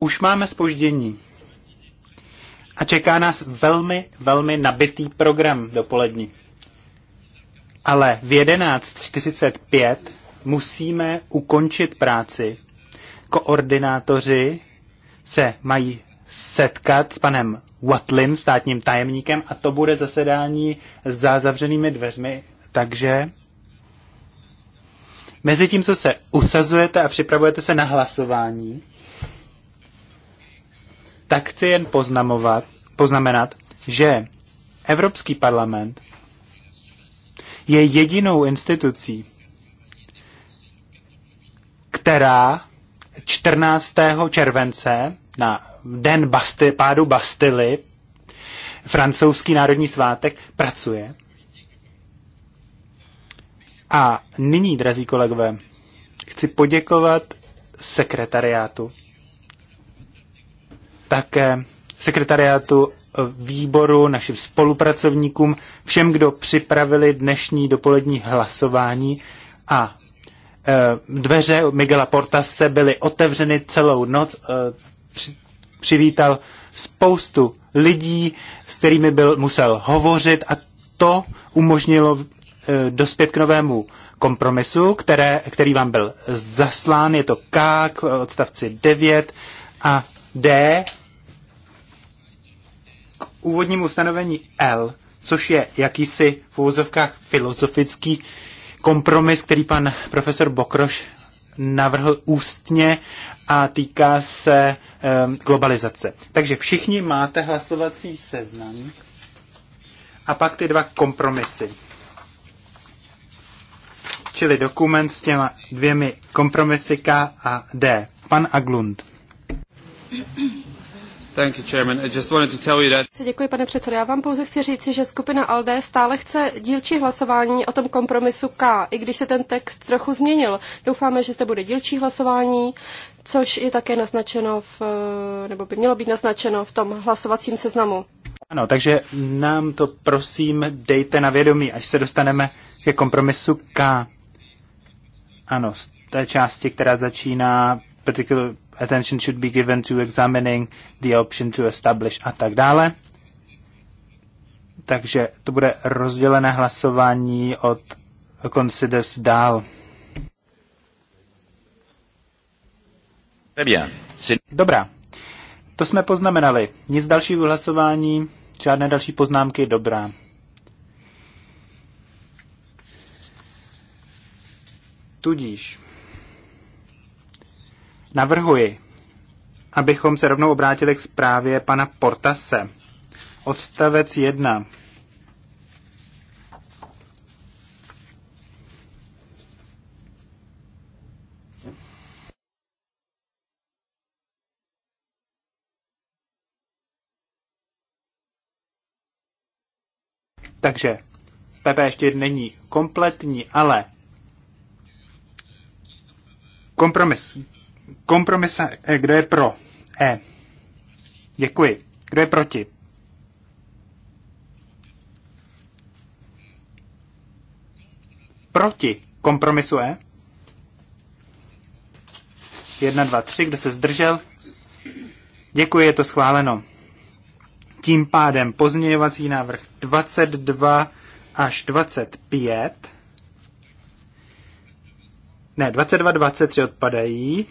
Už máme spoždění. A čeká nás velmi, velmi nabitý program dopolední. Ale v 11.45 musíme ukončit práci. Koordinátoři se mají setkat s panem Watlim, státním tajemníkem, a to bude zasedání za zavřenými dveřmi. Takže mezi tím, co se usazujete a připravujete se na hlasování, tak chci jen poznamovat, poznamenat, že Evropský parlament je jedinou institucí, která 14. července na den Basty, pádu Bastily, francouzský národní svátek, pracuje. A nyní, drazí kolegové, chci poděkovat sekretariátu také sekretariátu eh, výboru, našim spolupracovníkům, všem, kdo připravili dnešní dopolední hlasování a eh, dveře Miguela Portase byly otevřeny celou noc. Eh, přivítal spoustu lidí, s kterými byl, musel hovořit a to umožnilo dospět k novému kompromisu, které, který vám byl zaslán. Je to K k odstavci 9 a D úvodním ustanovení L, což je jakýsi v úvozovkách filozofický kompromis, který pan profesor Bokroš navrhl ústně a týká se um, globalizace. Takže všichni máte hlasovací seznam a pak ty dva kompromisy. Čili dokument s těma dvěmi kompromisy K a D. Pan Aglund. Děkuji, pane předsedo. Já vám pouze chci říci, že skupina ALDE stále chce dílčí hlasování o tom kompromisu K, i když se ten text trochu změnil. Doufáme, že zde bude dílčí hlasování, což je také naznačeno, v, nebo by mělo být naznačeno v tom hlasovacím seznamu. Ano, takže nám to prosím dejte na vědomí, až se dostaneme ke kompromisu K. Ano, z té části, která začíná particular attention should be given to examining the option to establish a tak dále. Takže to bude rozdělené hlasování od considers dál. Dobrá. To jsme poznamenali. Nic dalšího hlasování, žádné další poznámky, dobrá. Tudíž Navrhuji, abychom se rovnou obrátili k zprávě pana Portase. Odstavec 1. Takže PP ještě není kompletní, ale kompromis kompromise, kdo je pro? E. Děkuji. Kdo je proti? Proti kompromisu E? 1, 2, 3, kdo se zdržel? Děkuji, je to schváleno. Tím pádem pozměňovací návrh 22 až 25. Ne, 22, 23 odpadají.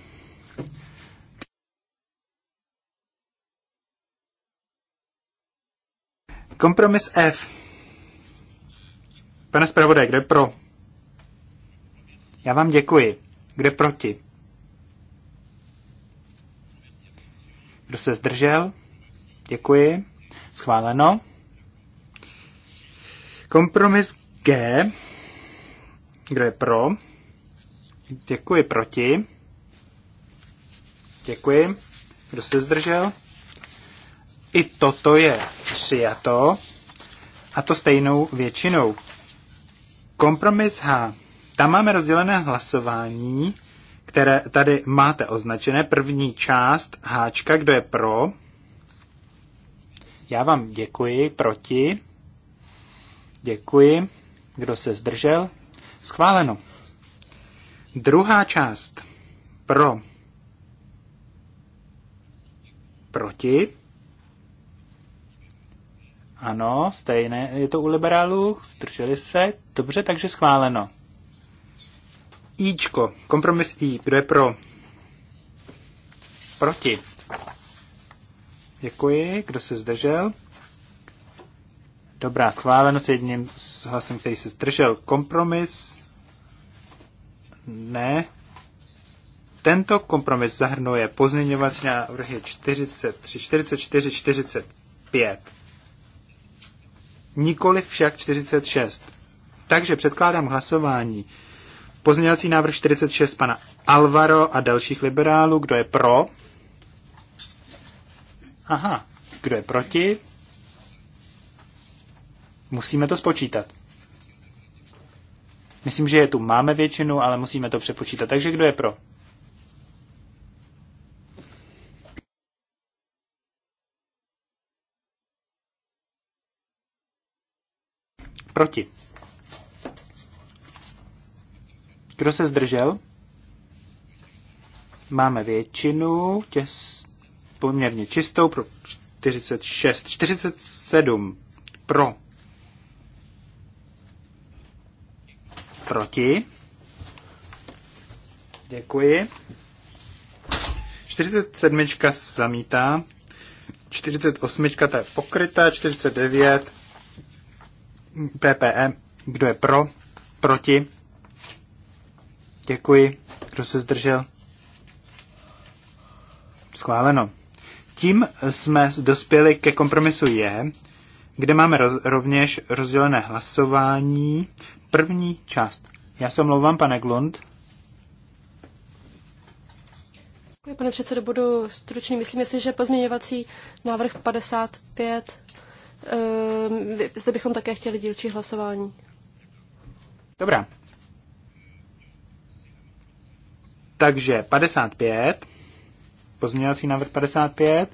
Kompromis F. Pane zpravodaj, kde pro? Já vám děkuji. Kde proti? Kdo se zdržel? Děkuji. Schváleno. Kompromis G. Kdo je pro? Děkuji proti. Děkuji. Kdo se zdržel? I toto je přijato, a to stejnou většinou. Kompromis H. Tam máme rozdělené hlasování, které tady máte označené. První část H, kdo je pro. Já vám děkuji, proti. Děkuji. Kdo se zdržel? Schváleno. Druhá část. Pro. Proti. Ano, stejné. Je to u liberálů, zdrželi se. Dobře, takže schváleno. Ičko, kompromis I, kdo je pro? Proti. Děkuji, kdo se zdržel? Dobrá, schváleno s jedním s hlasem, který se zdržel. Kompromis? Ne. Tento kompromis zahrnuje pozměňovací návrhy 43, 44, 45 nikoli však 46. Takže předkládám hlasování. Pozměňovací návrh 46 pana Alvaro a dalších liberálů. Kdo je pro? Aha, kdo je proti? Musíme to spočítat. Myslím, že je tu máme většinu, ale musíme to přepočítat. Takže kdo je pro? Proti. Kdo se zdržel? Máme většinu, těs, poměrně čistou pro 46, 47 pro. Proti. Děkuji. 47 zamítá. 48 ta je pokrytá, 49 PPE, kdo je pro, proti, děkuji, kdo se zdržel, schváleno. Tím jsme dospěli ke kompromisu je, kde máme roz, rovněž rozdělené hlasování. První část. Já se omlouvám, pane Glund. Děkuji, pane předsedo, budu stručný. Myslím si, že pozměňovací návrh 55 Ehm, zde bychom také chtěli dílčí hlasování. Dobrá. Takže 55, pozměňovací návrh 55.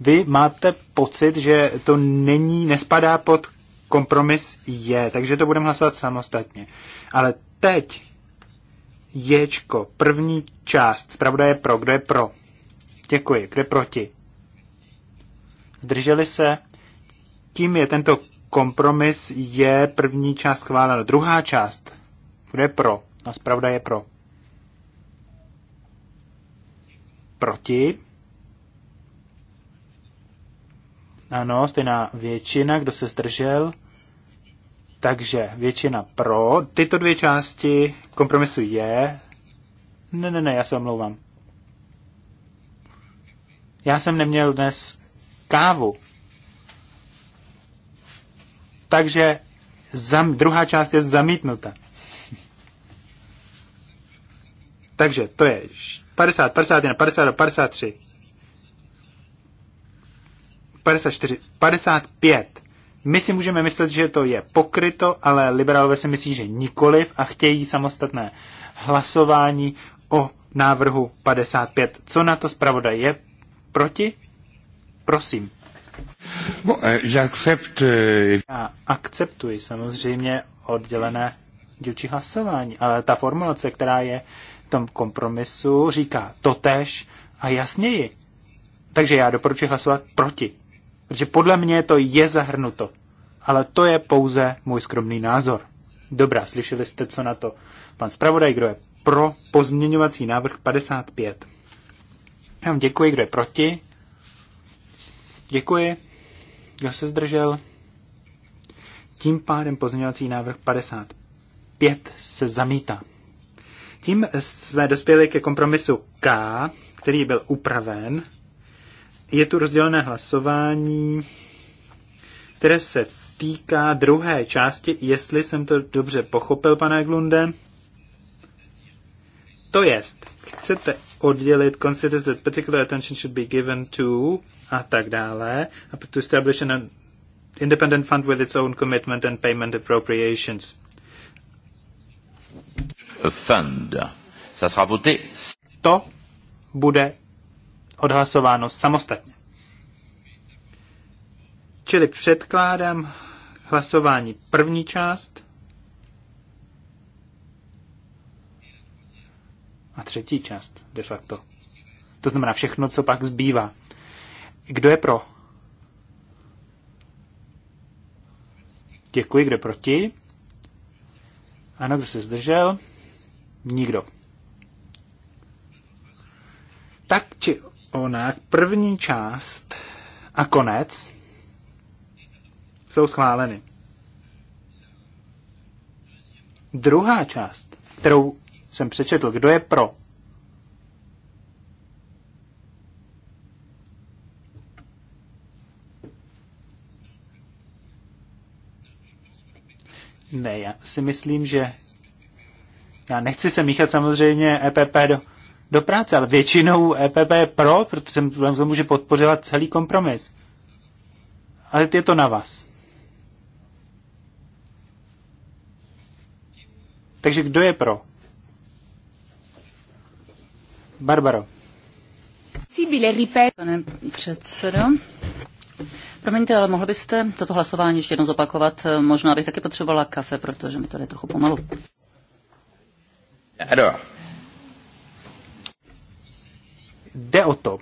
Vy máte pocit, že to není, nespadá pod kompromis je, takže to budeme hlasovat samostatně. Ale teď Ječko, první část, zpravda je pro, kdo je pro? Děkuji, kdo je proti? Zdrželi se? tím je tento kompromis, je první část schválena. Druhá část, bude pro, a zpravda je pro. Proti. Ano, stejná většina, kdo se zdržel. Takže většina pro. Tyto dvě části kompromisu je. Ne, ne, ne, já se omlouvám. Já jsem neměl dnes kávu. Takže zam, druhá část je zamítnuta. Takže to je 50, 51, 52, 53, 54, 55. My si můžeme myslet, že to je pokryto, ale liberálové si myslí, že nikoliv a chtějí samostatné hlasování o návrhu 55. Co na to zpravodaj je proti? Prosím. Bon, euh, euh, Já akceptuji samozřejmě oddělené dílčí hlasování, ale ta formulace, která je v tom kompromisu, říká totež a jasněji. Takže já doporučuji hlasovat proti. Protože podle mě to je zahrnuto. Ale to je pouze můj skromný názor. Dobrá, slyšeli jste, co na to pan zpravodaj, kdo je pro pozměňovací návrh 55. Já vám děkuji, kdo je proti. Děkuji. Kdo se zdržel? Tím pádem pozměňovací návrh 55 se zamítá. Tím jsme dospěli ke kompromisu K, který byl upraven. Je tu rozdělené hlasování, které se týká druhé části, jestli jsem to dobře pochopil, pane Glunde. To jest, chcete oddělit considers that particular attention should be given to a tak dále to establish an independent fund with its own commitment and payment appropriations. Fund. Ça sera voté. To bude odhlasováno samostatně. Čili předkládám hlasování první část a třetí část de facto. To znamená všechno, co pak zbývá. Kdo je pro? Děkuji, kdo proti? Ano, kdo se zdržel? Nikdo. Tak či onak, první část a konec jsou schváleny. Druhá část, kterou jsem přečetl. Kdo je pro? Ne, já si myslím, že já nechci se míchat samozřejmě EPP do, do práce, ale většinou EPP je pro, protože jsem to může podpořovat celý kompromis. Ale je to na vás. Takže kdo je pro? Barbaro. Pane předsedo, promiňte, ale mohl byste toto hlasování ještě jednou zopakovat? Možná bych taky potřebovala kafe, protože mi to jde trochu pomalu. Ano. Jde o to,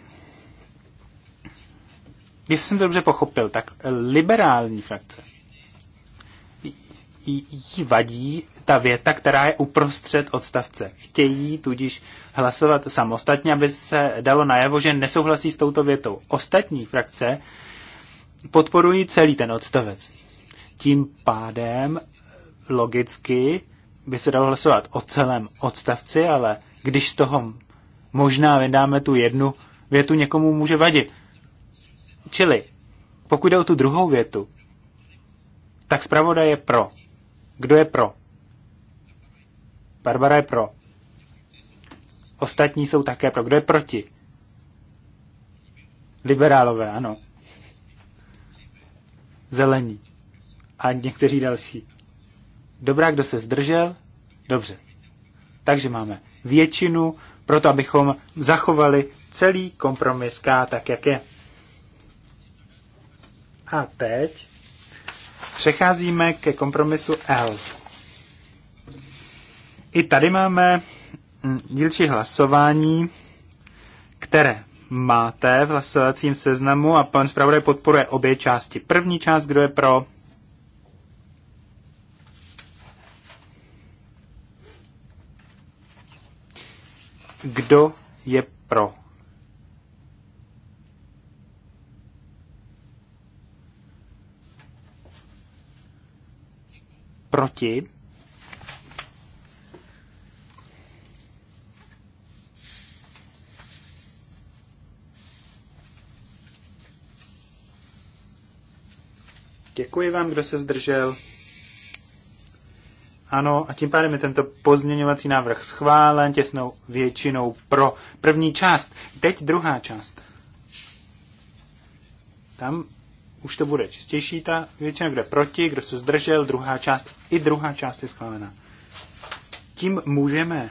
jestli jsem to dobře pochopil, tak liberální frakce jí vadí ta věta, která je uprostřed odstavce. Chtějí tudíž hlasovat samostatně, aby se dalo najevo, že nesouhlasí s touto větou. Ostatní frakce podporují celý ten odstavec. Tím pádem logicky by se dalo hlasovat o celém odstavci, ale když z toho možná vydáme tu jednu větu, někomu může vadit. Čili, pokud jde o tu druhou větu, tak zpravodaj je pro. Kdo je pro? Barbara je pro. Ostatní jsou také pro. Kdo je proti? Liberálové, ano. Zelení. A někteří další. Dobrá, kdo se zdržel? Dobře. Takže máme většinu pro to, abychom zachovali celý kompromis K tak, jak je. A teď Přecházíme ke kompromisu L. I tady máme mm, dílčí hlasování, které máte v hlasovacím seznamu a pan zpravodaj podporuje obě části. První část, kdo je pro? Kdo je pro? proti. Děkuji vám, kdo se zdržel. Ano, a tím pádem je tento pozměňovací návrh schválen těsnou většinou pro první část. Teď druhá část. Tam už to bude čistější ta většina, kde proti, kdo se zdržel, druhá část, i druhá část je schválená. Tím můžeme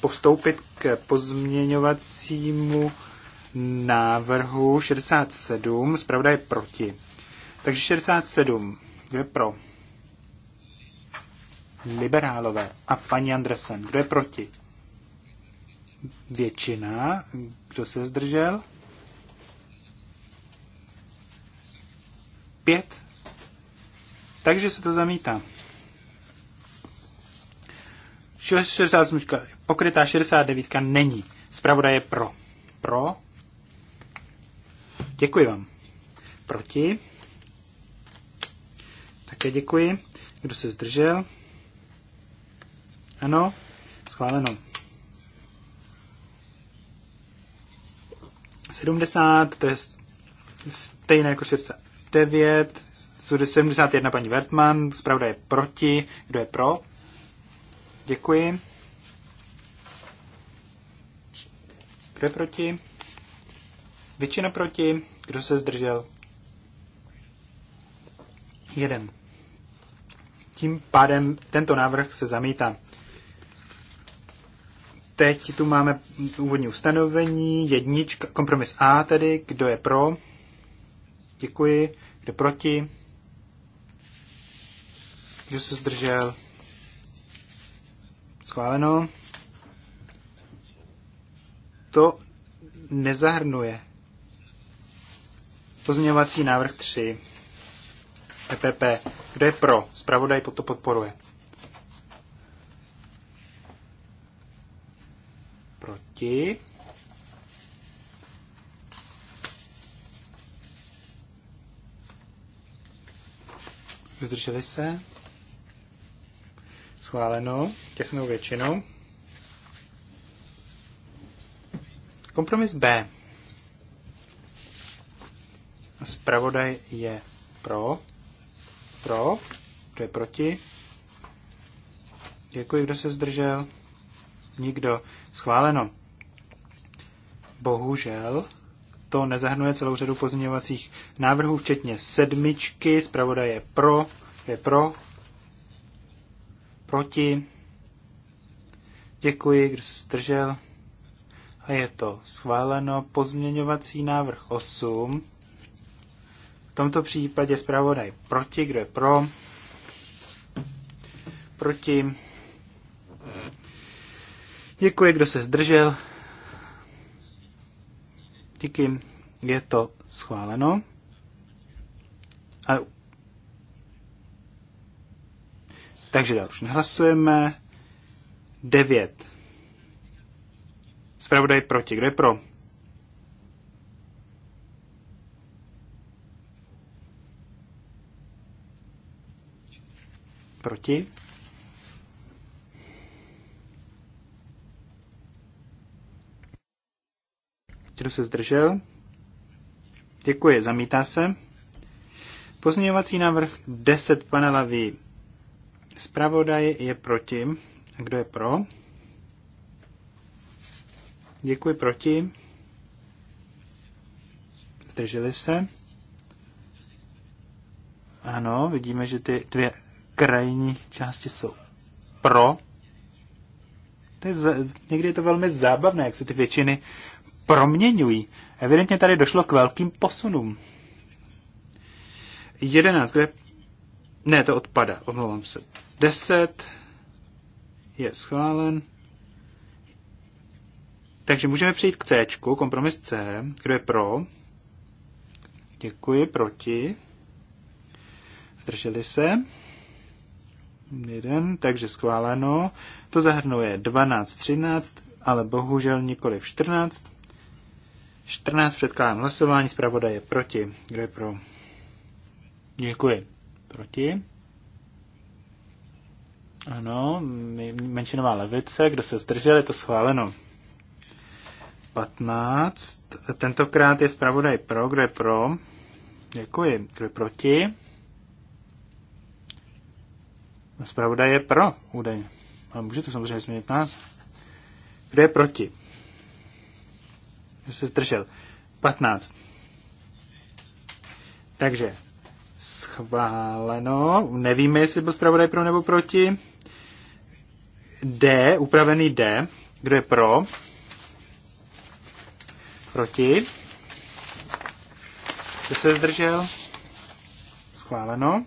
postoupit k pozměňovacímu návrhu 67, zpravda je proti. Takže 67, kdo je pro? Liberálové a paní Andresen, kdo je proti? Většina, kdo se zdržel? 5. Takže se to zamítá. 68 pokrytá, 69 není. Zpravodaj je pro. Pro. Děkuji vám. Proti. Také děkuji. Kdo se zdržel? Ano, schváleno. 70, to je stejné jako 60 9, 71 paní Wertmann, zpravda je proti, kdo je pro? Děkuji. Kdo je proti? Většina proti, kdo se zdržel? Jeden. Tím pádem tento návrh se zamítá. Teď tu máme úvodní ustanovení, jednička, kompromis A tedy, kdo je pro? Děkuji. Kdo proti? Kdo se zdržel? Schváleno. To nezahrnuje pozměňovací návrh 3 EPP. Kdo je pro? Spravodaj to podporuje. Proti. Zdrželi se? Schváleno těsnou většinou. Kompromis B. Spravodaj je pro. Pro. Kdo je proti? Děkuji, kdo se zdržel. Nikdo. Schváleno. Bohužel to nezahrnuje celou řadu pozměňovacích návrhů, včetně sedmičky. Zpravodaj je pro, je pro, proti. Děkuji, kdo se zdržel. A je to schváleno pozměňovací návrh 8. V tomto případě zpravodaj proti, kdo je pro, proti. Děkuji, kdo se zdržel. Díky. Je to schváleno. A... Takže dál už nehlasujeme. 9. Zpravodaj proti. Kdo je pro? Proti. Kdo se zdržel? Děkuji, zamítá se. Pozměňovací návrh 10 pana Laví. Zpravodaj je proti. A kdo je pro? Děkuji proti. Zdrželi se. Ano, vidíme, že ty dvě krajní části jsou pro. To je, někdy je to velmi zábavné, jak se ty většiny proměňují. Evidentně tady došlo k velkým posunům. 11, kde... Ne, to odpada, omlouvám se. 10 je schválen. Takže můžeme přejít k C, kompromis C, kdo je pro. Děkuji, proti. Zdrželi se. Jeden, takže schváleno. To zahrnuje 12, 13, ale bohužel nikoli v 14. 14 předkládám hlasování, zpravodaj je proti. Kdo je pro? Děkuji. Proti? Ano, menšinová levice, kdo se zdržel, je to schváleno. 15. Tentokrát je zpravodaj pro, kdo je pro? Děkuji. Kdo je proti? Zpravodaj je pro, údajně. Ale můžete samozřejmě změnit nás. Kdo je proti? Kdo se zdržel? 15. Takže schváleno. Nevíme, jestli byl zpravodaj pro nebo proti. D, upravený D. Kdo je pro? Proti? Kdo se zdržel? Schváleno.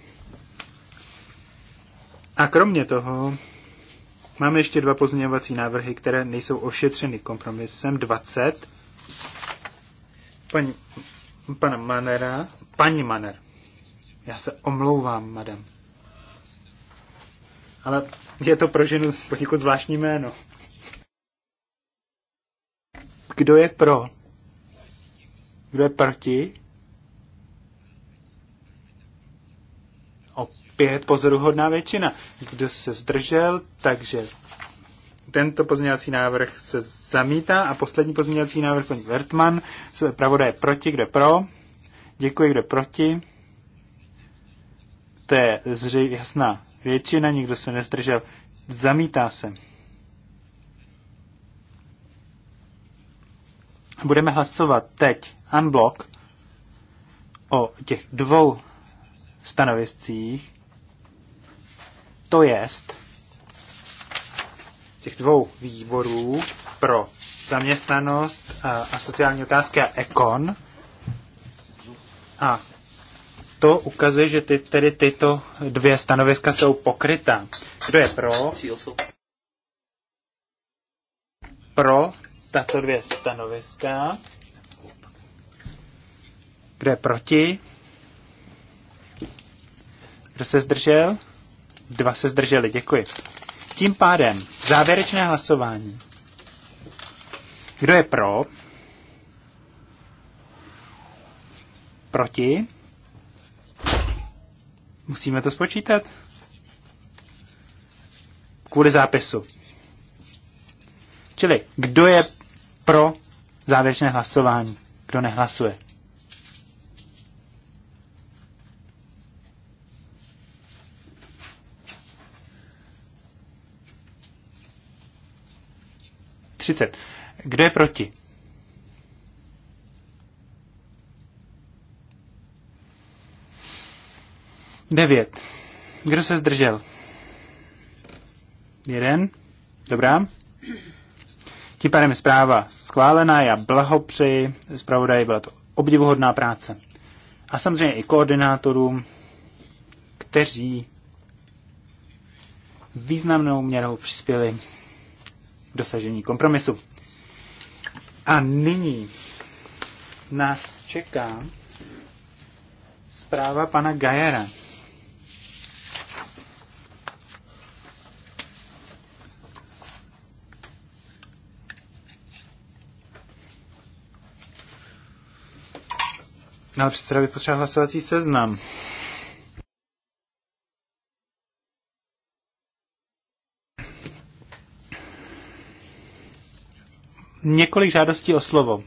A kromě toho máme ještě dva pozměňovací návrhy, které nejsou ošetřeny kompromisem 20 paní, pana Manera, paní Maner. Já se omlouvám, madam. Ale je to pro ženu poněkud zvláštní jméno. Kdo je pro? Kdo je proti? Opět pozoruhodná většina. Kdo se zdržel, takže tento pozměňovací návrh se zamítá a poslední pozměňovací návrh paní Vertman. Své je proti, kde pro. Děkuji, kde proti. To je zři, jasná většina, nikdo se nezdržel. Zamítá se. Budeme hlasovat teď unblock o těch dvou stanoviscích, to jest těch dvou výborů pro zaměstnanost a, a sociální otázky a ekon. A to ukazuje, že ty, tedy tyto dvě stanoviska jsou pokryta. Kdo je pro? Pro tato dvě stanoviska. Kdo je proti? Kdo se zdržel? Dva se zdrželi, děkuji. Tím pádem závěrečné hlasování. Kdo je pro? Proti? Musíme to spočítat? Kvůli zápisu. Čili, kdo je pro závěrečné hlasování? Kdo nehlasuje? 30. Kdo je proti? Devět. Kdo se zdržel? Jeden. Dobrá. Tím pádem je zpráva schválená, já blahopřeji zpravodaji, byla to obdivuhodná práce. A samozřejmě i koordinátorům, kteří významnou měrou přispěli dosažení kompromisu. A nyní nás čeká zpráva pana Gajera. Ale předseda by potřeboval hlasovací seznam. několik žádostí o slovo.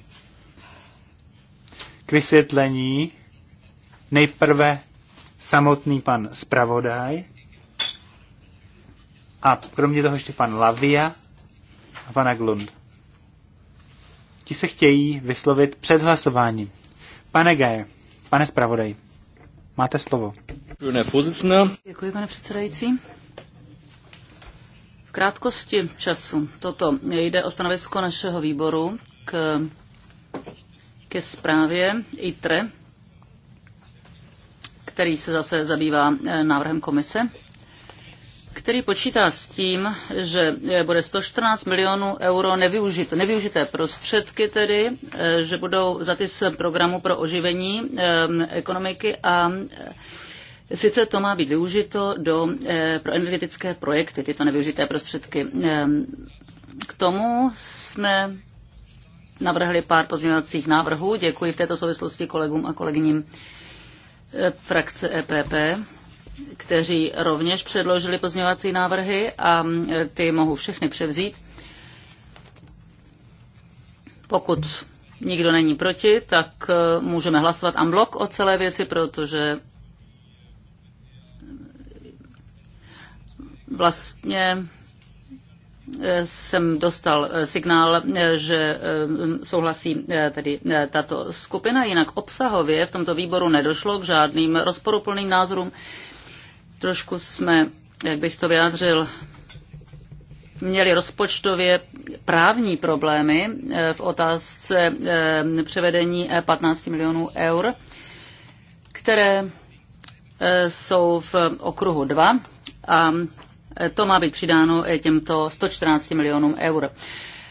K vysvětlení nejprve samotný pan spravodaj a kromě toho ještě pan Lavia a pan Aglund. Ti se chtějí vyslovit před hlasováním. Pane Gaje, pane Spravodaj, máte slovo. Děkuji, pane předsedající krátkosti času toto jde o stanovisko našeho výboru k, ke zprávě ITRE, který se zase zabývá eh, návrhem komise který počítá s tím, že eh, bude 114 milionů euro nevyužité, nevyužité prostředky tedy, eh, že budou za ty z programu pro oživení ekonomiky a Sice to má být využito do, eh, pro energetické projekty, tyto nevyužité prostředky. Ehm, k tomu jsme navrhli pár pozměňovacích návrhů. Děkuji v této souvislosti kolegům a kolegyním eh, frakce EPP, kteří rovněž předložili pozměňovací návrhy a eh, ty mohu všechny převzít. Pokud nikdo není proti, tak můžeme hlasovat unblock o celé věci, protože vlastně eh, jsem dostal eh, signál, eh, že souhlasí tedy tato skupina, jinak obsahově v tomto výboru nedošlo k žádným rozporuplným názorům. Trošku jsme, jak bych to vyjádřil, měli rozpočtově právní problémy v otázce převedení 15 milionů eur, které jsou v okruhu 2 a Eh, to má být přidáno eh, těmto 114 milionům eur.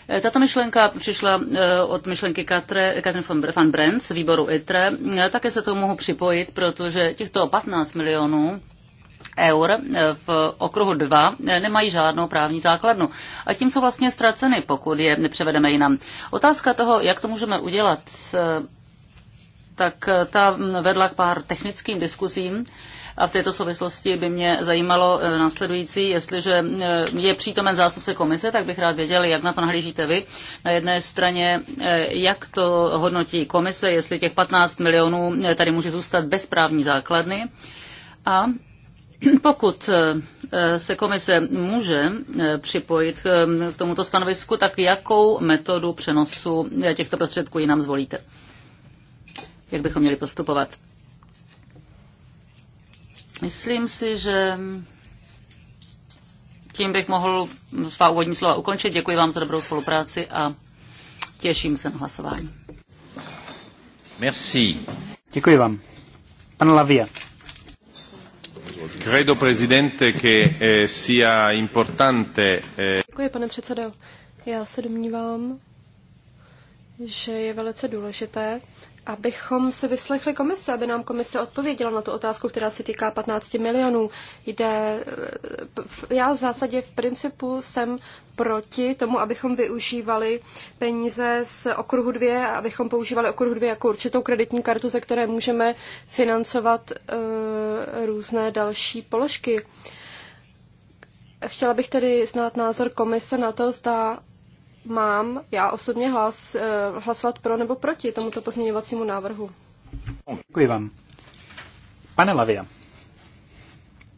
Eh, tato myšlenka přišla od myšlenky Katry, Katrin van Brent z výboru ITRE. Také se to mohu připojit, protože těchto 15 milionů eur v okruhu 2 nemají žádnou právní základnu. A tím jsou vlastně ztraceny, pokud je nepřevedeme jinam. Otázka toho, jak to můžeme udělat, tak ta hm, vedla k pár technickým diskuzím a v této souvislosti by mě zajímalo e, následující, jestliže e, je přítomen zástupce komise, tak bych rád věděl, jak na to nahlížíte vy. Na jedné straně, e, jak to hodnotí komise, jestli těch 15 milionů tady může zůstat bez právní základny. A pokud se komise může připojit k tomuto stanovisku, tak jakou metodu přenosu těchto prostředků jinam zvolíte? Jak bychom měli postupovat? Myslím si, že tím bych mohl svá úvodní slova ukončit. Děkuji vám za dobrou spolupráci a těším se na hlasování. Merci. Děkuji vám. Pan Lavia. Credo, presidente, che eh, sia importante... Eh, Děkuji, pane předsedo. Já se domnívám, že je velice důležité, abychom se vyslechli komise, aby nám komise odpověděla na tu otázku, která se týká 15 milionů. Jde, eh, já v zásadě v principu jsem proti tomu, abychom využívali peníze z okruhu 2, abychom používali okruhu 2 jako určitou kreditní kartu, ze které můžeme financovat uh, různé další položky. Chtěla bych tedy znát názor komise na to, zda mám já osobně hlas, eh, hlasovat pro nebo proti tomuto pozměňovacímu návrhu. Děkuji vám. Pane Lavia,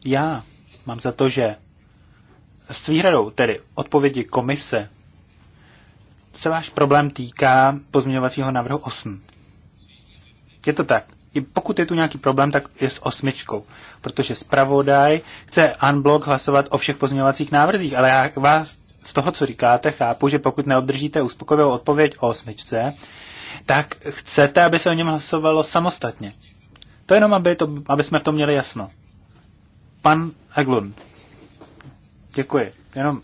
já mám za to, že s výhradou tedy odpovědi komise se váš problém týká pozměňovacího návrhu 8. Je to tak. I pokud je tu nějaký problém, tak je s osmičkou, protože zpravodaj chce unblock hlasovat o všech pozměňovacích návrzích, ale já vás z toho, co říkáte, chápu, že pokud neobdržíte uspokojivou odpověď o osmičce, tak chcete, aby se o něm hlasovalo samostatně. To jenom, aby, to, aby jsme v tom měli jasno. Pan Eglund. Děkuji. Jenom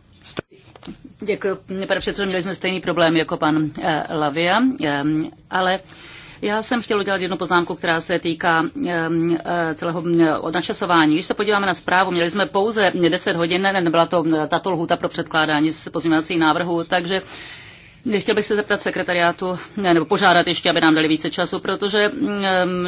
Děkuji, pane předsedo, měli jsme stejný problém jako pan eh, Lavia, eh, ale eh, já jsem chtěl udělat jednu poznámku, která se týká e, celého odnačasování. Když se podíváme na zprávu, měli jsme pouze 10 hodin, nebyla to tato lhůta pro předkládání pozměňovacích návrhů, takže Chtěl bych se zeptat sekretariátu, nebo požádat ještě, aby nám dali více času, protože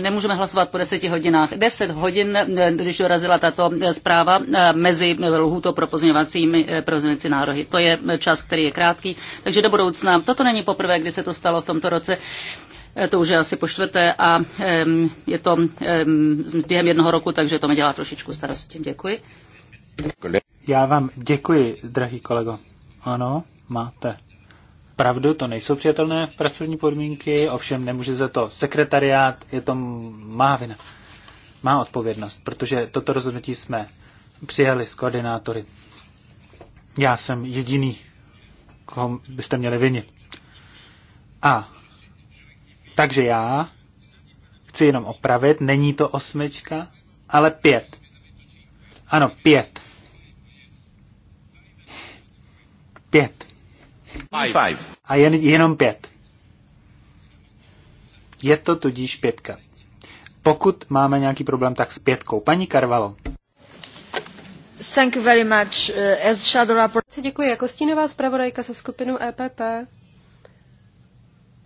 nemůžeme hlasovat po deseti hodinách. Deset hodin, když dorazila tato e, zpráva e, mezi lhůto pro pozměňovacími pozměňovací nárohy. To je čas, který je krátký, takže do budoucna. Toto není poprvé, kdy se to stalo v tomto roce. Eh, to už je asi po čtvrté a je to během jednoho roku, takže to mi dělá trošičku starosti. Děkuji. Já vám děkuji, drahý kolego. Ano, máte pravdu, to nejsou přijatelné pracovní podmínky, ovšem nemůže za to sekretariát, je to má vina, má odpovědnost, protože toto rozhodnutí jsme přijali s koordinátory. Já jsem jediný, koho byste měli vinit. A takže já chci jenom opravit, není to osmička, ale pět. Ano, pět. Pět. Five. A jen, jenom pět. Je to tudíž pětka. Pokud máme nějaký problém, tak s pětkou. Paní Karvalo. Thank you very much. Uh, as Děkuji. Jako stínová zpravodajka se skupinou EPP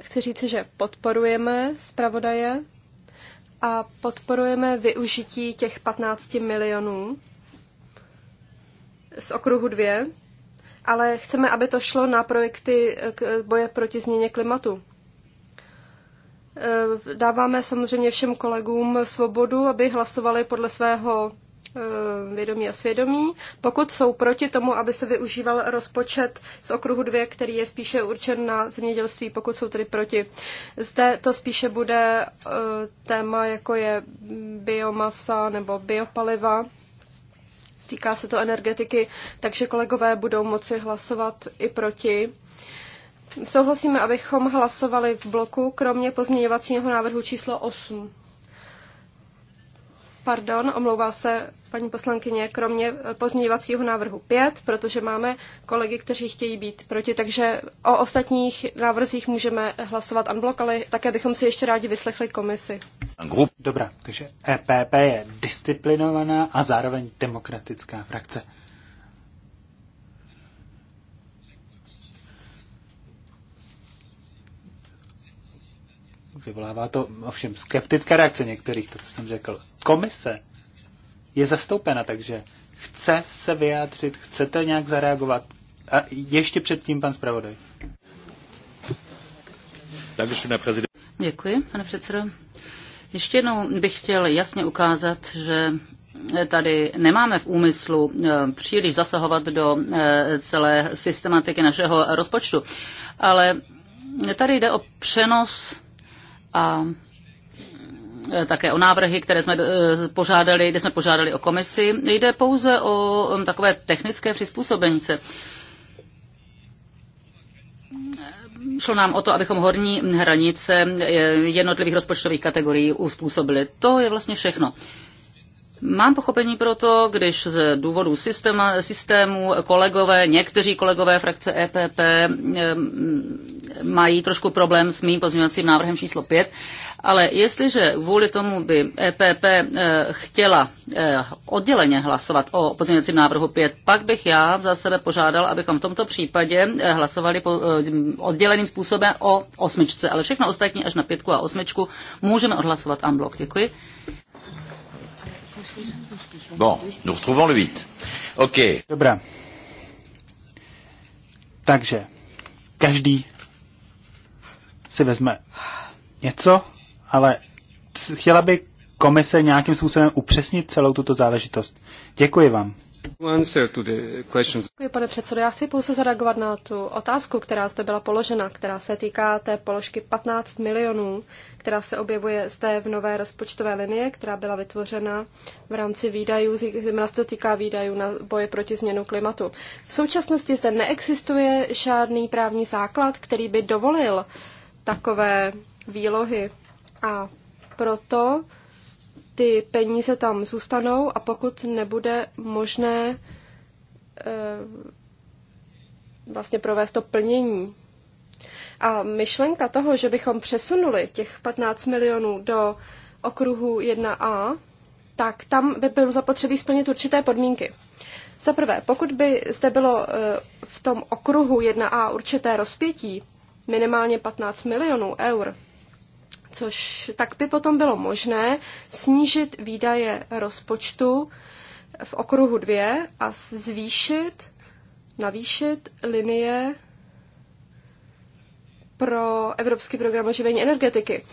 chci říci, že podporujeme zpravodaje a podporujeme využití těch 15 milionů z okruhu 2, ale chceme, aby to šlo na projekty boje proti změně klimatu. Dáváme samozřejmě všem kolegům svobodu, aby hlasovali podle svého Eh, vědomí a svědomí, pokud jsou proti tomu, aby se využíval rozpočet z okruhu 2, který je spíše určen na zemědělství, pokud jsou tedy proti. Zde to spíše bude eh, téma, jako je biomasa nebo biopaliva. Týká se to energetiky, takže kolegové budou moci hlasovat i proti. Souhlasíme, abychom hlasovali v bloku, kromě pozměňovacího návrhu číslo 8. Pardon, omlouvá se paní poslankyně, kromě eh, pozměňovacího návrhu 5, protože máme kolegy, kteří chtějí být proti, takže o ostatních návrzích můžeme hlasovat unblock, ale také bychom si ještě rádi vyslechli komisi. Dobrá, takže EPP je disciplinovaná a zároveň demokratická frakce. Vyvolává to ovšem skeptické reakce některých, to, co jsem řekl. Komise je zastoupena, takže chce se vyjádřit, chcete nějak zareagovat. A ještě předtím pan zpravodaj. Děkuji, pane předsedo. Ještě jednou bych chtěl jasně ukázat, že tady nemáme v úmyslu eh, příliš zasahovat do eh, celé systematiky našeho rozpočtu, ale tady jde o přenos a e, také o návrhy, které jsme e, požádali, kde jsme požádali o komisi. Jde pouze o takové technické přizpůsobení se. Šlo nám o to, abychom horní hranice e, jednotlivých rozpočtových kategorií uspůsobili. To je vlastně všechno. Mám pochopení pro to, když z důvodu systéma, systému kolegové, někteří kolegové frakce EPP mají trošku problém s mým pozměňovacím návrhem číslo 5, ale jestliže kvůli tomu by EPP eh, chtěla eh, odděleně hlasovat o pozměňovacím návrhu 5, pak bych já za sebe požádal, abychom v tomto případě eh, hlasovali odděleným způsobem o osmičce, ale všechno ostatní až na pětku a osmičku můžeme odhlasovat unblock. Děkuji. Bon, nous retrouvons le 8. OK. Dobrá. Takže každý si vezme něco, ale chtěla by komise nějakým způsobem upřesnit celou tuto záležitost. Děkuji vám. Děkuji, pane předsedo. Já chci pouze zareagovat na tu otázku, která zde byla položena, která se týká té položky 15 milionů, která se objevuje zde v nové rozpočtové linie, která byla vytvořena v rámci výdajů, zejména se to týká výdajů na boje proti změnu klimatu. V současnosti zde neexistuje žádný právní základ, který by dovolil takové výlohy a proto ty peníze tam zůstanou a pokud nebude možné eh, vlastně provést to plnění. A myšlenka toho, že bychom přesunuli těch 15 milionů do okruhu 1A, tak tam by bylo zapotřebí splnit určité podmínky. Za prvé, pokud by zde bylo eh, v tom okruhu 1A určité rozpětí, minimálně 15 milionů eur, což tak by potom bylo možné snížit výdaje rozpočtu v okruhu 2 a zvýšit, navýšit linie pro Evropský program oživení energetiky.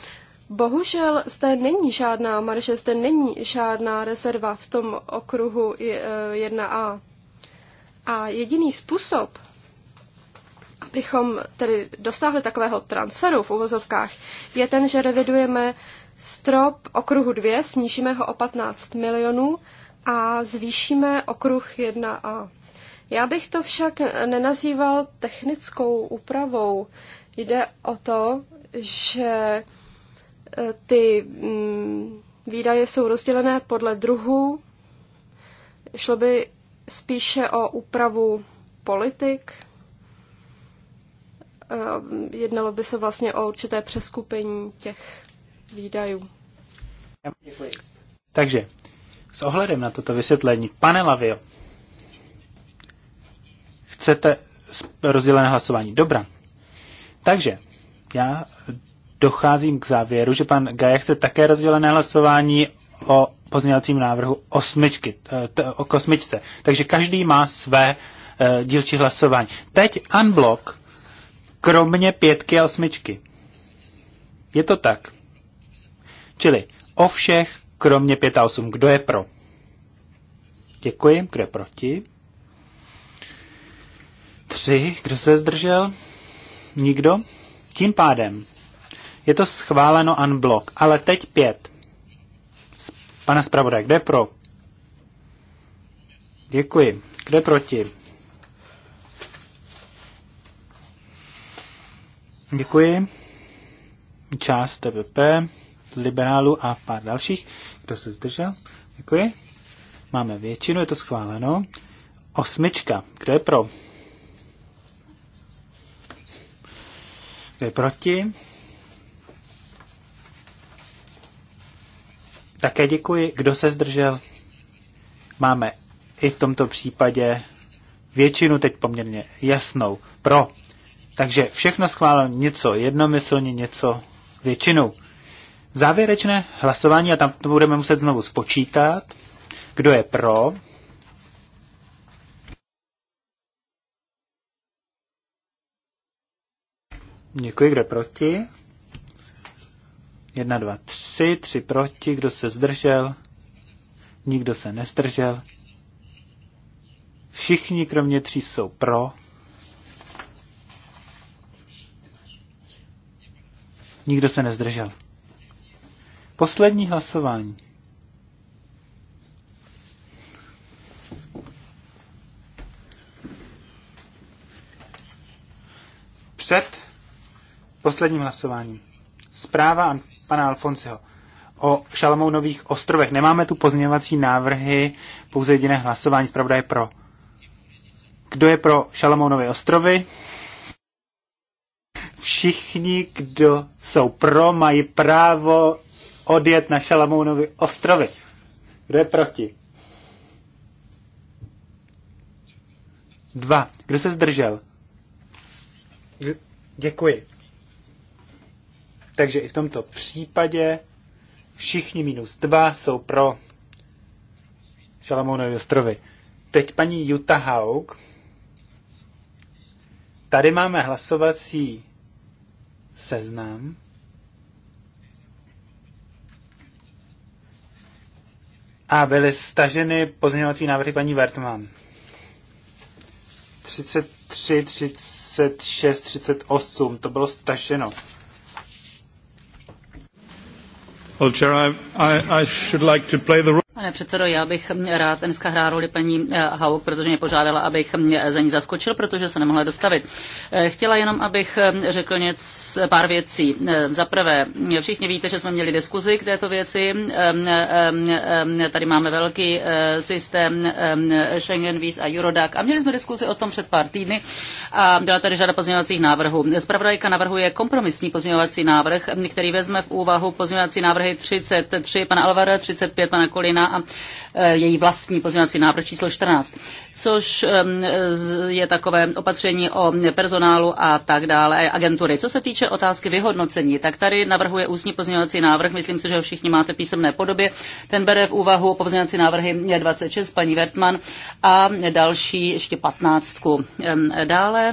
Bohužel zde není žádná marže, zde není žádná rezerva v tom okruhu 1A. Eh, a jediný způsob, abychom tedy dosáhli takového transferu v uvozovkách, je ten, že revidujeme strop okruhu 2, snížíme ho o 15 milionů a zvýšíme okruh 1a. Já bych to však nenazýval technickou úpravou. Jde o to, že eh, ty mm, výdaje jsou rozdělené podle druhu. Šlo by spíše o úpravu politik, Eh, jednalo by se vlastně o určité přeskupení těch výdajů. Děkuji. Takže, s ohledem na toto vysvětlení, pane Lavio, chcete rozdělené hlasování. Dobrá. Takže, já docházím k závěru, že pan Gaja chce také rozdělené hlasování o pozměňovacím návrhu osmičky, eh, t, o kosmičce. Takže každý má své e, dílčí hlasování. Teď unblock kromě pětky a osmičky. Je to tak. Čili o všech, kromě pět a osm. Kdo je pro? Děkuji. Kdo je proti? Tři. Kdo se zdržel? Nikdo? Tím pádem je to schváleno unblock, ale teď pět. Pane zpravodaj, kde je pro? Děkuji. Kde je proti? Děkuji. Část TPP, liberálu a pár dalších. Kdo se zdržel? Děkuji. Máme většinu, je to schváleno. Osmička. Kdo je pro? Kdo je proti? Také děkuji. Kdo se zdržel? Máme i v tomto případě většinu teď poměrně jasnou pro. Takže všechno schválil něco jednomyslně, něco většinou. Závěrečné hlasování, a tam to budeme muset znovu spočítat. Kdo je pro? Děkuji, kdo je proti? Jedna, dva, tři, tři proti, kdo se zdržel? Nikdo se nezdržel. Všichni, kromě tří, jsou pro. Nikdo se nezdržel. Poslední hlasování. Před posledním hlasováním. Zpráva pana Alfonsiho o Šalamounových ostrovech. Nemáme tu pozměňovací návrhy, pouze jediné hlasování. Pravda je pro. Kdo je pro šalamounové ostrovy? všichni, kdo jsou pro, mají právo odjet na Šalamounovi ostrovy. Kdo je proti? Dva. Kdo se zdržel? Děkuji. Takže i v tomto případě všichni minus dva jsou pro Šalamounovi ostrovy. Teď paní Jutta Haug. Tady máme hlasovací seznam a byly staženy pozměňovací návrhy paní Wertmann. 33, 36, 38, to bylo staženo. Well, Chair, I, I, I should like to play the role. Pane předsedo, já bych rád dneska hrál roli paní eh, Hauk, protože mě požádala, abych mm, za ní zaskočil, protože se nemohla dostavit. Eh, chtěla jenom, abych eh, řekl něc, pár věcí. Za prvé, všichni víte, že jsme měli diskuzi k této věci. Tady máme velký systém Schengen, Vís a Eurodac a měli jsme diskuzi o tom před pár týdny a byla tady řada pozměňovacích návrhů. Spravodajka navrhuje kompromisní pozměňovací návrh, který vezme v úvahu pozměňovací návrhy 33 pana Alvara, 35 pana Kolina, schválena a e, její vlastní pozměňovací návrh číslo 14, což je takové opatření o personálu a tak dále, agentury. Co se týče otázky vyhodnocení, tak tady navrhuje ústní pozměňovací návrh, myslím si, že ho všichni máte písemné podobě. Ten bere v úvahu pozměňovací návrhy 26 paní Vertman a další ještě 15. Dále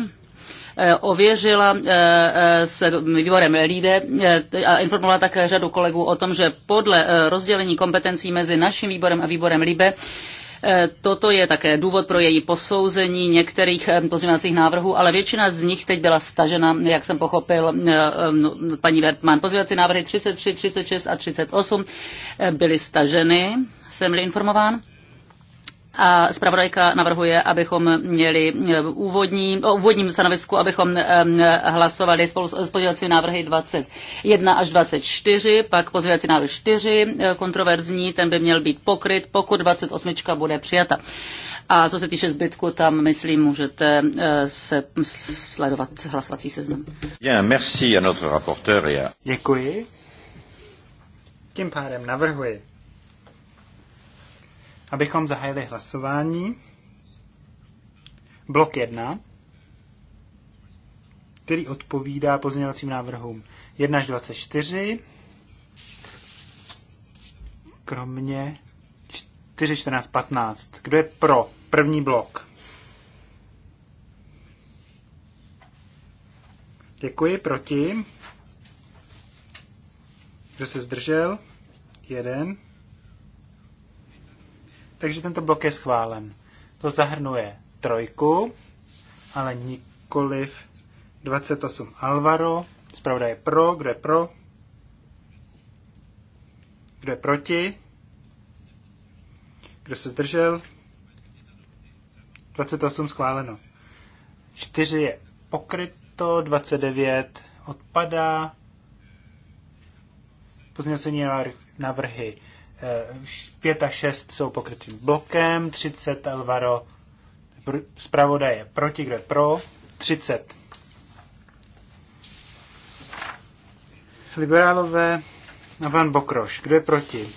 Eh, ověřila eh, eh, s výborem LIDE a informovala také řadu kolegů o tom, že podle rozdělení kompetencí mezi naším výborem a výborem LIBE Toto je také důvod pro její posouzení některých pozměňovacích návrhů, ale většina z nich teď byla stažena, jak jsem pochopil paní Wertmann. Pozměňovací návrhy 33, 36 a 38 byly staženy, jsem-li informován. A zpravodajka navrhuje, abychom měli e, úvodní, o úvodním stanovisku, abychom e, hlasovali spolu s pozvědací návrhy 21 až 24, pak pozvědací návrh 4, e, kontroverzní, ten by měl být pokryt, pokud 28 bude přijata. A co se týče zbytku, tam, myslím, můžete se sledovat hlasovací seznam. Děkuji. Tím pádem navrhuji, abychom zahájili hlasování. Blok 1, který odpovídá pozměňovacím návrhům 1 až 24, kromě 4, 14, 15. Kdo je pro první blok? Děkuji, proti. Kdo se zdržel? Jeden. Takže tento blok je schválen. To zahrnuje trojku, ale nikoliv 28 Alvaro. Zpravda je pro, kdo je pro? Kdo je proti? Kdo se zdržel? 28 schváleno. 4 je pokryto, 29 odpadá. Pozměnění návrhy 5 a 6 jsou pokryty blokem, 30 Alvaro zpravodaje proti, kdo je pro, 30. Liberálové a Van Bokroš, kdo je proti?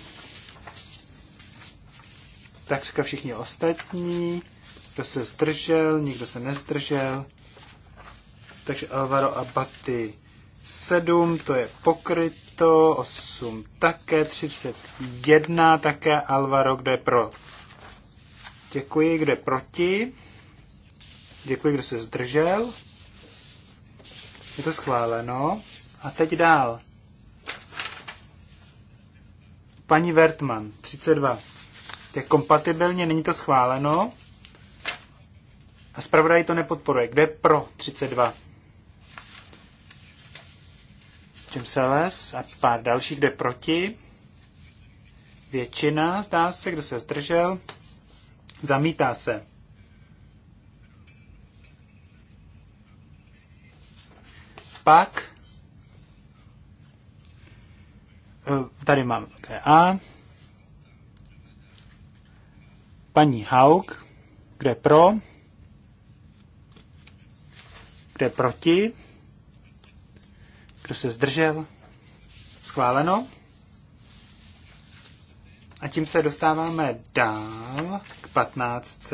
Tak říká všichni ostatní, kdo se zdržel, nikdo se nezdržel. Takže Alvaro a Baty 7, to je pokryt to 8 také, 31 také, Alvaro, je pro? Děkuji, je proti? Děkuji, kdo se zdržel. Je to schváleno. A teď dál. Paní Vertman, 32. Je kompatibilně, není to schváleno. A zpravodaj to nepodporuje. Kde pro 32? Čemseles a pár dalších, jde proti. Většina, zdá se, kdo se zdržel, zamítá se. Pak eh, tady máme také A. Paní Haug, kde pro, kde proti. Kdo se zdržel? Schváleno. A tím se dostáváme dál k 15.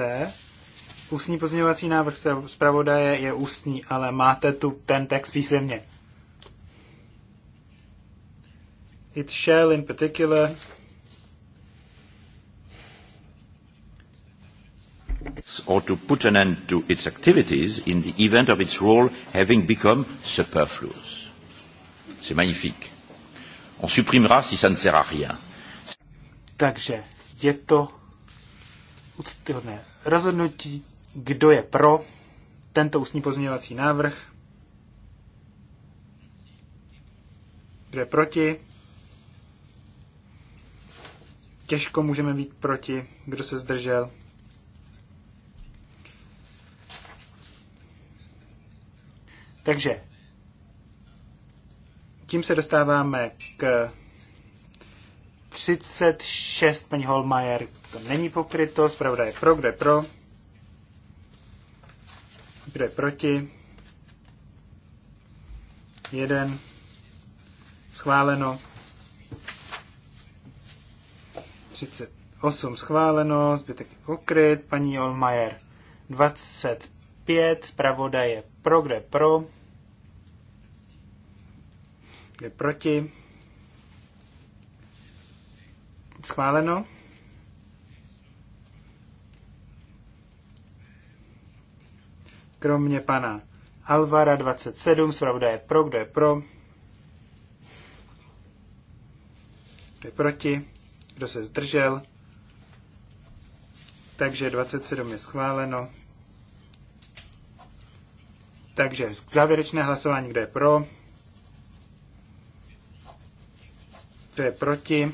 Ústní pozměňovací návrh se zpravodaje je ústní, ale máte tu ten text písemně. It shall in particular or to put an end to its activities in the event of its role having become superfluous. C'est magnifique. On supprimera si ça ne sert à rien. Takže je to úctyhodné rozhodnutí, kdo je pro tento ústní pozměňovací návrh, kdo je proti, těžko můžeme být proti, kdo se zdržel. Takže tím se dostáváme k 36, paní Holmajer, to není pokryto, zpravda je pro, kde pro, kdo je proti, jeden, schváleno, 38 schváleno, zbytek je pokryt, paní Olmajer 25, zpravoda je pro, kde pro, je proti. Schváleno. Kromě pana Alvara 27, zpravda je pro, kdo je pro, kdo je proti, kdo se zdržel. Takže 27 je schváleno. Takže závěrečné hlasování, kdo je pro, kdo je proti?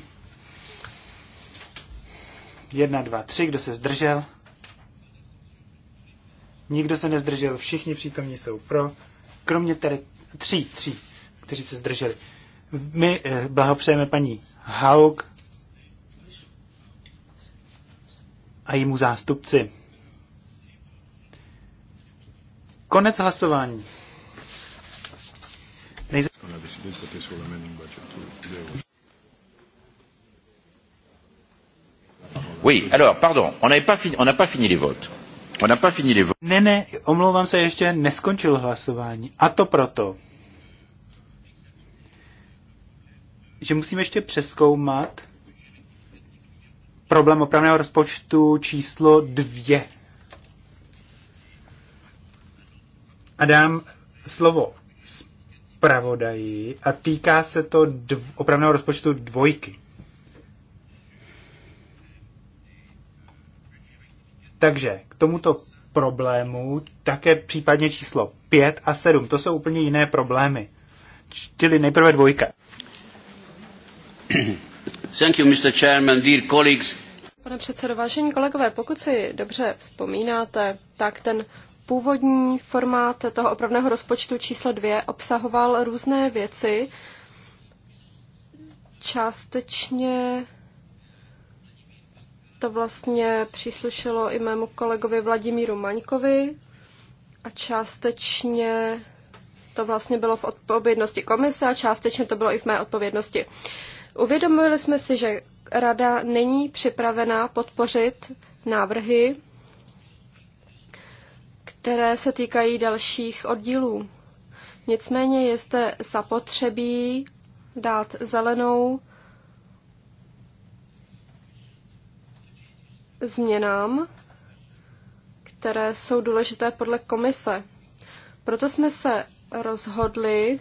Jedna, dva, tři. kdo se zdržel? Nikdo se nezdržel, všichni přítomní jsou pro, kromě tedy tří, tří, kteří se zdrželi. My eh, blahopřejeme paní Haug a jímu zástupci. Konec hlasování. Nejz... Oui, alors, pardon, on n'a pas, fini, on pas fini les votes. On n'a pas fini les votes. Ne, ne, omlouvám se, ještě neskončil hlasování. A to proto, že musíme ještě přeskoumat problém opravného rozpočtu číslo dvě. A dám slovo zpravodaji a týká se to dv- opravného rozpočtu dvojky. Takže k tomuto problému také případně číslo 5 a 7. To jsou úplně jiné problémy. Čili nejprve dvojka. Thank you, Mr. Chairman, dear colleagues. Pane předsedo, vážení kolegové, pokud si dobře vzpomínáte, tak ten původní formát toho opravného rozpočtu číslo 2 obsahoval různé věci. Částečně to vlastně příslušelo i mému kolegovi Vladimíru Maňkovi a částečně to vlastně bylo v odpovědnosti komise a částečně to bylo i v mé odpovědnosti. Uvědomili jsme si, že rada není připravená podpořit návrhy, které se týkají dalších oddílů. Nicméně je zde zapotřebí dát zelenou změnám, které jsou důležité podle komise. Proto jsme se rozhodli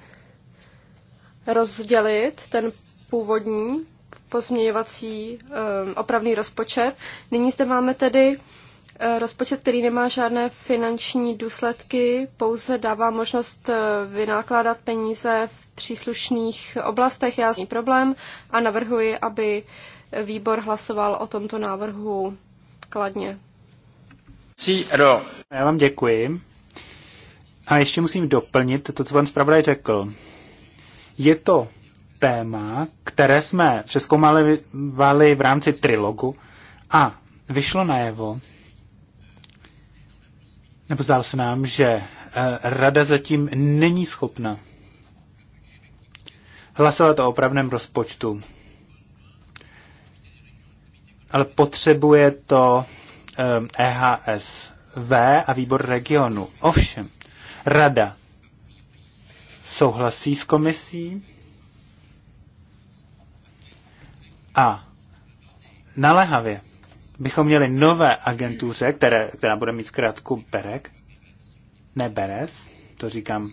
rozdělit ten původní pozměňovací um, opravný rozpočet. Nyní zde máme tedy eh, rozpočet, který nemá žádné finanční důsledky, pouze dává možnost eh, vynákládat peníze v příslušných oblastech. Já problém a navrhuji, aby výbor hlasoval o tomto návrhu kladně. Já vám děkuji. A ještě musím doplnit to, co pan zpravodaj řekl. Je to téma, které jsme přeskoumali v rámci trilogu a vyšlo najevo, nebo zdálo se nám, že eh, rada zatím není schopna hlasovat o opravném rozpočtu ale potřebuje to EHSV e a výbor regionu. Ovšem, rada souhlasí s komisí a naléhavě bychom měli nové agentuře, které, která bude mít zkrátku BEREK, ne BERES, to říkám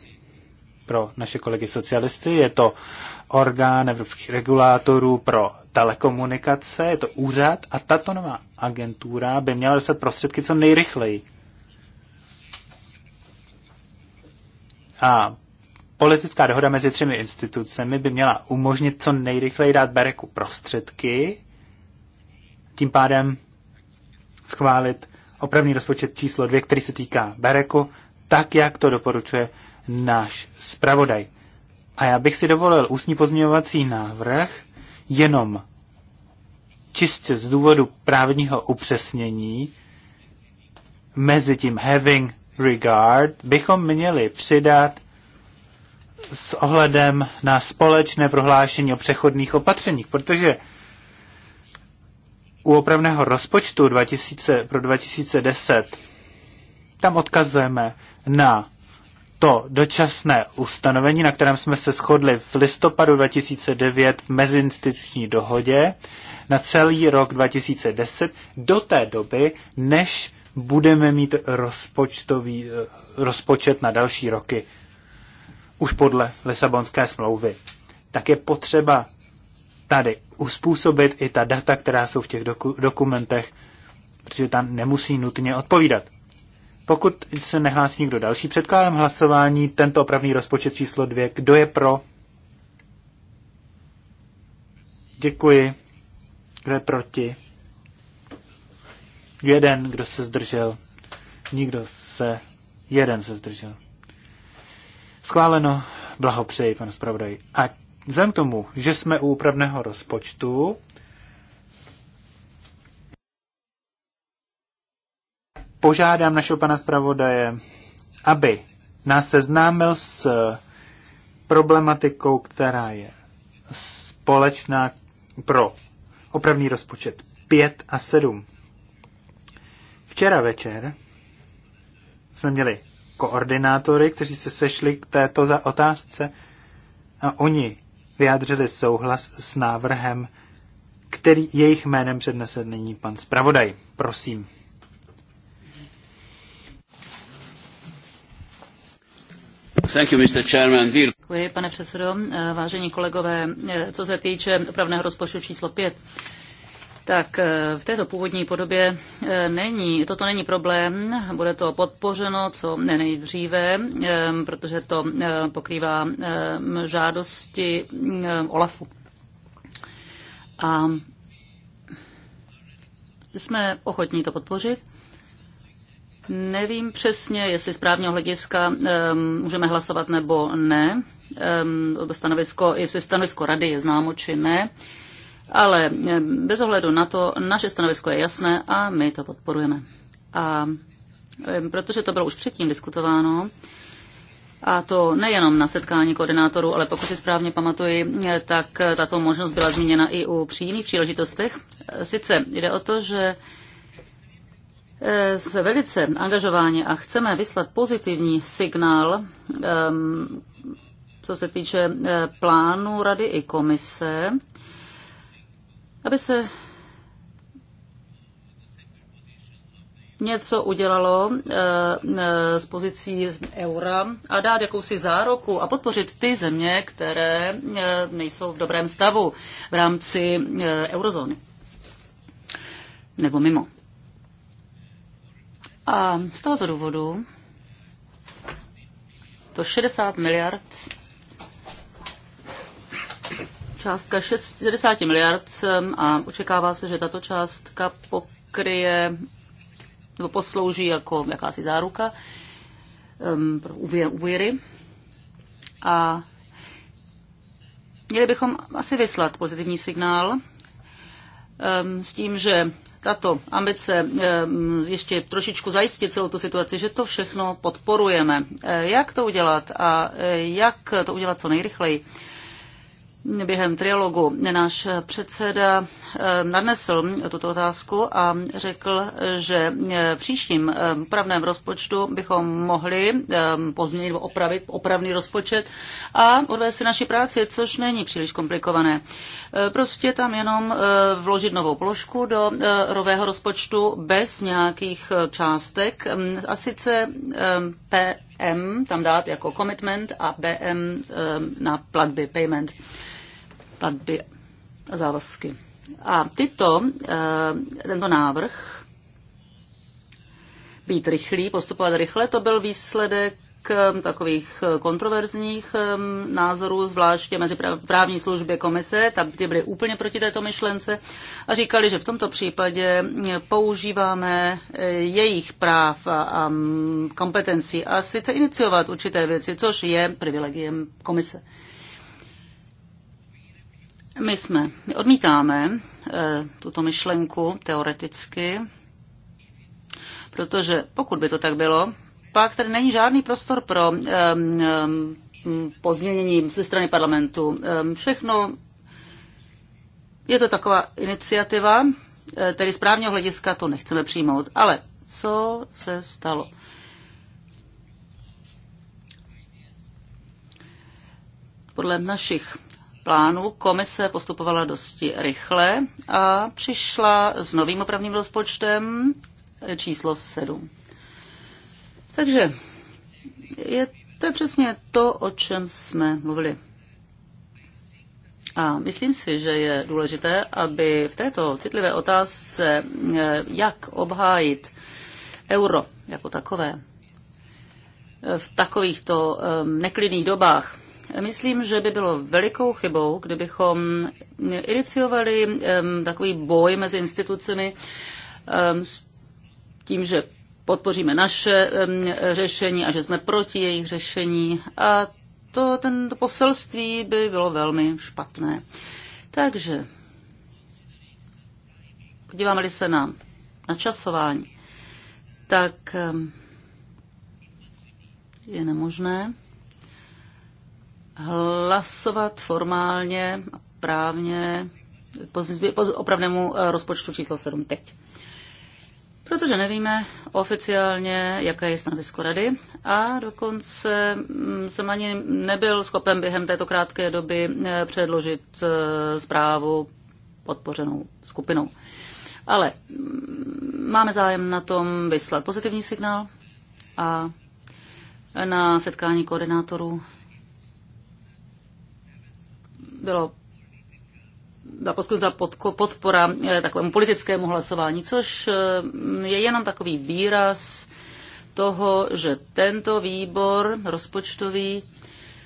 pro naše kolegy socialisty. Je to orgán evropských regulátorů pro telekomunikace, je to úřad a tato nová agentura by měla dostat prostředky co nejrychleji. A politická dohoda mezi třemi institucemi by měla umožnit co nejrychleji dát Bereku prostředky, tím pádem schválit opravný rozpočet číslo dvě, který se týká Bereku, tak, jak to doporučuje náš zpravodaj. A já bych si dovolil ústní pozměňovací návrh jenom čistě z důvodu právního upřesnění mezi tím having regard bychom měli přidat s ohledem na společné prohlášení o přechodných opatřeních, protože u opravného rozpočtu 2000, pro 2010 tam odkazujeme na to dočasné ustanovení, na kterém jsme se shodli v listopadu 2009 v mezinstituční dohodě na celý rok 2010 do té doby, než budeme mít rozpočtový, eh, rozpočet na další roky už podle Lisabonské smlouvy, tak je potřeba tady uspůsobit i ta data, která jsou v těch doku- dokumentech, protože ta nemusí nutně odpovídat. Pokud se nehlásí nikdo další, předkládám hlasování tento opravný rozpočet číslo dvě. Kdo je pro? Děkuji. Kdo je proti? Jeden, kdo se zdržel. Nikdo se... Jeden se zdržel. Schváleno. Blahopřeji, pan. zpravodaj. A vzhledem k tomu, že jsme u úpravného rozpočtu, požádám našeho pana zpravodaje, aby nás seznámil s eh, problematikou, která je společná pro opravný rozpočet 5 a 7. Včera večer jsme měli koordinátory, kteří se sešli k této za otázce a oni vyjádřili souhlas s návrhem, který jejich jménem přednese nyní pan zpravodaj. Prosím. Thank you, Mr. Chairman. Děkuji, pane předsedo. Eh, vážení kolegové, eh, co se týče opravného rozpočtu číslo 5, tak eh, v této původní podobě není, toto není problém, bude to podpořeno co nejdříve, protože to pokrývá žádosti OLAFu. A jsme ochotní to podpořit. Nevím přesně, jestli z právního hlediska ehm, můžeme hlasovat nebo ne. Ehm, stanovisko, jestli stanovisko rady je známo či ne. Ale ehm, bez ohledu na to, naše stanovisko je jasné a my to podporujeme. A protože to bylo už předtím diskutováno, a to nejenom na setkání koordinátorů, ale pokud si správně pamatuji, eh, tak eh, tato možnost byla zmíněna i u při jiných příležitostech. Eh, sice jde o to, že Eh, jsme velice angažováni a chceme vyslat pozitivní signál, co se týče eh, plánu Rady i komise, aby se něco udělalo z eh, pozicí eura a dát jakousi zároku a podpořit ty země, které nejsou v dobrém stavu v rámci eurozóny nebo mimo. A z tohoto důvodu to 60 miliard, částka 60 miliard a očekává se, že tato částka pokryje nebo poslouží jako jakási záruka um, pro úvěry. A měli bychom asi vyslat pozitivní signál um, s tím, že tato ambice eh, ještě trošičku zajistit celou tu situaci, že to všechno podporujeme. Eh, jak to udělat a eh, jak to udělat co nejrychleji? během trialogu náš předseda eh, nadnesl tuto otázku a řekl, že eh, v příštím eh, pravném rozpočtu bychom mohli pozměnit nebo opravit opravný rozpočet a odvést si naši práci, což není příliš komplikované. Prostě tam jenom vložit novou položku do rového rozpočtu bez nějakých částek mm, a sice P M tam dát jako commitment a BM na platby, payment, platby a závazky. A tyto, eh, tento návrh být rychlý, postupovat rychle, to byl výsledek takových eh, kontroverzních názorů, zvláště mezi právní službě komise, tam ty byly úplně proti této myšlence a říkali, že v tomto případě eh, používáme eh, jejich práv a kompetencí a sice iniciovat určité věci, což je privilegiem komise. My jsme, my odmítáme tuto myšlenku teoreticky, protože pokud by to tak bylo, pak tady není žádný prostor pro um, um, pozměnění ze strany parlamentu. Um, všechno je to taková iniciativa, eh, tedy z právního hlediska to nechceme přijmout. Ale co se stalo? Podle našich plánu komise postupovala dosti rychle a přišla s novým opravným rozpočtem eh, číslo 7. Takže je, to je přesně to, o čem jsme mluvili. A myslím si, že je důležité, aby v této citlivé otázce, eh, jak obhájit euro jako takové eh, v takovýchto eh, neklidných dobách, Myslím, že by bylo velikou chybou, kdybychom iniciovali takový boj mezi institucemi s tím, že podpoříme naše řešení a že jsme proti jejich řešení. A to, tento poselství by bylo velmi špatné. Takže podíváme-li se na načasování, tak je nemožné hlasovat formálně a právně po, opravnému eh, rozpočtu číslo 7 teď protože nevíme oficiálně, jaké je stanovisko rady a dokonce mm, jsem ani nebyl schopen během této krátké doby eh, předložit eh, zprávu podpořenou skupinou. Ale mm, máme zájem na tom vyslat pozitivní signál a na setkání koordinátorů bylo byla poskytnuta podpora eh, takovému politickému hlasování, což eh, je jenom takový výraz toho, že tento výbor rozpočtový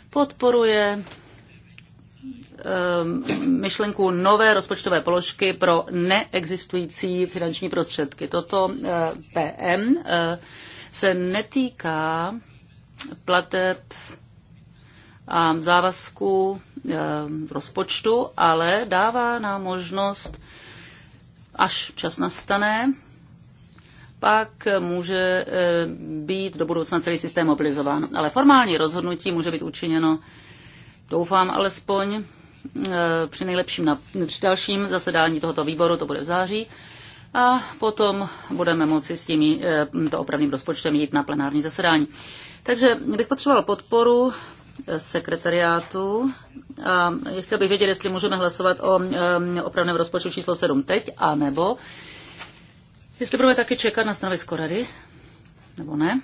podporuje eh, myšlenku nové rozpočtové položky pro neexistující finanční prostředky. Toto PM se netýká plateb a závazků v rozpočtu, ale dává nám možnost, až čas nastane, pak může eh, být do budoucna celý systém mobilizován. Ale formální rozhodnutí může být učiněno, doufám alespoň, eh, při nejlepším na, při dalším zasedání tohoto výboru, to bude v září, a potom budeme moci s tím eh, to opravným rozpočtem jít na plenární zasedání. Takže bych potřeboval podporu sekretariátu. A chtěl bych vědět, jestli můžeme hlasovat o opravném rozpočtu číslo 7 teď, anebo jestli budeme taky čekat na stanovisko rady, nebo ne.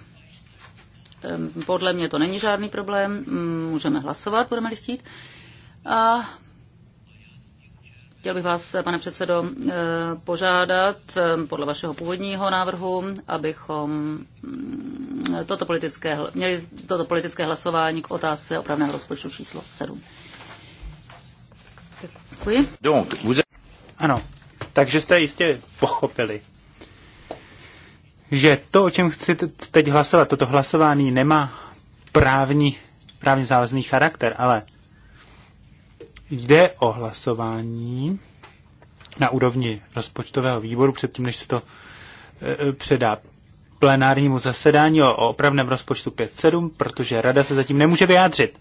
Podle mě to není žádný problém, můžeme hlasovat, budeme-li chtít. A Chtěl bych vás, pane předsedo, e, požádat podle vašeho původního návrhu, abychom toto politické, měli toto politické hlasování k otázce opravného rozpočtu číslo 7. Děkuji. Ano, takže jste jistě pochopili, že to, o čem chci teď hlasovat, toto hlasování nemá právní, právně závazný charakter, ale jde o hlasování na úrovni rozpočtového výboru předtím, než se to e, e, předá plenárnímu zasedání o, o opravném rozpočtu 5.7, protože rada se zatím nemůže vyjádřit.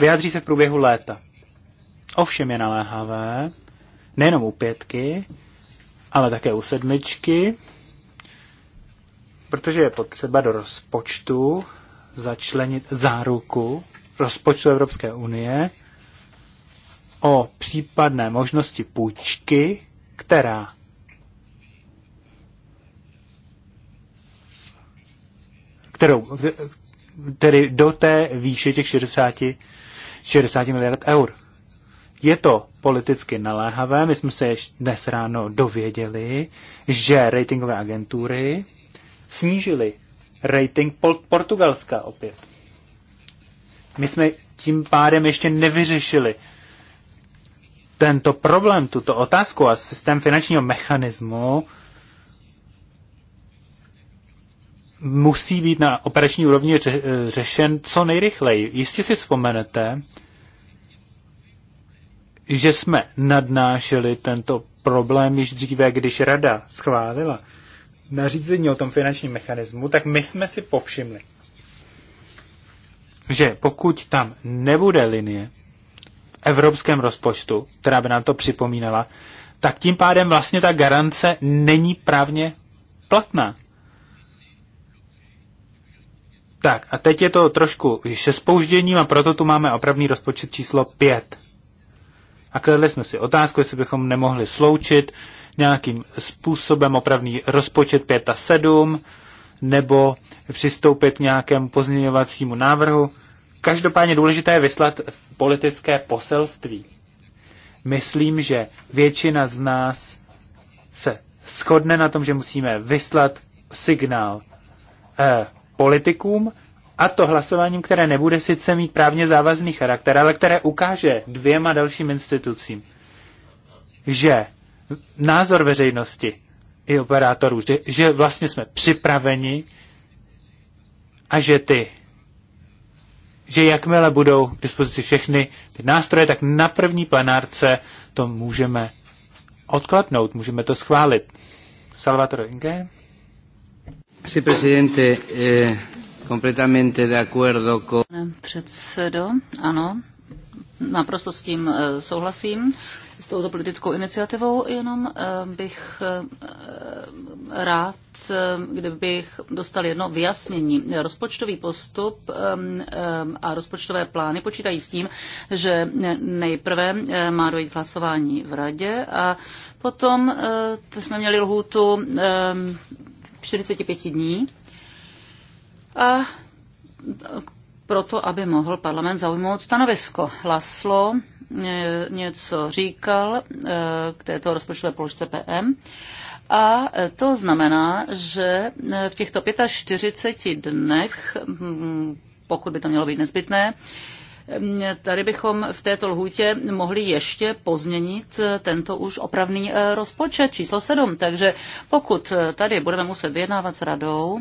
Vyjádří se v průběhu léta. Ovšem je naléhavé, nejenom u pětky, ale také u sedmičky, protože je potřeba do rozpočtu začlenit záruku rozpočtu Evropské unie o případné možnosti půjčky, která kterou, tedy do té výše těch 60, 60 miliard eur. Je to politicky naléhavé. My jsme se dnes ráno dověděli, že ratingové agentury snížily rating Portugalska opět. My jsme tím pádem ještě nevyřešili tento problém, tuto otázku a systém finančního mechanismu musí být na operační úrovni ře, eh, řešen co nejrychleji. Jistě si vzpomenete, že jsme nadnášeli tento problém již dříve, když rada schválila nařízení o tom finančním mechanismu, tak my jsme si povšimli, že pokud tam nebude linie v evropském rozpočtu, která by nám to připomínala, tak tím pádem vlastně ta garance není právně platná. Tak a teď je to trošku již se spoužděním a proto tu máme opravný rozpočet číslo 5. A kladli jsme si otázku, jestli bychom nemohli sloučit nějakým způsobem opravný rozpočet 5 a 7, nebo přistoupit k nějakému pozměňovacímu návrhu. Každopádně důležité je vyslat politické poselství. Myslím, že většina z nás se shodne na tom, že musíme vyslat signál eh, politikům, a to hlasováním, které nebude sice mít právně závazný charakter, ale které ukáže dvěma dalším institucím, že názor veřejnosti i operátorů, že, že vlastně jsme připraveni a že ty, že jakmile budou k dispozici všechny ty nástroje, tak na první plenárce to můžeme odkladnout, můžeme to schválit. Salvatore Inge? Sí, presidente, eh, completamente de acuerdo con... Předsedo, ano, naprosto s tím eh, souhlasím s touto politickou iniciativou, jenom eh, bych rád, kdybych dostal jedno vyjasnění. Rozpočtový postup a rozpočtové plány počítají s tím, že nejprve má dojít k hlasování v radě a potom jsme měli lhůtu 45 dní. A proto, aby mohl parlament zaujmout stanovisko. Laslo eh, něco říkal eh, k této rozpočtové položce PM. A to znamená, že eh, v těchto 45 dnech, mm, pokud by to mělo být nezbytné, tady bychom v této lhůtě mohli ještě pozměnit eh, tento už opravný eh, rozpočet číslo 7. Takže pokud eh, tady budeme muset vyjednávat s radou,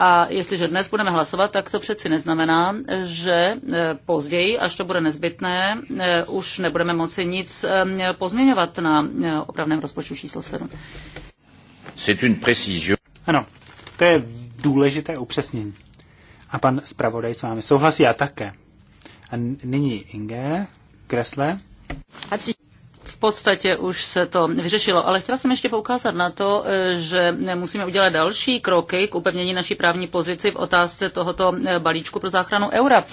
a jestliže dnes budeme hlasovat, tak to přeci neznamená, že později, až to bude nezbytné, už nebudeme moci nic pozměňovat na opravném rozpočtu číslo 7. Ano, to je důležité upřesnění. A pan zpravodaj s vámi souhlasí, já také. A nyní Inge Kresle. V podstatě už se to vyřešilo, ale chtěla jsem ještě poukázat na to, e, že musíme udělat další kroky k upevnění naší právní pozici v otázce tohoto e, balíčku pro záchranu eura,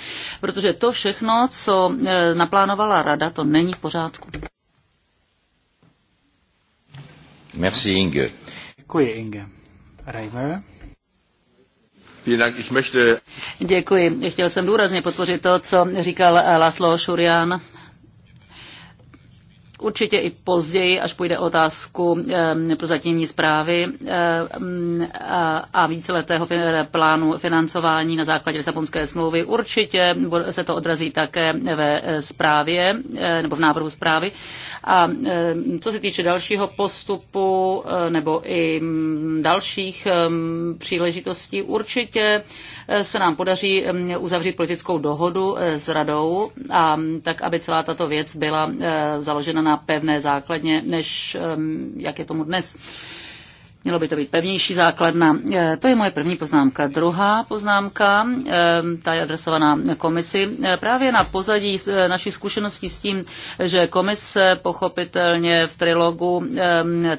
protože to všechno, co e, naplánovala rada, to není v pořádku. Merci Inge. Děkuji Inge. Reimer. Děkuji. Chtěl jsem důrazně podpořit to, co říkal Laszlo Šurian určitě i později, až půjde otázku prozatímní zprávy a víceletého plánu financování na základě Lisabonské smlouvy. Určitě se to odrazí také ve e, zprávě e, nebo v návrhu zprávy. A co se týče dalšího postupu e, nebo i dalších příležitostí, určitě se nám podaří uzavřít politickou dohodu s radou a tak, aby celá tato věc byla založena na na pevné základně, než jak je tomu dnes. Mělo by to být pevnější základna. E, to je moje první poznámka. Druhá poznámka, ta je adresovaná komisi, e, právě na pozadí e, naší zkušeností s tím, že komise pochopitelně v trilogu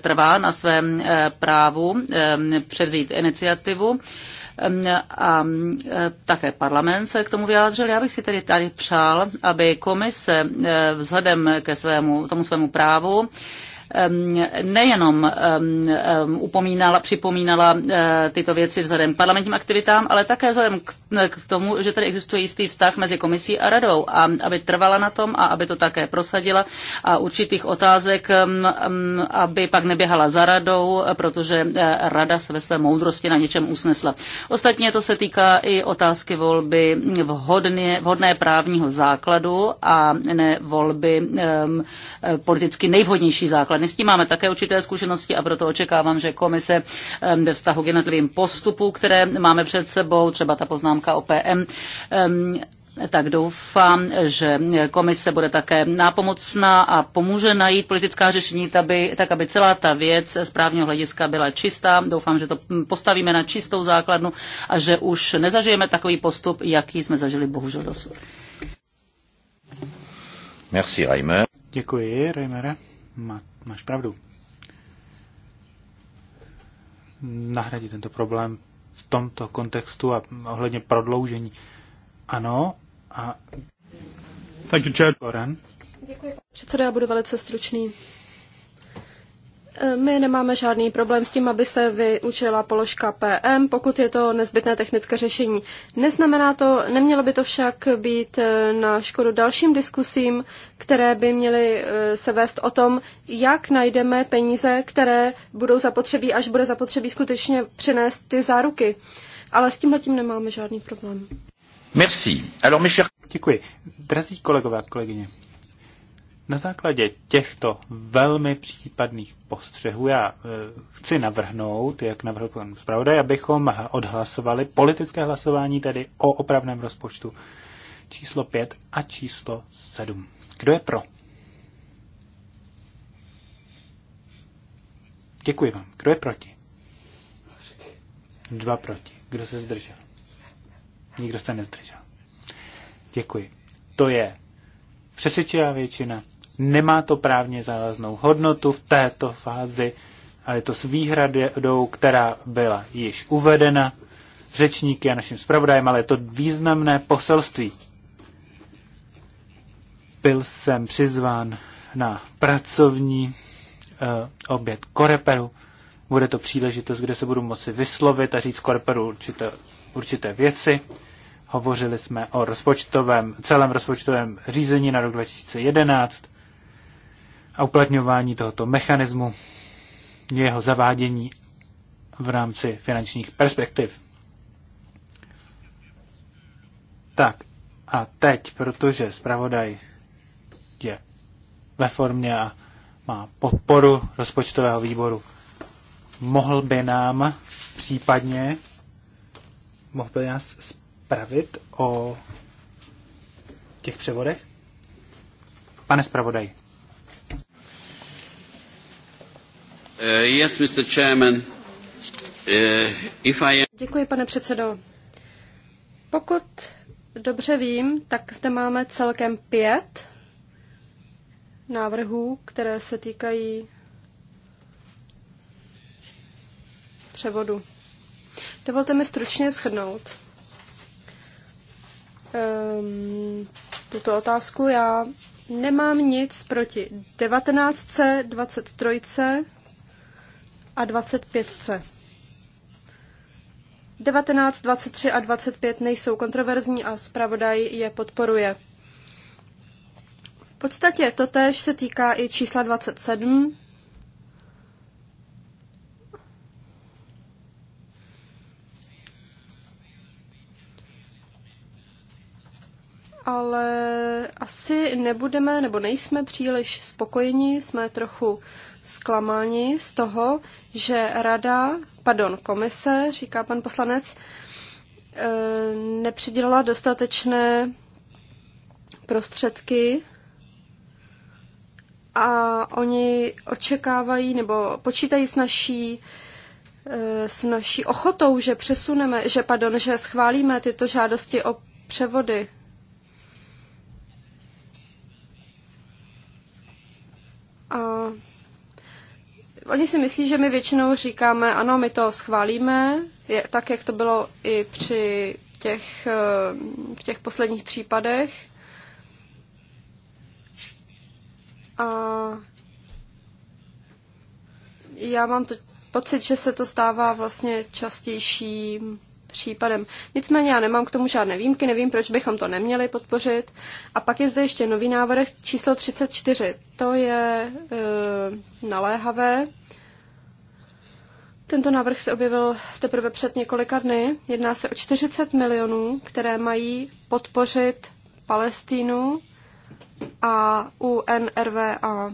trvá na svém právu převzít iniciativu a také parlament se k tomu vyjádřil. Já bych si tedy tady přál, aby komise vzhledem ke svému, tomu svému právu nejenom upomínala, připomínala eh, tyto věci vzhledem k parlamentním aktivitám, ale také vzhledem k tomu, že tady existuje jistý vztah mezi komisí a radou a aby trvala na tom a aby to také prosadila a určitých otázek, aby pak neběhala za radou, protože eh, rada se ve své moudrosti na něčem usnesla. Ostatně to se týká i otázky volby vhodně, vhodné právního základu a ne volby eh, politicky nejvhodnější základ základny. S tím máme také určité zkušenosti a proto očekávám, že komise ve vztahu k jednotlivým postupům, které máme před sebou, třeba ta poznámka o PM, tak doufám, že komise bude také nápomocná a pomůže najít politická řešení, tak aby celá ta věc z právního hlediska byla čistá. Doufám, že to hm, postavíme na čistou základnu a že už nezažijeme takový postup, jaký jsme zažili bohužel dosud. Merci, Reimer. Děkuji, Reimere. Máte Máš pravdu. Nahradit tento problém v tomto kontextu a ohledně prodloužení. Ano. A... Thank you, Chair. Děkuji, pane předsedo, já budu velice stručný. My nemáme žádný problém s tím, aby se vyučila položka PM, pokud je to nezbytné technické řešení. Neznamená to, nemělo by to však být eh, na škodu dalším diskusím, které by měly eh, se vést o tom, jak najdeme peníze, které budou zapotřebí, až bude zapotřebí skutečně přinést ty záruky. Ale s tímhletím nemáme žádný problém. Merci. Alors, mes chers... Děkuji. Drazí kolegové a kolegyně, na základě těchto velmi případných postřehů já e, chci navrhnout, jak navrhl pan zpravodaj, abychom odhlasovali politické hlasování tedy o opravném rozpočtu číslo 5 a číslo 7. Kdo je pro? Děkuji vám. Kdo je proti? Dva proti. Kdo se zdržel? Nikdo se nezdržel. Děkuji. To je přesvědčivá většina. Nemá to právně závaznou hodnotu v této fázi, ale je to s výhradou, která byla již uvedena řečníky a naším zpravodajem, ale je to významné poselství. Byl jsem přizván na pracovní uh, oběd Koreperu. Bude to příležitost, kde se budu moci vyslovit a říct Koreperu určité, určité věci. Hovořili jsme o rozpočtovém, celém rozpočtovém řízení na rok 2011 a uplatňování tohoto mechanismu, jeho zavádění v rámci finančních perspektiv. Tak a teď, protože zpravodaj je ve formě a má podporu rozpočtového výboru, mohl by nám případně mohl by nás spravit o těch převodech? Pane zpravodaj. Eh, yes, Mr. Chairman. Eh, if I am... Děkuji, pane předsedo. Pokud dobře vím, tak zde máme celkem pět návrhů, které se týkají převodu. Dovolte mi stručně shrnout um, tuto otázku. Já nemám nic proti 1923, a 25C. 19, 23 a 25 nejsou kontroverzní a zpravodaj je podporuje. V podstatě totéž se týká i čísla 27. Ale asi nebudeme, nebo nejsme příliš spokojeni, jsme trochu zklamáni z toho, že rada, pardon, komise, říká pan poslanec, e, nepřidělala dostatečné prostředky a oni očekávají nebo počítají s naší e, s naší ochotou, že přesuneme, že pardon, že schválíme tyto žádosti o převody. A Oni si myslí, že my většinou říkáme, ano, my to schválíme, je, tak jak to bylo i při těch, eh, v těch posledních případech. A já mám to pocit, že se to stává vlastně častějším případem. Nicméně já nemám k tomu žádné výjimky, nevím, proč bychom to neměli podpořit. A pak je zde ještě nový návrh číslo 34. To je e, naléhavé. Tento návrh se objevil teprve před několika dny. Jedná se o 40 milionů, které mají podpořit Palestínu a UNRWA.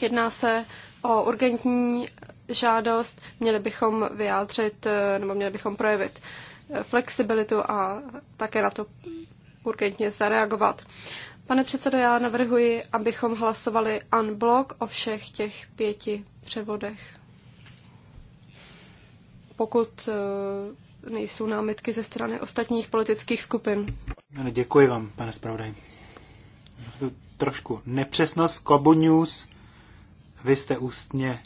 Jedná se o urgentní žádost, měli bychom vyjádřit eh, nebo měli bychom projevit eh, flexibilitu a také na to urgentně zareagovat. Pane předsedo, já navrhuji, abychom hlasovali unblock o všech těch pěti převodech. Pokud eh, nejsou námitky ze strany ostatních politických skupin. Děkuji vám, pane zpravodaj. Trošku nepřesnost v Kobu News. Vy jste ústně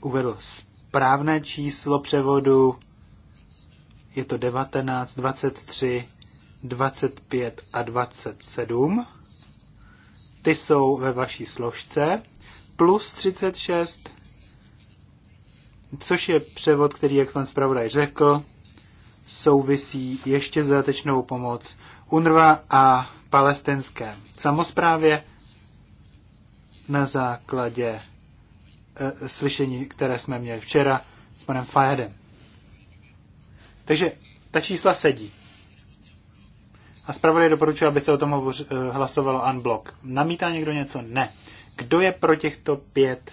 uvedl správné číslo převodu. Je to 19, 23, 25 a 27. Ty jsou ve vaší složce. Plus 36, což je převod, který, jak pan zpravodaj řekl, souvisí ještě s dodatečnou pomoc UNRWA a palestinské samozprávě na základě Eh, slyšení, které jsme měli včera s panem Fajadem. Takže ta čísla sedí. A zpravodaj doporučuje, aby se o tom hovoř, eh, hlasovalo unblock. Namítá někdo něco? Ne. Kdo je pro těchto pět,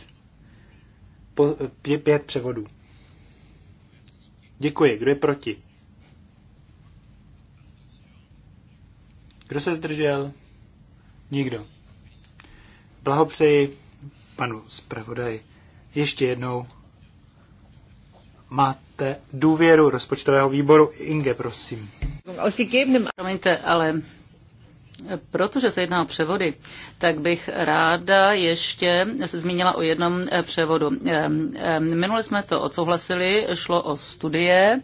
po, eh, pě, pět převodů? Děkuji. Kdo je proti? Kdo se zdržel? Nikdo. Blahopřeji panu zpravodaji ještě jednou máte důvěru rozpočtového výboru. Inge, prosím. Promiňte, ale Protože se jedná o převody, tak bych ráda ještě se zmínila o jednom převodu. Ehm, ehm, minule jsme to odsouhlasili, šlo o studie,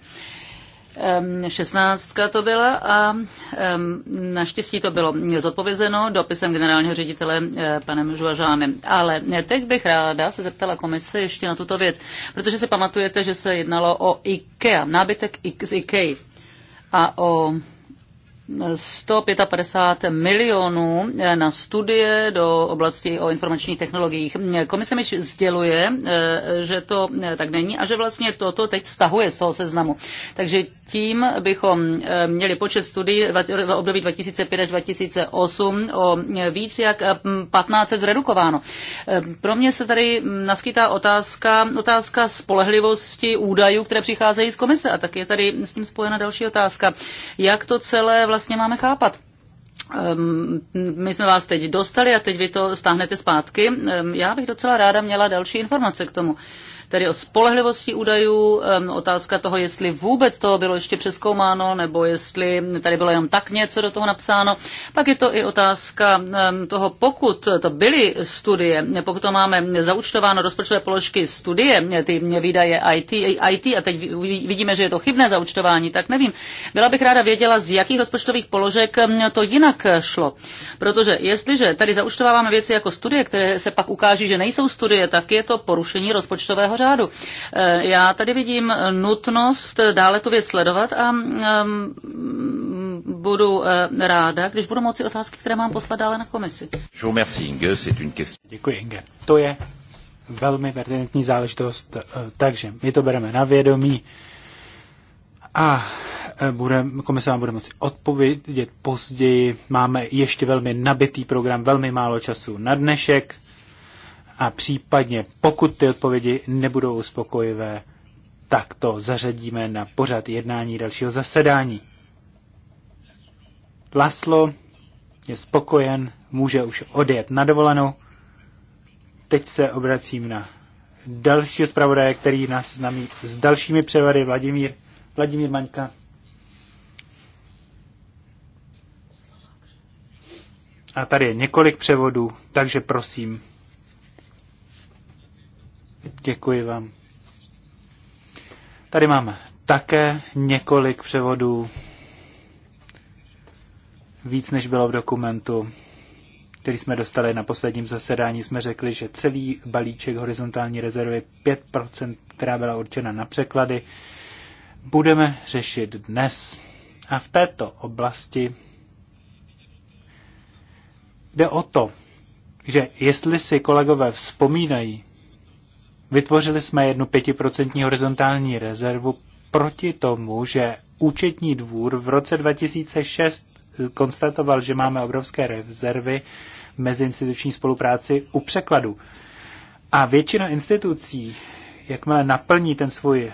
šestnáctka to byla a naštěstí to bylo zodpovězeno dopisem generálního ředitele eh, panem Žuažánem. Ale teď bych ráda se zeptala komise ještě na tuto věc, protože si pamatujete, že se jednalo o IKEA, nábytek z IKEA a o 155 milionů eh, na studie do oblasti o informačních technologiích. Komise mi sděluje, eh, že to eh, tak není a že vlastně toto teď stahuje z toho seznamu. Takže tím bychom měli počet studií v období 2005 až 2008 o víc jak 15 zredukováno. Pro mě se tady naskytá otázka, otázka spolehlivosti údajů, které přicházejí z komise a tak je tady s tím spojena další otázka. Jak to celé vlastně vlastně máme chápat. Ehm, my jsme vás teď dostali a teď vy to stáhnete zpátky. Ehm, já bych docela ráda měla další informace k tomu tedy o spolehlivosti údajů. Otázka toho, jestli vůbec toho bylo ještě přeskoumáno, nebo jestli tady bylo jenom tak něco do toho napsáno. Pak je to i otázka toho, pokud to byly studie, pokud to máme zaučtováno rozpočtové položky studie, ty výdaje IT, IT a teď vidíme, že je to chybné zaučtování, tak nevím. Byla bych ráda věděla, z jakých rozpočtových položek to jinak šlo. Protože jestliže tady zaučtováváme věci jako studie, které se pak ukáží, že nejsou studie, tak je to porušení rozpočtového řádu. Eh, já tady vidím nutnost dále tu věc sledovat a ehm, budu eh, ráda, když budu moci otázky, které mám poslat dále na komisi. Děkuji, Inge. To je velmi pertinentní záležitost, eh, takže my to bereme na vědomí a bude, komise vám bude moci odpovědět později. Máme ještě velmi nabitý program, velmi málo času na dnešek a případně, pokud ty odpovědi nebudou uspokojivé, tak to zařadíme na pořad jednání dalšího zasedání. Laslo je spokojen, může už odjet na dovolenou. Teď se obracím na dalšího zpravodaje, který nás znamí s dalšími převady, Vladimír, Vladimír Maňka. A tady je několik převodů, takže prosím, Děkuji vám. Tady máme také několik převodů, víc než bylo v dokumentu, který jsme dostali na posledním zasedání. Jsme řekli, že celý balíček horizontální rezervy 5%, která byla určena na překlady, budeme řešit dnes. A v této oblasti jde o to, že jestli si kolegové vzpomínají, Vytvořili jsme jednu pětiprocentní horizontální rezervu proti tomu, že účetní dvůr v roce 2006 konstatoval, že máme obrovské rezervy mezi instituční spolupráci u překladu. A většina institucí, jakmile naplní ten svůj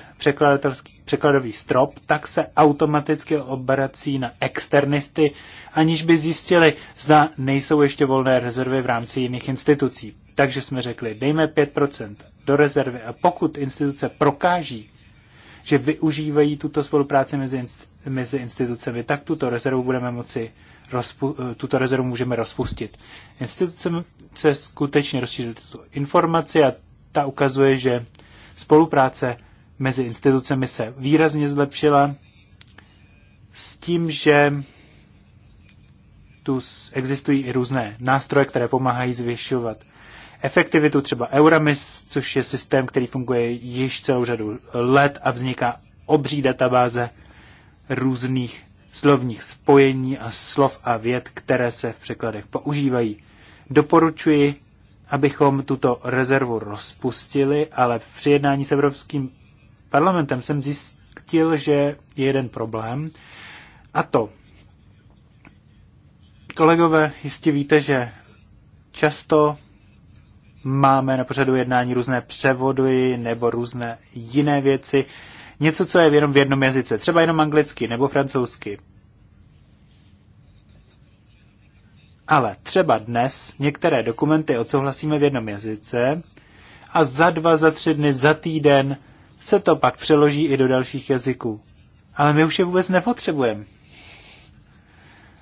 překladový strop, tak se automaticky obrací na externisty, aniž by zjistili, zda nejsou ještě volné rezervy v rámci jiných institucí. Takže jsme řekli, dejme 5% do rezervy. A pokud instituce prokáží, že využívají tuto spolupráci mezi, mezi institucemi, tak tuto rezervu budeme moci rozpu, tuto rezervu můžeme rozpustit. Instituce se skutečně rozšířily tuto informaci a ta ukazuje, že spolupráce mezi institucemi se výrazně zlepšila s tím, že tu existují i různé nástroje, které pomáhají zvyšovat efektivitu, třeba Euramis, což je systém, který funguje již celou řadu let a vzniká obří databáze různých slovních spojení a slov a věd, které se v překladech používají. Doporučuji, abychom tuto rezervu rozpustili, ale při jednání s Evropským parlamentem jsem zjistil, že je jeden problém, a to, kolegové, jistě víte, že často máme na pořadu jednání různé převody nebo různé jiné věci. Něco, co je jenom v jednom jazyce, třeba jenom anglicky nebo francouzsky. Ale třeba dnes některé dokumenty odsouhlasíme v jednom jazyce a za dva, za tři dny, za týden se to pak přeloží i do dalších jazyků. Ale my už je vůbec nepotřebujeme.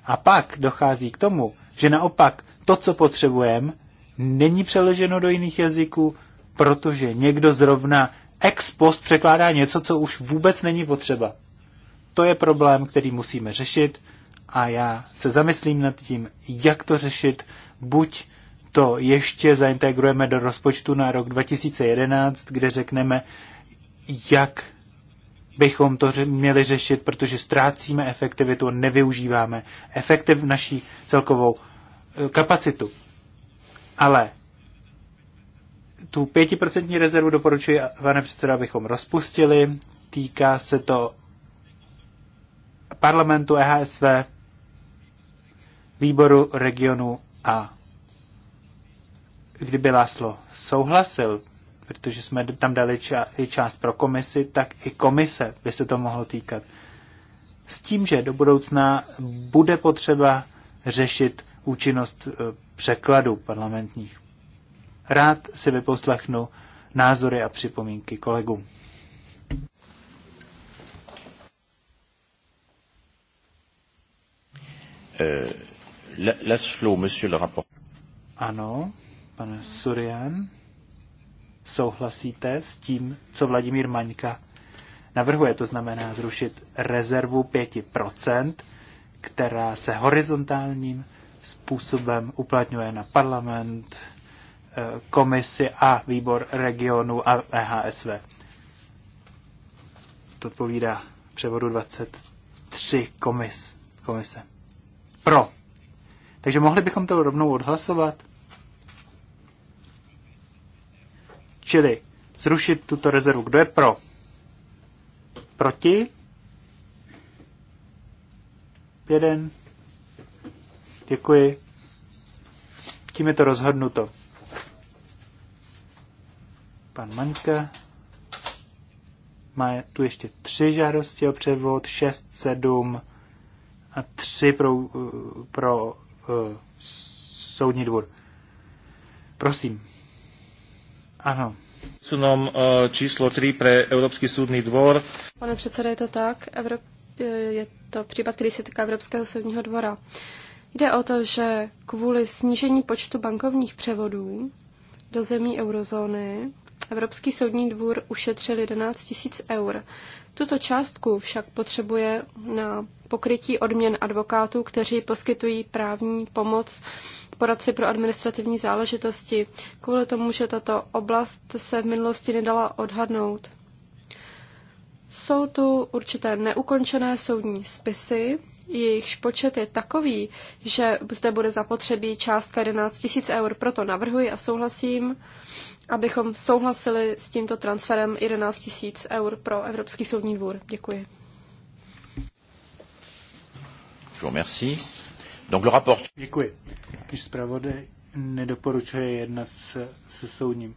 A pak dochází k tomu, že naopak to, co potřebujeme, není přeloženo do jiných jazyků, protože někdo zrovna ex post překládá něco, co už vůbec není potřeba. To je problém, který musíme řešit a já se zamyslím nad tím, jak to řešit, buď to ještě zaintegrujeme do rozpočtu na rok 2011, kde řekneme, jak bychom to měli řešit, protože ztrácíme efektivitu, nevyužíváme efektiv naší celkovou eh, kapacitu. Ale tu pětiprocentní rezervu doporučuji, pane předsedo, abychom rozpustili. Týká se to parlamentu EHSV, výboru regionu a kdyby Láslo souhlasil, protože jsme tam dali ča- i část pro komisi, tak i komise by se to mohlo týkat. S tím, že do budoucna bude potřeba řešit účinnost eh, překladů parlamentních. Rád si vyposlechnu názory a připomínky kolegů. Euh, monsieur le rapport. Ano, pane Surian, souhlasíte s tím, co Vladimír Maňka navrhuje, to znamená zrušit rezervu 5%, která se horizontálním způsobem uplatňuje na parlament, eh, komisi a výbor regionu a EHSV. To odpovídá převodu 23 komis, komise. Pro. Takže mohli bychom to rovnou odhlasovat. Čili zrušit tuto rezervu. Kdo je pro? Proti? Jeden. Děkuji. Tím je to rozhodnuto. Pan Maňka má tu ještě tři žádosti o převod, šest, sedm a tři pro, uh, pro uh, soudní dvůr. Prosím. Ano. Sunom uh, číslo 3 pro Evropský soudní dvor. Pane předseda, je to tak? Evrop... Je to případ, který se týká Evropského soudního dvora. Uh, Jde o to, že kvůli snížení počtu bankovních převodů do zemí eurozóny Evropský soudní dvůr ušetřil 11 000 eur. Tuto částku však potřebuje na pokrytí odměn advokátů, kteří poskytují právní pomoc poradci pro administrativní záležitosti, kvůli tomu, že tato oblast se v minulosti nedala odhadnout. Jsou tu určité neukončené soudní spisy, jejichž počet je takový, že zde bude zapotřebí částka 11 000 eur. Proto navrhuji a souhlasím, abychom souhlasili s tímto transferem 11 000 eur pro Evropský soudní dvůr. Děkuji. Merci. Donc le rapport... Děkuji. Když zpravodaj nedoporučuje jednat se, se soudním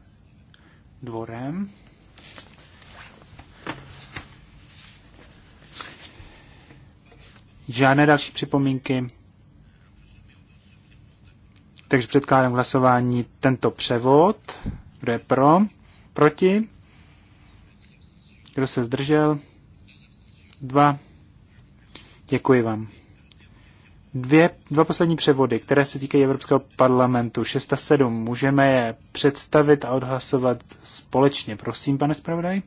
dvorem, Žádné další připomínky. Takže předkládám hlasování tento převod. Kdo je pro? Proti? Kdo se zdržel? Dva. Děkuji vám. Dvě, dva poslední převody, které se týkají Evropského parlamentu 6 a 7. Můžeme je představit a odhlasovat společně. Prosím, pane zpravodaj.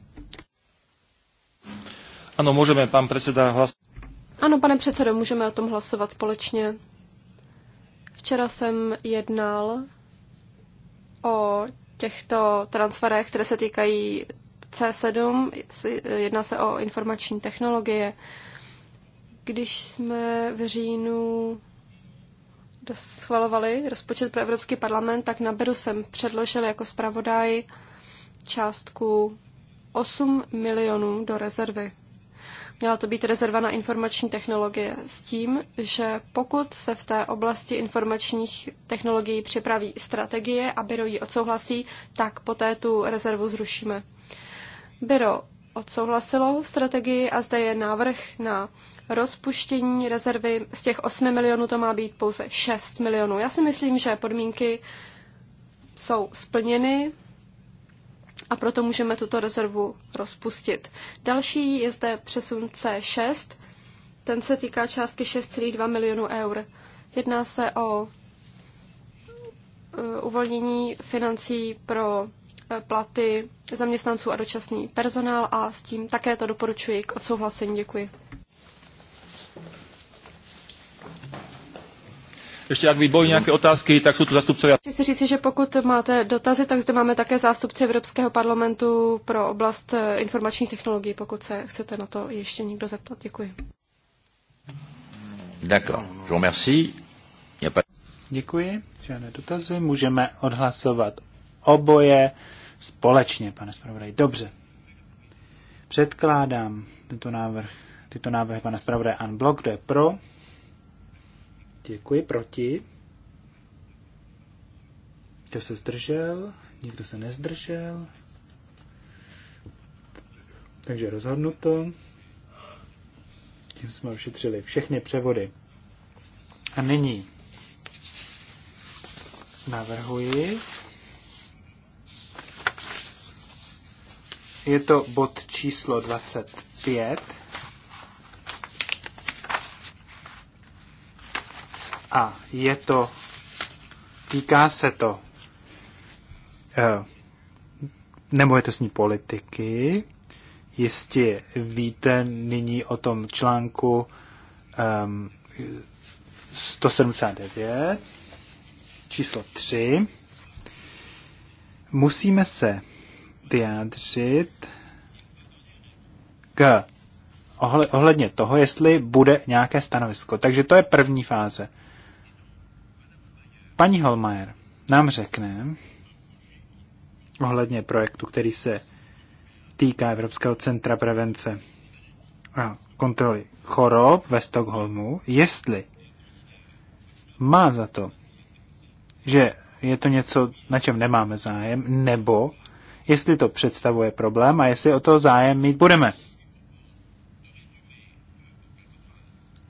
Ano, můžeme, pan předseda hlasovat. Ano, pane předsedo, můžeme o tom hlasovat společně. Včera jsem jednal o těchto transferech, které se týkají C7, jedná se o informační technologie. Když jsme v říjnu schvalovali rozpočet pro Evropský parlament, tak na Beru jsem předložil jako zpravodaj částku 8 milionů do rezervy. Měla to být rezerva na informační technologie s tím, že pokud se v té oblasti informačních technologií připraví strategie a byro ji odsouhlasí, tak poté tu rezervu zrušíme. Byro odsouhlasilo strategii a zde je návrh na rozpuštění rezervy. Z těch 8 milionů to má být pouze 6 milionů. Já si myslím, že podmínky jsou splněny, a proto můžeme tuto rezervu rozpustit. Další je zde přesun C6, ten se týká částky 6,2 milionů eur. Jedná se o e, uvolnění financí pro e, platy zaměstnanců a dočasný personál a s tím také to doporučuji k odsouhlasení. Děkuji. Ještě jak výboj nějaké otázky, tak jsou tu zastupcové. Chci říci, že pokud máte dotazy, tak zde máme také zástupce Evropského parlamentu pro oblast eh, informačních technologií, pokud se chcete na to ještě někdo zeptat. Děkuji. Děkuji. Žádné dotazy. Můžeme odhlasovat oboje společně, pane zpravodaj. Dobře. Předkládám tento návrh, tyto návrhy pana zpravodaje Anblok, Kdo je pro? Děkuji. Proti? Kdo se zdržel? Nikdo se nezdržel. Takže rozhodnuto. Tím jsme ošetřili všechny převody. A nyní navrhuji. Je to bod číslo 25. A je to, týká se to, uh, je s ní politiky, jistě víte nyní o tom článku um, ehm, 179, číslo 3. Musíme se vyjádřit k ohledně toho, jestli bude nějaké stanovisko. Takže to je první fáze. Paní Holmajer nám řekne ohledně projektu, který se týká Evropského centra prevence a kontroly chorob ve Stockholmu, jestli má za to, že je to něco, na čem nemáme zájem, nebo jestli to představuje problém a jestli o to zájem mít budeme.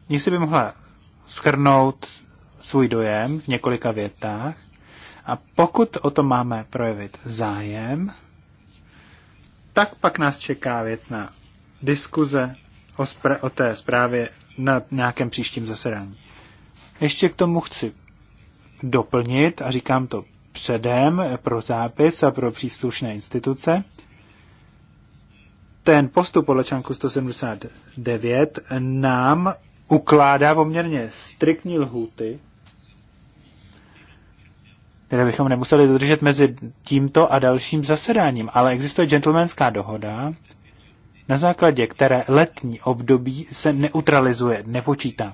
Jestli by mohla schrnout svůj dojem v několika větách a pokud o to máme projevit zájem, tak pak nás čeká na diskuze o, o té zprávě na nějakém příštím zasedání. Ještě k tomu chci doplnit a říkám to předem pro zápis a pro příslušné instituce. Ten postup podle článku 179 nám ukládá poměrně striktní lhuty které bychom nemuseli dodržet mezi tímto a dalším zasedáním, ale existuje gentlemanská dohoda, na základě které letní období se neutralizuje, nepočítá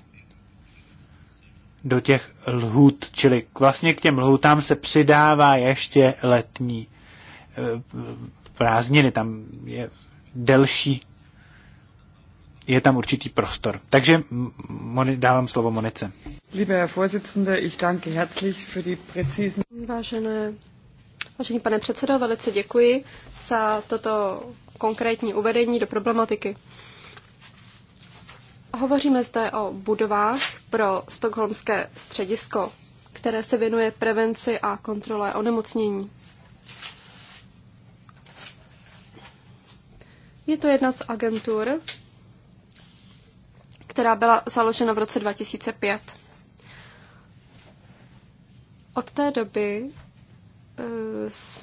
do těch lhůt, čili vlastně k těm lhůtám se přidává ještě letní eh, prázdniny, tam je delší, je tam určitý prostor. Takže dávám slovo Monice. Vážené, vážený pane předsedo, velice děkuji za toto konkrétní uvedení do problematiky. Hovoříme zde o budovách pro Stockholmské středisko, které se věnuje prevenci a kontrole onemocnění. Je to jedna z agentur, která byla založena v roce 2005. Od té doby eh,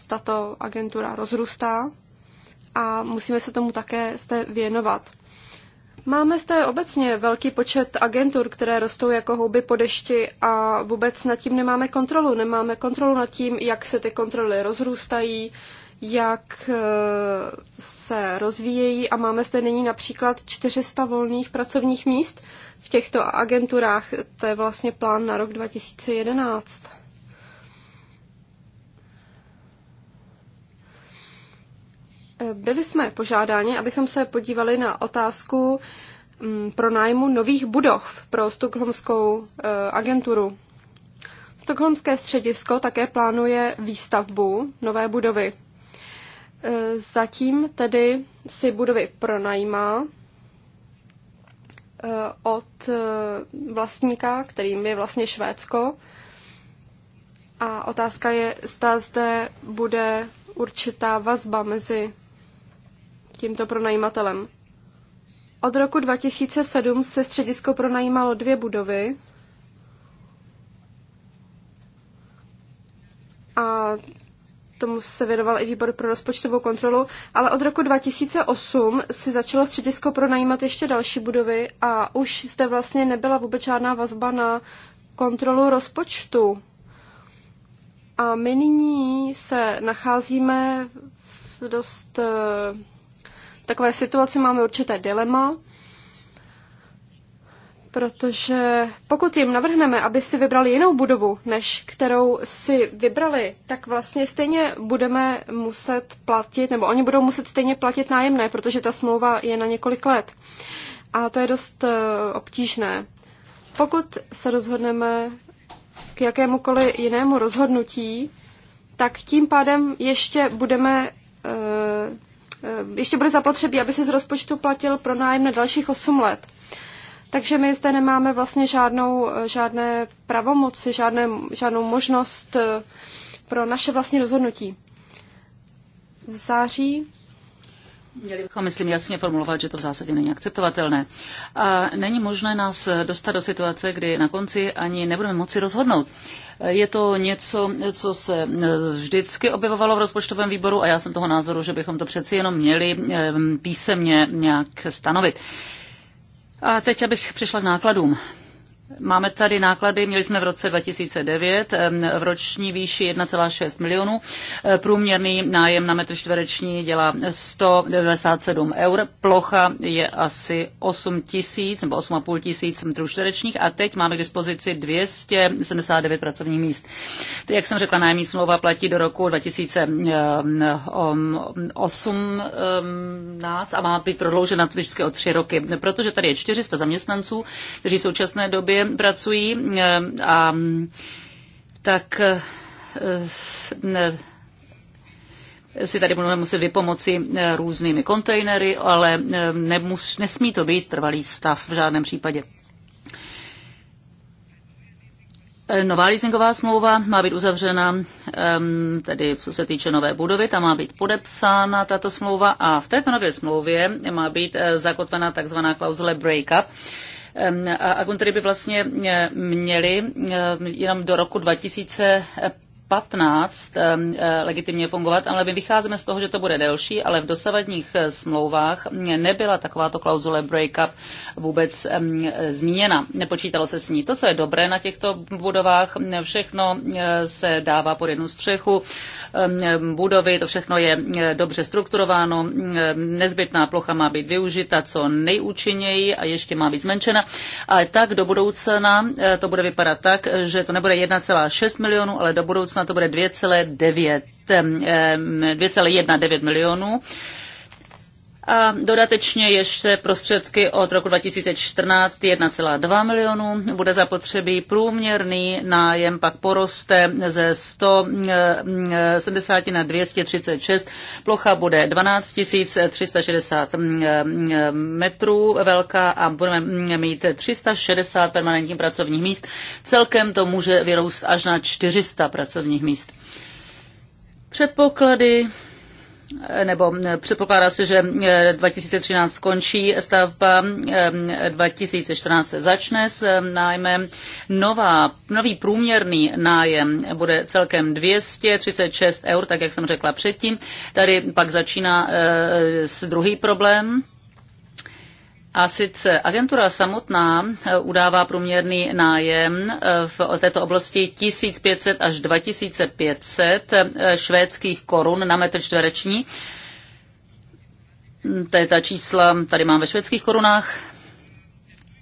tato agentura rozrůstá a musíme se tomu také věnovat. Máme zde obecně velký počet agentur, které rostou jako houby po dešti a vůbec nad tím nemáme kontrolu. Nemáme kontrolu nad tím, jak se ty kontroly rozrůstají, jak eh, se rozvíjejí a máme zde nyní například 400 volných pracovních míst v těchto agenturách. To je vlastně plán na rok 2011. Byli jsme požádáni, abychom se podívali na otázku mm, pronájmu nových budov pro Stokholmskou eh, agenturu. Stokholmské středisko také plánuje výstavbu nové budovy. Eh, zatím tedy si budovy pronajímá eh, od vlastníka, kterým je vlastně Švédsko. A otázka je, zda zde bude určitá vazba mezi tímto pronajímatelem. Od roku 2007 se středisko pronajímalo dvě budovy a tomu se věnoval i výbor pro rozpočtovou kontrolu, ale od roku 2008 si začalo středisko pronajímat ještě další budovy a už zde vlastně nebyla vůbec žádná vazba na kontrolu rozpočtu. A my nyní se nacházíme v dost eh, takové situaci máme určité dilema, protože pokud jim navrhneme, aby si vybrali jinou budovu, než kterou si vybrali, tak vlastně stejně budeme muset platit, nebo oni budou muset stejně platit nájemné, protože ta smlouva je na několik let. A to je dost eh, obtížné. Pokud se rozhodneme k jakémukoliv jinému rozhodnutí, tak tím pádem ještě budeme eh, Eh, ještě bude zapotřebí, aby se z rozpočtu platil pronájem na dalších 8 let. Takže my zde nemáme vlastně žádnou, eh, žádné pravomoci, žádné, žádnou možnost eh, pro naše vlastní rozhodnutí. V září Měli bychom, myslím, jasně formulovat, že to v zásadě není akceptovatelné. A není možné nás dostat do situace, kdy na konci ani nebudeme moci rozhodnout. Uh, je to něco, co se eh, vždycky objevovalo v rozpočtovém výboru a já jsem toho názoru, že bychom to přeci jenom měli eh, písemně nějak stanovit. A teď, abych přišla k nákladům. Máme tady náklady, měli jsme v roce 2009 v roční výši 1,6 milionů. E, Průměrný nájem na metr čtvereční dělá 197 eur. Plocha je asi 8 tisíc nebo 8,5 tisíc metrů čtverečních a teď máme k dispozici 279 pracovních míst. jak jsem řekla, nájemní smlouva platí do roku 2018 a má být prodloužena vždycky o tři roky, protože tady je 400 zaměstnanců, kteří v současné době právě pracují eh, a tak ne, eh, eh, si tady budeme muset vypomoci různými kontejnery, ale nemus, nesmí to být trvalý stav v žádném případě. Nová leasingová smlouva má být uzavřena, ehm, tedy co se týče nové budovy, tam má být podepsána tato smlouva a v této nové smlouvě má být zakotvena takzvaná klauzule break-up, Ehm, a agentury by vlastně eh, měly ehm, jenom do roku 2000 15 ehm, eh, legitimně fungovat, ale my vycházíme z toho, že to bude delší, ale v dosavadních eh, smlouvách nebyla takováto klauzule breakup vůbec ehm, zmíněna. Nepočítalo se s ní. To, co je dobré na těchto budovách, všechno eh, se dává pod jednu střechu. Ehm, budovy, to všechno je dobře strukturováno, nezbytná plocha má být využita co nejúčinněji a ještě má být zmenšena. A tak do budoucna to bude vypadat tak, že to nebude 1,6 milionů, ale do budoucna to bude 2,9 2,19 milionů a dodatečně ještě prostředky od roku 2014 1,2 milionů. Bude zapotřebí průměrný nájem, pak poroste ze 170 eh, na 236. Plocha bude 12 360 mm, mm, metrů velká a budeme mm, mít 360 permanentních pracovních míst. Celkem to může vyrůst až na 400 pracovních míst. Předpoklady nebo eh, předpokládá se, že 2013 eh, skončí stavba, 2014 eh, se začne s nájmem. Nová, nový průměrný nájem bude celkem 236 eur, tak jak jsem řekla předtím. Tady pak začíná s druhý problém a sice agentura samotná eh, udává průměrný nájem eh, v této oblasti 1500 až 2500 eh, švédských korun na metr čtvereční. To je ta čísla, tady mám ve švédských korunách.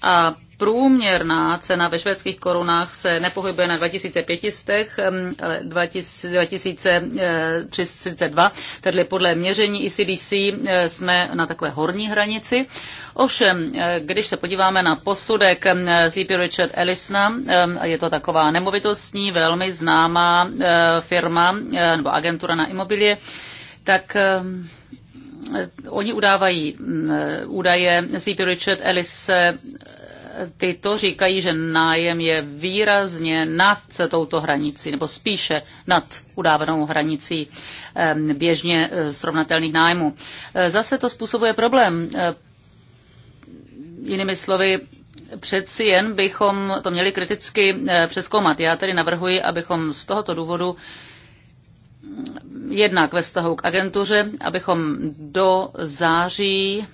A průměrná cena ve švédských korunách se nepohybuje na 2500, ale 2332, tedy podle měření ECDC eh, jsme na takové horní hranici. Ovšem, eh, když se podíváme na posudek CP e Richard Ellisona, je to taková nemovitostní, velmi známá eh, firma nebo agentura na imobilie, tak oni udávají mm, údaje CP e Richard Ellis tyto říkají, že nájem je výrazně nad touto hranicí, nebo spíše nad udávanou hranicí běžně e, srovnatelných nájmů. E, zase to způsobuje problém. E, jinými slovy, přeci jen bychom to měli kriticky přeskoumat. Já tedy navrhuji, abychom z tohoto důvodu jednak ve vztahu k agentuře, abychom do září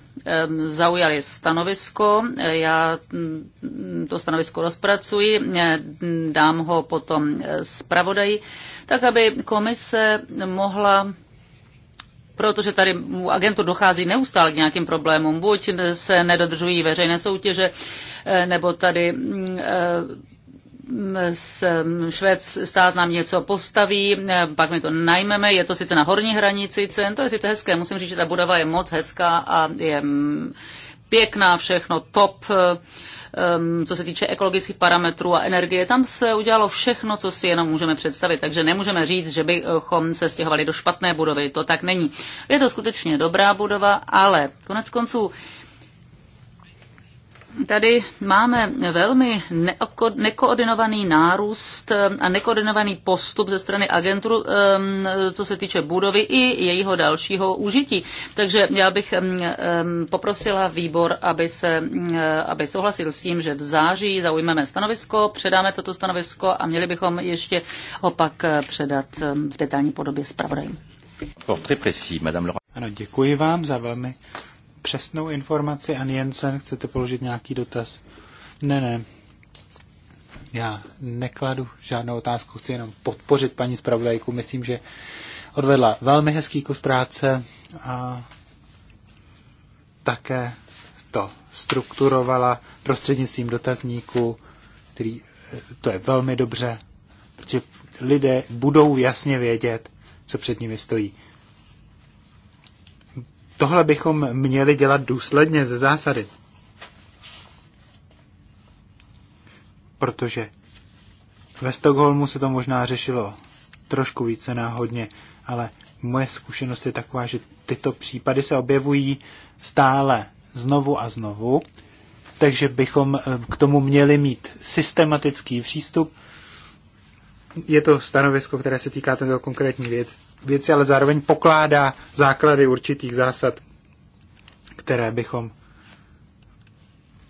zaujali stanovisko. Já mm, to stanovisko rozpracuji, eh, dám ho potom eh, zpravodaji, tak aby komise mohla protože tady u agentů dochází neustále k nějakým problémům. Buď se nedodržují veřejné soutěže, eh, nebo tady mm, Švéd stát nám něco postaví, e, pak my to najmeme, je to sice na horní hranici cen, to je sice hezké, musím říct, že ta budova je moc hezká a je pěkná, všechno top, e, co se týče ekologických parametrů a energie. Tam se udělalo všechno, co si jenom můžeme představit, takže nemůžeme říct, že bychom se stěhovali do špatné budovy, to tak není. Je to skutečně dobrá budova, ale konec konců tady máme velmi nekoordinovaný nárůst a nekoordinovaný postup ze strany agentů, co se týče budovy i jejího dalšího užití. Takže já bych poprosila výbor, aby, se, aby souhlasil s tím, že v září zaujmeme stanovisko, předáme toto stanovisko a měli bychom ještě opak eh, předat v detailní podobě zpravodajům. Ano, děkuji vám za velmi přesnou informaci. a Jensen, chcete položit nějaký dotaz? Ne, ne. Já nekladu žádnou otázku, chci jenom podpořit paní zpravodajku. Myslím, že odvedla velmi hezký kus práce a také to strukturovala prostřednictvím dotazníku, který eh, to je velmi dobře, protože lidé budou jasně vědět, co před nimi stojí. Tohle bychom měli dělat důsledně ze zásady. Protože ve Stockholmu se to možná řešilo trošku více náhodně, ale moje zkušenost je taková, že tyto případy se objevují stále znovu a znovu, takže bychom eh, k tomu měli mít systematický přístup je to stanovisko, které se týká této konkrétní věc, věci, ale zároveň pokládá základy určitých zásad, které bychom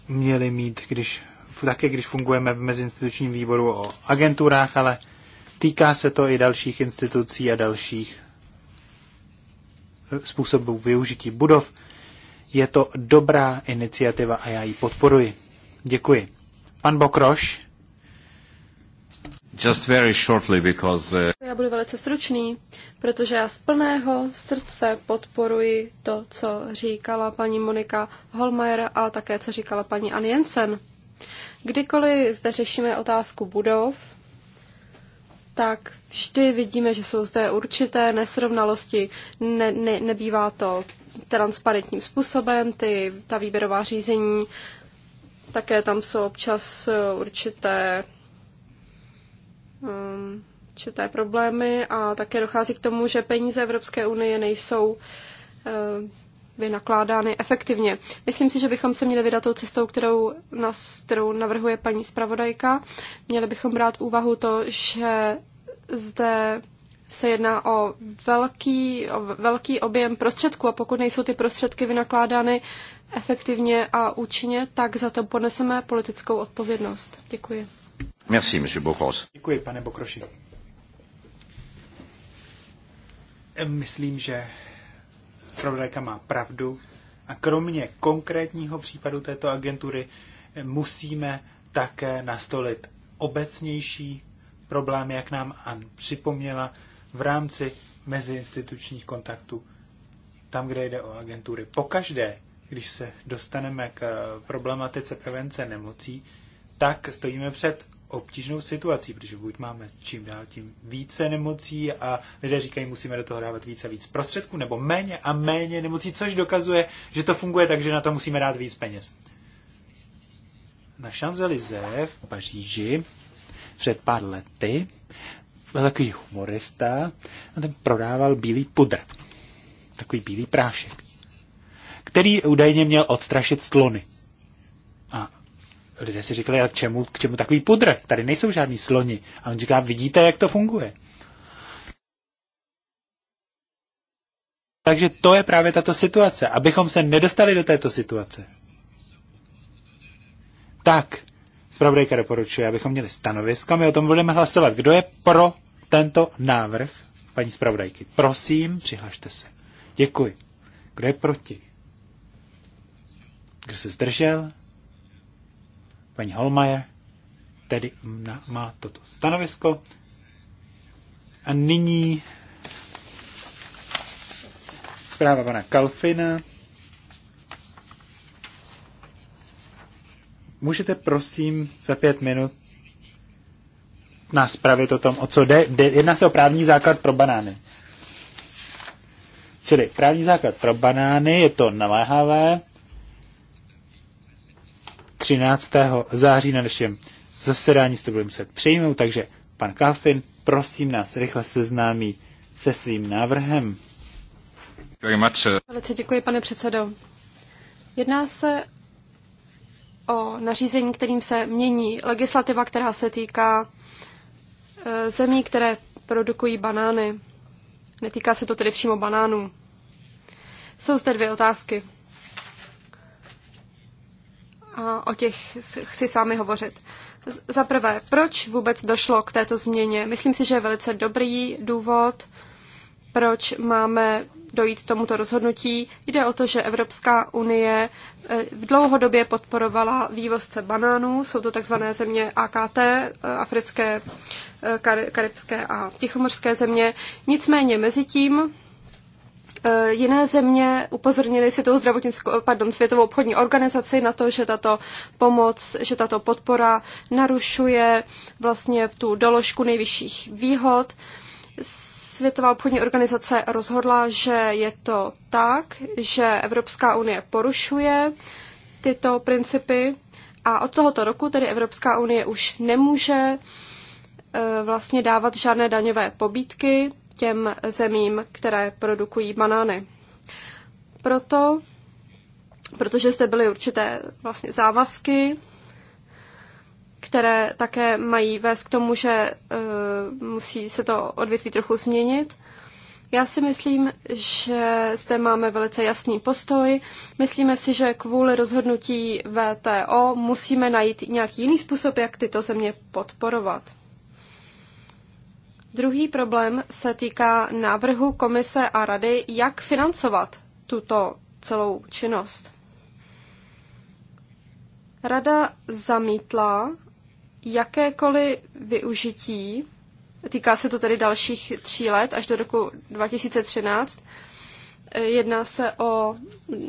měli mít, když, také když fungujeme v mezinstitučním výboru o agenturách, ale týká se to i dalších institucí a dalších eh, způsobů využití budov. Je to dobrá iniciativa a já ji podporuji. Děkuji. Pan Bokroš. Just very shortly because, uh... Já budu velice stručný, protože já z plného srdce podporuji to, co říkala paní Monika Holmeier a také, co říkala paní Ann Jensen. Kdykoliv zde řešíme otázku budov, tak vždy vidíme, že jsou zde určité nesrovnalosti. Ne, ne, nebývá to transparentním způsobem, ty, ta výběrová řízení, také tam jsou občas uh, určité určité um, problémy a také dochází k tomu, že peníze Evropské unie nejsou uh, vynakládány efektivně. Myslím si, že bychom se měli vydat tou cestou, kterou, nás, kterou navrhuje paní zpravodajka. Měli bychom brát v úvahu to, že zde se jedná o velký, o velký objem prostředků a pokud nejsou ty prostředky vynakládány efektivně a účinně, tak za to poneseme politickou odpovědnost. Děkuji. Merci, monsieur Bokros. Děkuji, pane Bokroši. Myslím, že zpravodajka má pravdu a kromě konkrétního případu této agentury musíme také nastolit obecnější problém, jak nám Ann připomněla, v rámci meziinstitučních kontaktů, tam, kde jde o agentury. Pokaždé, když se dostaneme k problematice prevence nemocí, tak stojíme před obtížnou situací, protože buď máme čím dál tím více nemocí a lidé říkají, musíme do toho dávat více a víc prostředků, nebo méně a méně nemocí, což dokazuje, že to funguje, takže na to musíme dát víc peněz. Na Champs-Élysées v Paříži před pár lety byl takový humorista a ten prodával bílý pudr. Takový bílý prášek, který údajně měl odstrašit slony lidé si říkali, ale k čemu, k čemu takový pudr? Tady nejsou žádní sloni. A on říká, vidíte, jak to funguje. Takže to je právě tato situace, abychom se nedostali do této situace. Tak, zpravodajka doporučuje, abychom měli stanoviska, my o tom budeme hlasovat. Kdo je pro tento návrh, paní zpravodajky? Prosím, přihlašte se. Děkuji. Kdo je proti? Kdo se zdržel? Paní Holmajer tedy má toto stanovisko. A nyní zpráva pana Kalfina. Můžete prosím za pět minut nás pravit o tom, o co jde. Jedná se o právní základ pro banány. Čili právní základ pro banány je to naléhavé. 13. září na našem zasedání se to budeme muset přijmout, takže pan Kalfin, prosím nás, rychle seznámí se svým návrhem. Uh, Velice děkuji, pane předsedo. Jedná se o nařízení, kterým se mění legislativa, která se týká eh, zemí, které produkují banány. Netýká se to tedy přímo banánů. Jsou zde dvě otázky o těch chci s vámi hovořit. Za prvé, proč vůbec došlo k této změně? Myslím si, že je velice dobrý důvod, proč máme dojít tomuto rozhodnutí. Jde o to, že Evropská unie eh, v dlouhodobě podporovala vývozce banánů, jsou to takzvané země AKT, eh, africké, eh, karibské a tichomorské země. Nicméně mezi tím Eh, jiné země upozornili si tou zdravotnickou, pardon, Světovou obchodní organizaci na to, že tato pomoc, že tato podpora narušuje vlastně tu doložku nejvyšších výhod. Světová obchodní organizace rozhodla, že je to tak, že Evropská unie porušuje tyto principy a od tohoto roku tedy Evropská unie už nemůže eh, vlastně dávat žádné daňové pobídky těm zemím, které produkují banány. Proto, protože zde byly určité vlastně závazky, které také mají vést k tomu, že uh, musí se to odvětví trochu změnit. Já si myslím, že zde máme velice jasný postoj. Myslíme si, že kvůli rozhodnutí VTO musíme najít nějaký jiný způsob, jak tyto země podporovat. Druhý problém se týká návrhu komise a rady, jak financovat tuto celou činnost. Rada zamítla jakékoliv využití, týká se to tedy dalších tří let až do roku 2013, jedná se o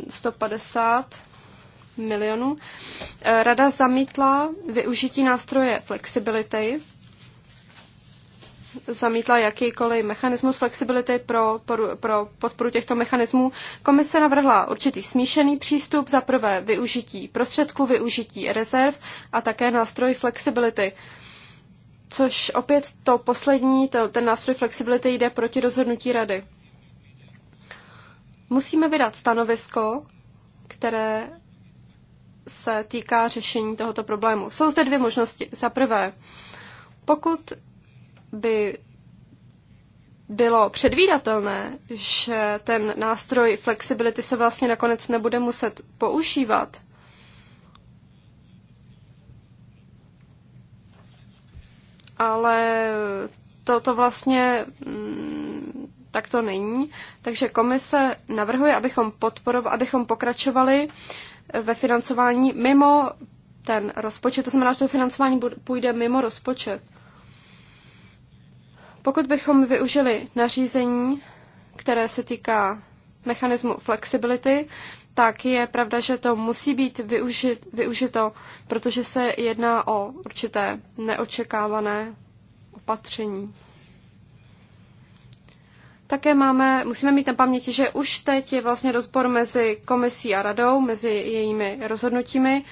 150 milionů. Rada zamítla využití nástroje flexibility, zamítla jakýkoliv mechanismus flexibility pro, pro, pro podporu těchto mechanismů. Komise navrhla určitý smíšený přístup, za prvé využití prostředků, využití rezerv a také nástroj flexibility. Což opět to poslední, to, ten nástroj flexibility jde proti rozhodnutí rady. Musíme vydat stanovisko, které se týká řešení tohoto problému. Jsou zde dvě možnosti. Za prvé, pokud by bylo předvídatelné, že ten nástroj flexibility se vlastně nakonec nebude muset používat, ale to, to vlastně mm, tak to není. Takže komise navrhuje, abychom, podporovali, abychom pokračovali ve financování mimo ten rozpočet. To znamená, že to financování půjde mimo rozpočet. Pokud bychom využili nařízení, které se týká mechanismu flexibility, tak je pravda, že to musí být využit, využito, protože se jedná o určité neočekávané opatření. Také máme, musíme mít na paměti, že už teď je vlastně rozpor mezi komisí a radou, mezi jejími rozhodnutími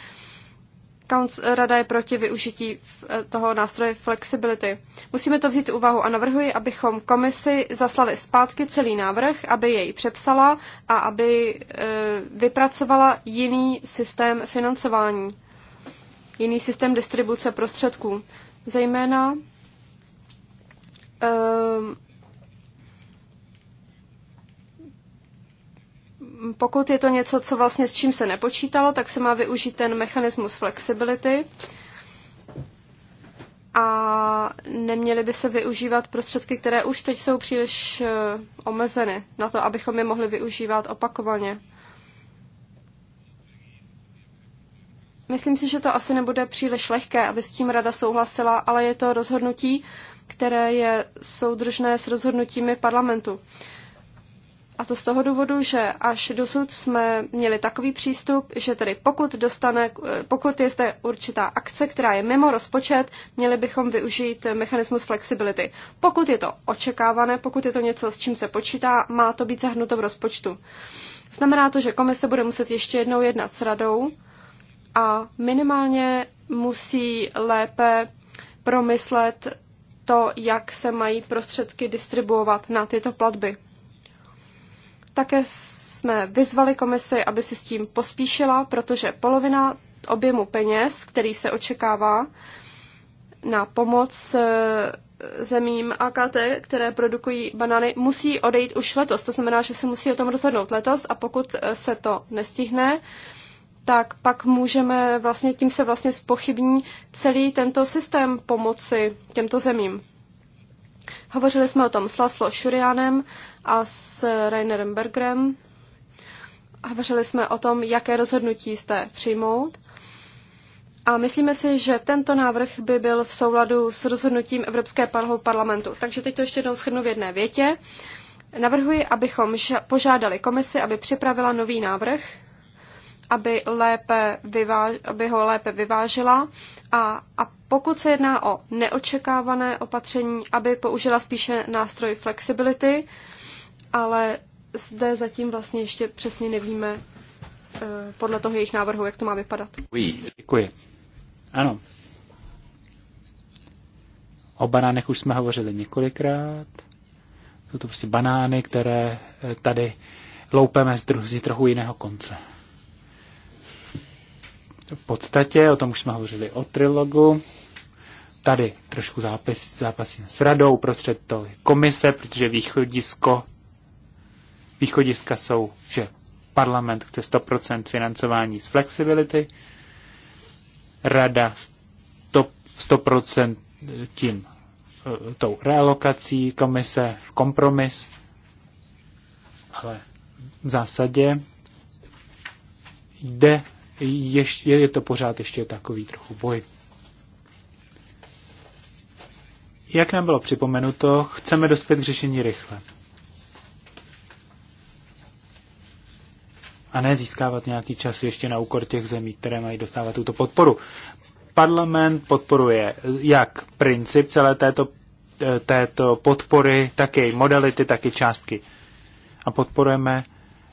Rada je proti využití eh, toho nástroje flexibility. Musíme to vzít úvahu a navrhuji, abychom komisi zaslali zpátky celý návrh, aby jej přepsala a aby eh, vypracovala jiný systém financování, jiný systém distribuce prostředků. Zejména eh, pokud je to něco, co vlastně s čím se nepočítalo, tak se má využít ten mechanismus flexibility a neměly by se využívat prostředky, které už teď jsou příliš eh, omezeny na to, abychom je mohli využívat opakovaně. Myslím si, že to asi nebude příliš lehké, aby s tím rada souhlasila, ale je to rozhodnutí, které je soudržné s rozhodnutími parlamentu. A to z toho důvodu, že až dosud jsme měli takový přístup, že tedy pokud, dostane, pokud je zde určitá akce, která je mimo rozpočet, měli bychom využít mechanismus flexibility. Pokud je to očekávané, pokud je to něco, s čím se počítá, má to být zahrnuto v rozpočtu. Znamená to, že komise bude muset ještě jednou jednat s radou a minimálně musí lépe promyslet to, jak se mají prostředky distribuovat na tyto platby. Také jsme vyzvali komisi, aby si s tím pospíšila, protože polovina objemu peněz, který se očekává na pomoc eh, zemím AKT, které produkují banány, musí odejít už letos. To znamená, že se musí o tom rozhodnout letos a pokud eh, se to nestihne, tak pak můžeme vlastně, tím se vlastně spochybní celý tento systém pomoci těmto zemím. Hovořili jsme o tom s Laslo Šurianem a s Rainerem Bergerem. Hovořili jsme o tom, jaké rozhodnutí jste přijmout. A myslíme si, že tento návrh by byl v souladu s rozhodnutím Evropského parlamentu. Takže teď to ještě jednou schrnu v jedné větě. Navrhuji, abychom požádali komisi, aby připravila nový návrh, aby, lépe vyváž- aby ho lépe vyvážila a, a pokud se jedná o neočekávané opatření, aby použila spíše nástroj flexibility, ale zde zatím vlastně ještě přesně nevíme eh, podle toho jejich návrhu, jak to má vypadat. Děkuji. Ano. O banánech už jsme hovořili několikrát. Jsou to prostě banány, které eh, tady loupeme z, druh z trochu jiného konce. V podstatě, o tom už jsme hovořili o trilogu, tady trošku zápis, zápasím s radou prostřed to komise, protože východisko, východiska jsou, že parlament chce 100% financování z flexibility, rada 100%, 100% tím eh, tou realokací komise, kompromis, ale v zásadě jde, ještě, je to pořád ještě takový trochu boj. Jak nám bylo připomenuto, chceme dospět k řešení rychle. A ne získávat nějaký čas ještě na úkor těch zemí, které mají dostávat tuto podporu. Parlament podporuje jak princip celé této, eh, této podpory, tak i modality, tak i částky. A podporujeme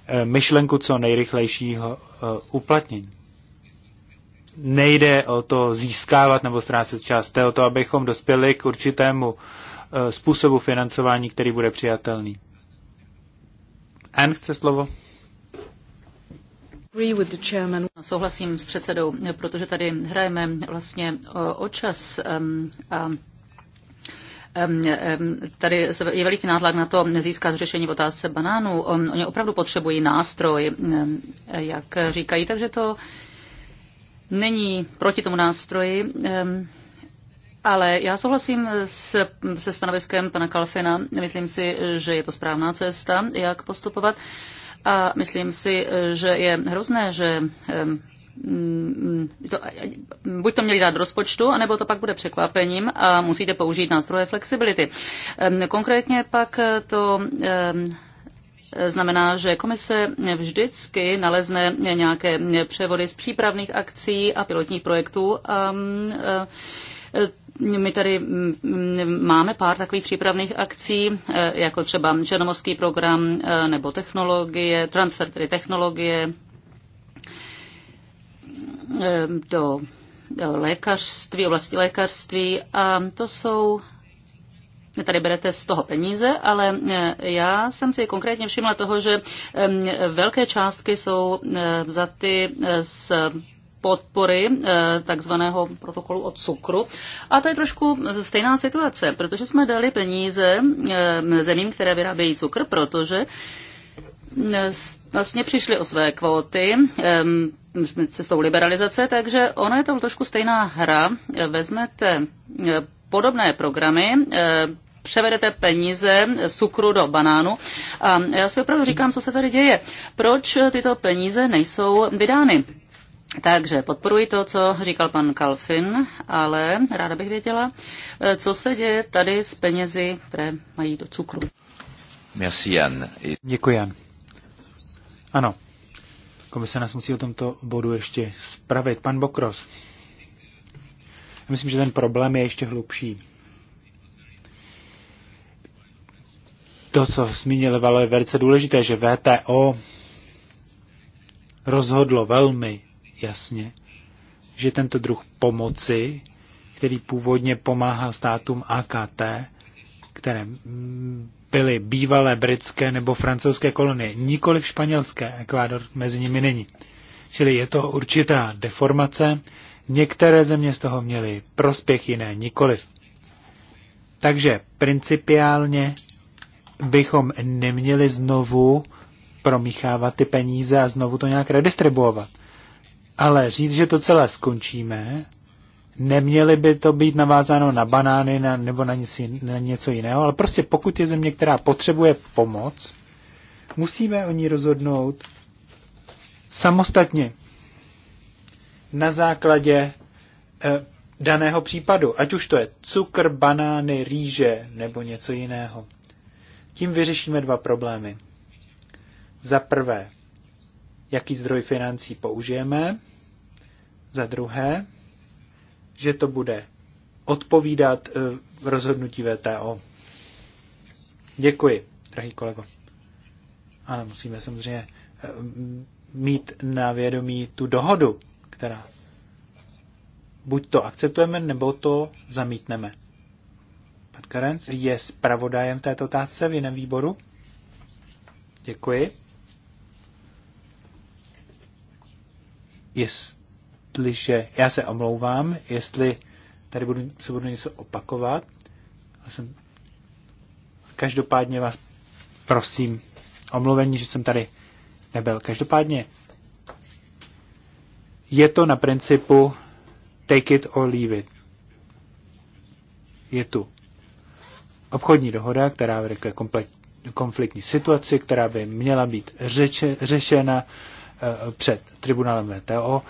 eh, myšlenku co nejrychlejšího eh, uplatnění nejde o to získávat nebo ztrácet čas, je o to, abychom dospěli k určitému eh, způsobu financování, který bude přijatelný. Anne chce slovo. No, souhlasím s předsedou, protože tady hrajeme vlastně eh, o čas a Tady je veliký nátlak na to získat řešení v otázce banánů. Oni opravdu potřebují nástroj, jak říkají, takže to není proti tomu nástroji, ale já souhlasím s, se stanoviskem pana Kalfina. Myslím si, že je to správná cesta, jak postupovat. A myslím si, že je hrozné, že to, buď to měli dát do rozpočtu, anebo to pak bude překvapením a musíte použít nástroje flexibility. Konkrétně pak to znamená, že komise vždycky nalezne nějaké převody z přípravných akcí a pilotních projektů. A, eh, my tady mm, mm, máme pár takových přípravných akcí, eh, jako třeba černomorský program eh, nebo technologie, transfer tedy technologie do lékařství, oblasti lékařství a to jsou tady berete z toho peníze, ale e, já jsem si konkrétně všimla toho, že velké částky jsou e, ty z e, podpory takzvaného protokolu od cukru. A to je trošku stejná situace, protože jsme dali peníze zemím, které vyrábějí cukr, protože vlastně přišli o své kvóty cestou liberalizace, takže ono je to trošku stejná hra. Vezmete podobné programy, převedete peníze cukru do banánu. A já si opravdu říkám, co se tady děje. Proč tyto peníze nejsou vydány? Takže podporuji to, co říkal pan Kalfin, ale ráda bych věděla, co se děje tady s penězi, které mají do cukru. Merci, Jan. Děkuji, Jan. Ano, komise nás musí o tomto bodu ještě spravit. Pan Bokros. Já myslím, že ten problém je ještě hlubší. to, co zmínil Valo, je velice důležité, že VTO rozhodlo velmi jasně, že tento druh pomoci, který původně pomáhal státům AKT, které byly bývalé britské nebo francouzské kolonie, nikoli v španělské, Ekvádor mezi nimi není. Čili je to určitá deformace, některé země z toho měly prospěch, jiné nikoliv. Takže principiálně bychom neměli znovu promíchávat ty peníze a znovu to nějak redistribuovat. Ale říct, že to celé skončíme, neměli by to být navázáno na banány na, nebo na, nic, na něco jiného, ale prostě pokud je země, která potřebuje pomoc, musíme o ní rozhodnout samostatně na základě e, daného případu, ať už to je cukr, banány, rýže nebo něco jiného. Tím vyřešíme dva problémy. Za prvé, jaký zdroj financí použijeme. Za druhé, že to bude odpovídat e, v rozhodnutí VTO. Děkuji, drahý kolego. Ale musíme samozřejmě e, mít na vědomí tu dohodu, která buď to akceptujeme, nebo to zamítneme. Pan Karenc je zpravodajem této otázce v jiném výboru. Děkuji. Jestliže, já se omlouvám, jestli tady budu, se budu něco opakovat, jsem, každopádně vás prosím omluvení, že jsem tady nebyl. Každopádně je to na principu take it or leave it. Je tu obchodní dohoda, která vede ke konfliktní situaci, která by měla být řeče, řešena eh, před tribunálem VTO.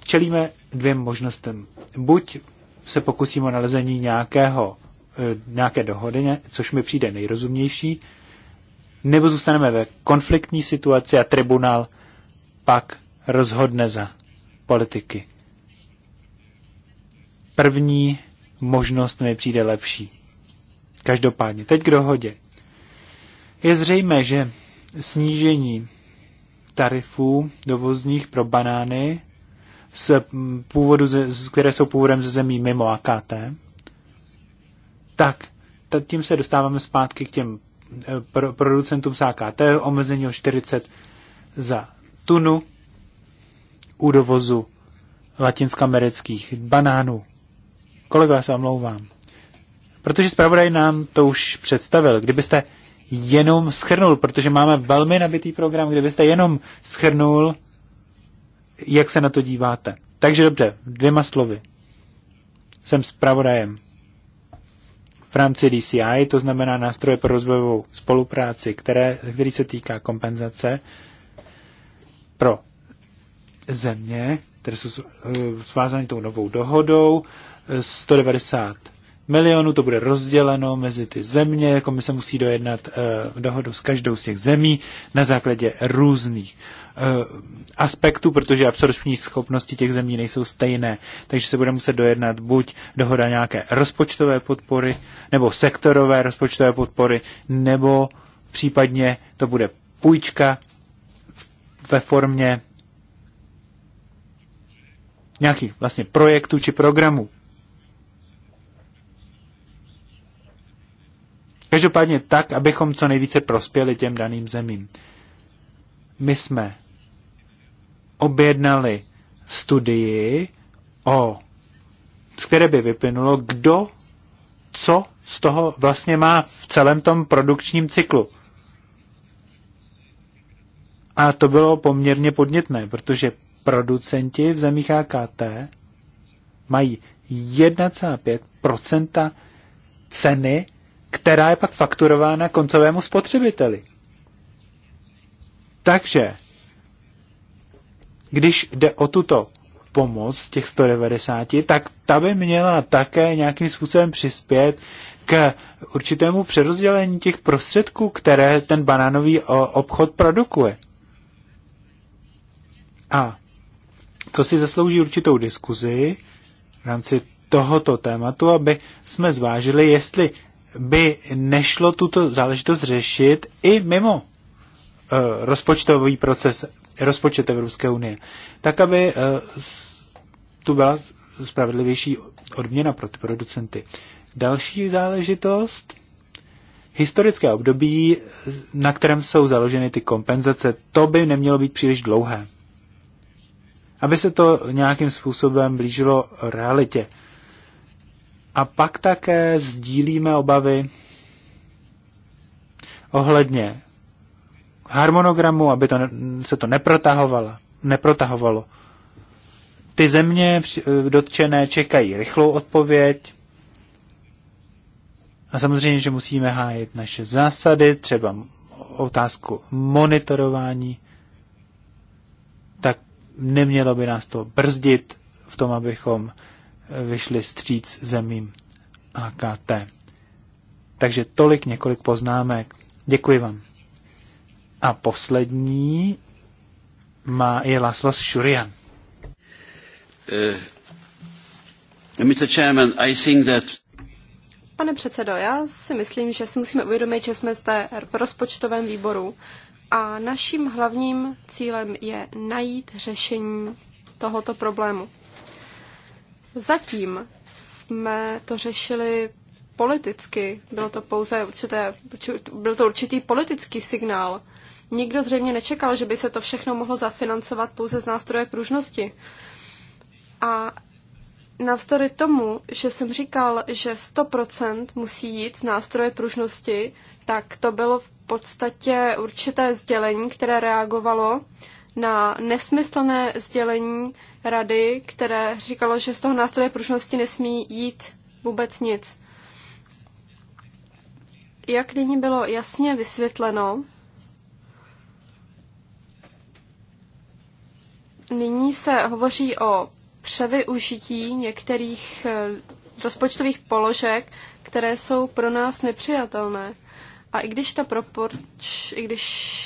Čelíme dvěm možnostem. Buď se pokusíme o nalezení nějakého, eh, nějaké dohody, což mi přijde nejrozumnější, nebo zůstaneme ve konfliktní situaci a tribunál pak rozhodne za politiky. První možnost mi přijde lepší. Každopádně, teď k dohodě. Je zřejmé, že snížení tarifů dovozních pro banány z původu, z, které jsou původem ze zemí mimo AKT, tak tím se dostáváme zpátky k těm eh, producentům z AKT, omezení o 40 za tunu u dovozu latinskoamerických banánů. Kolega, já se omlouvám. Protože zpravodaj nám to už představil. Kdybyste jenom schrnul, protože máme velmi nabitý program, kdybyste jenom schrnul, jak se na to díváte. Takže dobře, dvěma slovy. Jsem zpravodajem v rámci DCI, to znamená nástroje pro rozvojovou spolupráci, které, který se týká kompenzace pro země, které jsou svázány tou novou dohodou, 190 eh, milionů, to bude rozděleno mezi ty země, komise musí dojednat uh, dohodu s každou z těch zemí na základě různých uh, aspektů, protože absorpční schopnosti těch zemí nejsou stejné, takže se bude muset dojednat buď dohoda nějaké rozpočtové podpory, nebo sektorové rozpočtové podpory, nebo případně to bude půjčka ve formě nějakých vlastně projektů či programů. Každopádně tak, abychom co nejvíce prospěli těm daným zemím. My jsme objednali studii, o, z které by vyplynulo, kdo co z toho vlastně má v celém tom produkčním cyklu. A to bylo poměrně podnětné, protože producenti v zemích AKT mají 1,5% ceny která je pak fakturována koncovému spotřebiteli. Takže, když jde o tuto pomoc těch 190, tak ta by měla také nějakým způsobem přispět k určitému přerozdělení těch prostředků, které ten banánový obchod produkuje. A to si zaslouží určitou diskuzi v rámci tohoto tématu, aby jsme zvážili, jestli by nešlo tuto záležitost řešit i mimo eh, rozpočtový proces, rozpočet Evropské unie, tak aby eh, tu byla spravedlivější odměna pro ty producenty. Další záležitost, historické období, na kterém jsou založeny ty kompenzace, to by nemělo být příliš dlouhé. Aby se to nějakým způsobem blížilo realitě. A pak také sdílíme obavy ohledně harmonogramu, aby to, se to neprotahovalo. neprotahovalo. Ty země dotčené čekají rychlou odpověď a samozřejmě, že musíme hájit naše zásady, třeba otázku monitorování, tak nemělo by nás to brzdit v tom, abychom vyšli stříc zemím AKT. Takže tolik několik poznámek. Děkuji vám. A poslední má je Laslas Šurian. Uh, Pane předsedo, já si myslím, že si musíme uvědomit, že jsme zde v rozpočtovém výboru a naším hlavním cílem je najít řešení tohoto problému. Zatím jsme to řešili politicky. Bylo to pouze určité, byl to určitý politický signál. Nikdo zřejmě nečekal, že by se to všechno mohlo zafinancovat pouze z nástroje pružnosti. A navzdory tomu, že jsem říkal, že 100% musí jít z nástroje pružnosti, tak to bylo v podstatě určité sdělení, které reagovalo na nesmyslné sdělení rady, které říkalo, že z toho nástroje pružnosti nesmí jít vůbec nic. Jak nyní bylo jasně vysvětleno, nyní se hovoří o převyužití některých eh, rozpočtových položek, které jsou pro nás nepřijatelné. A i když ta proporč, i když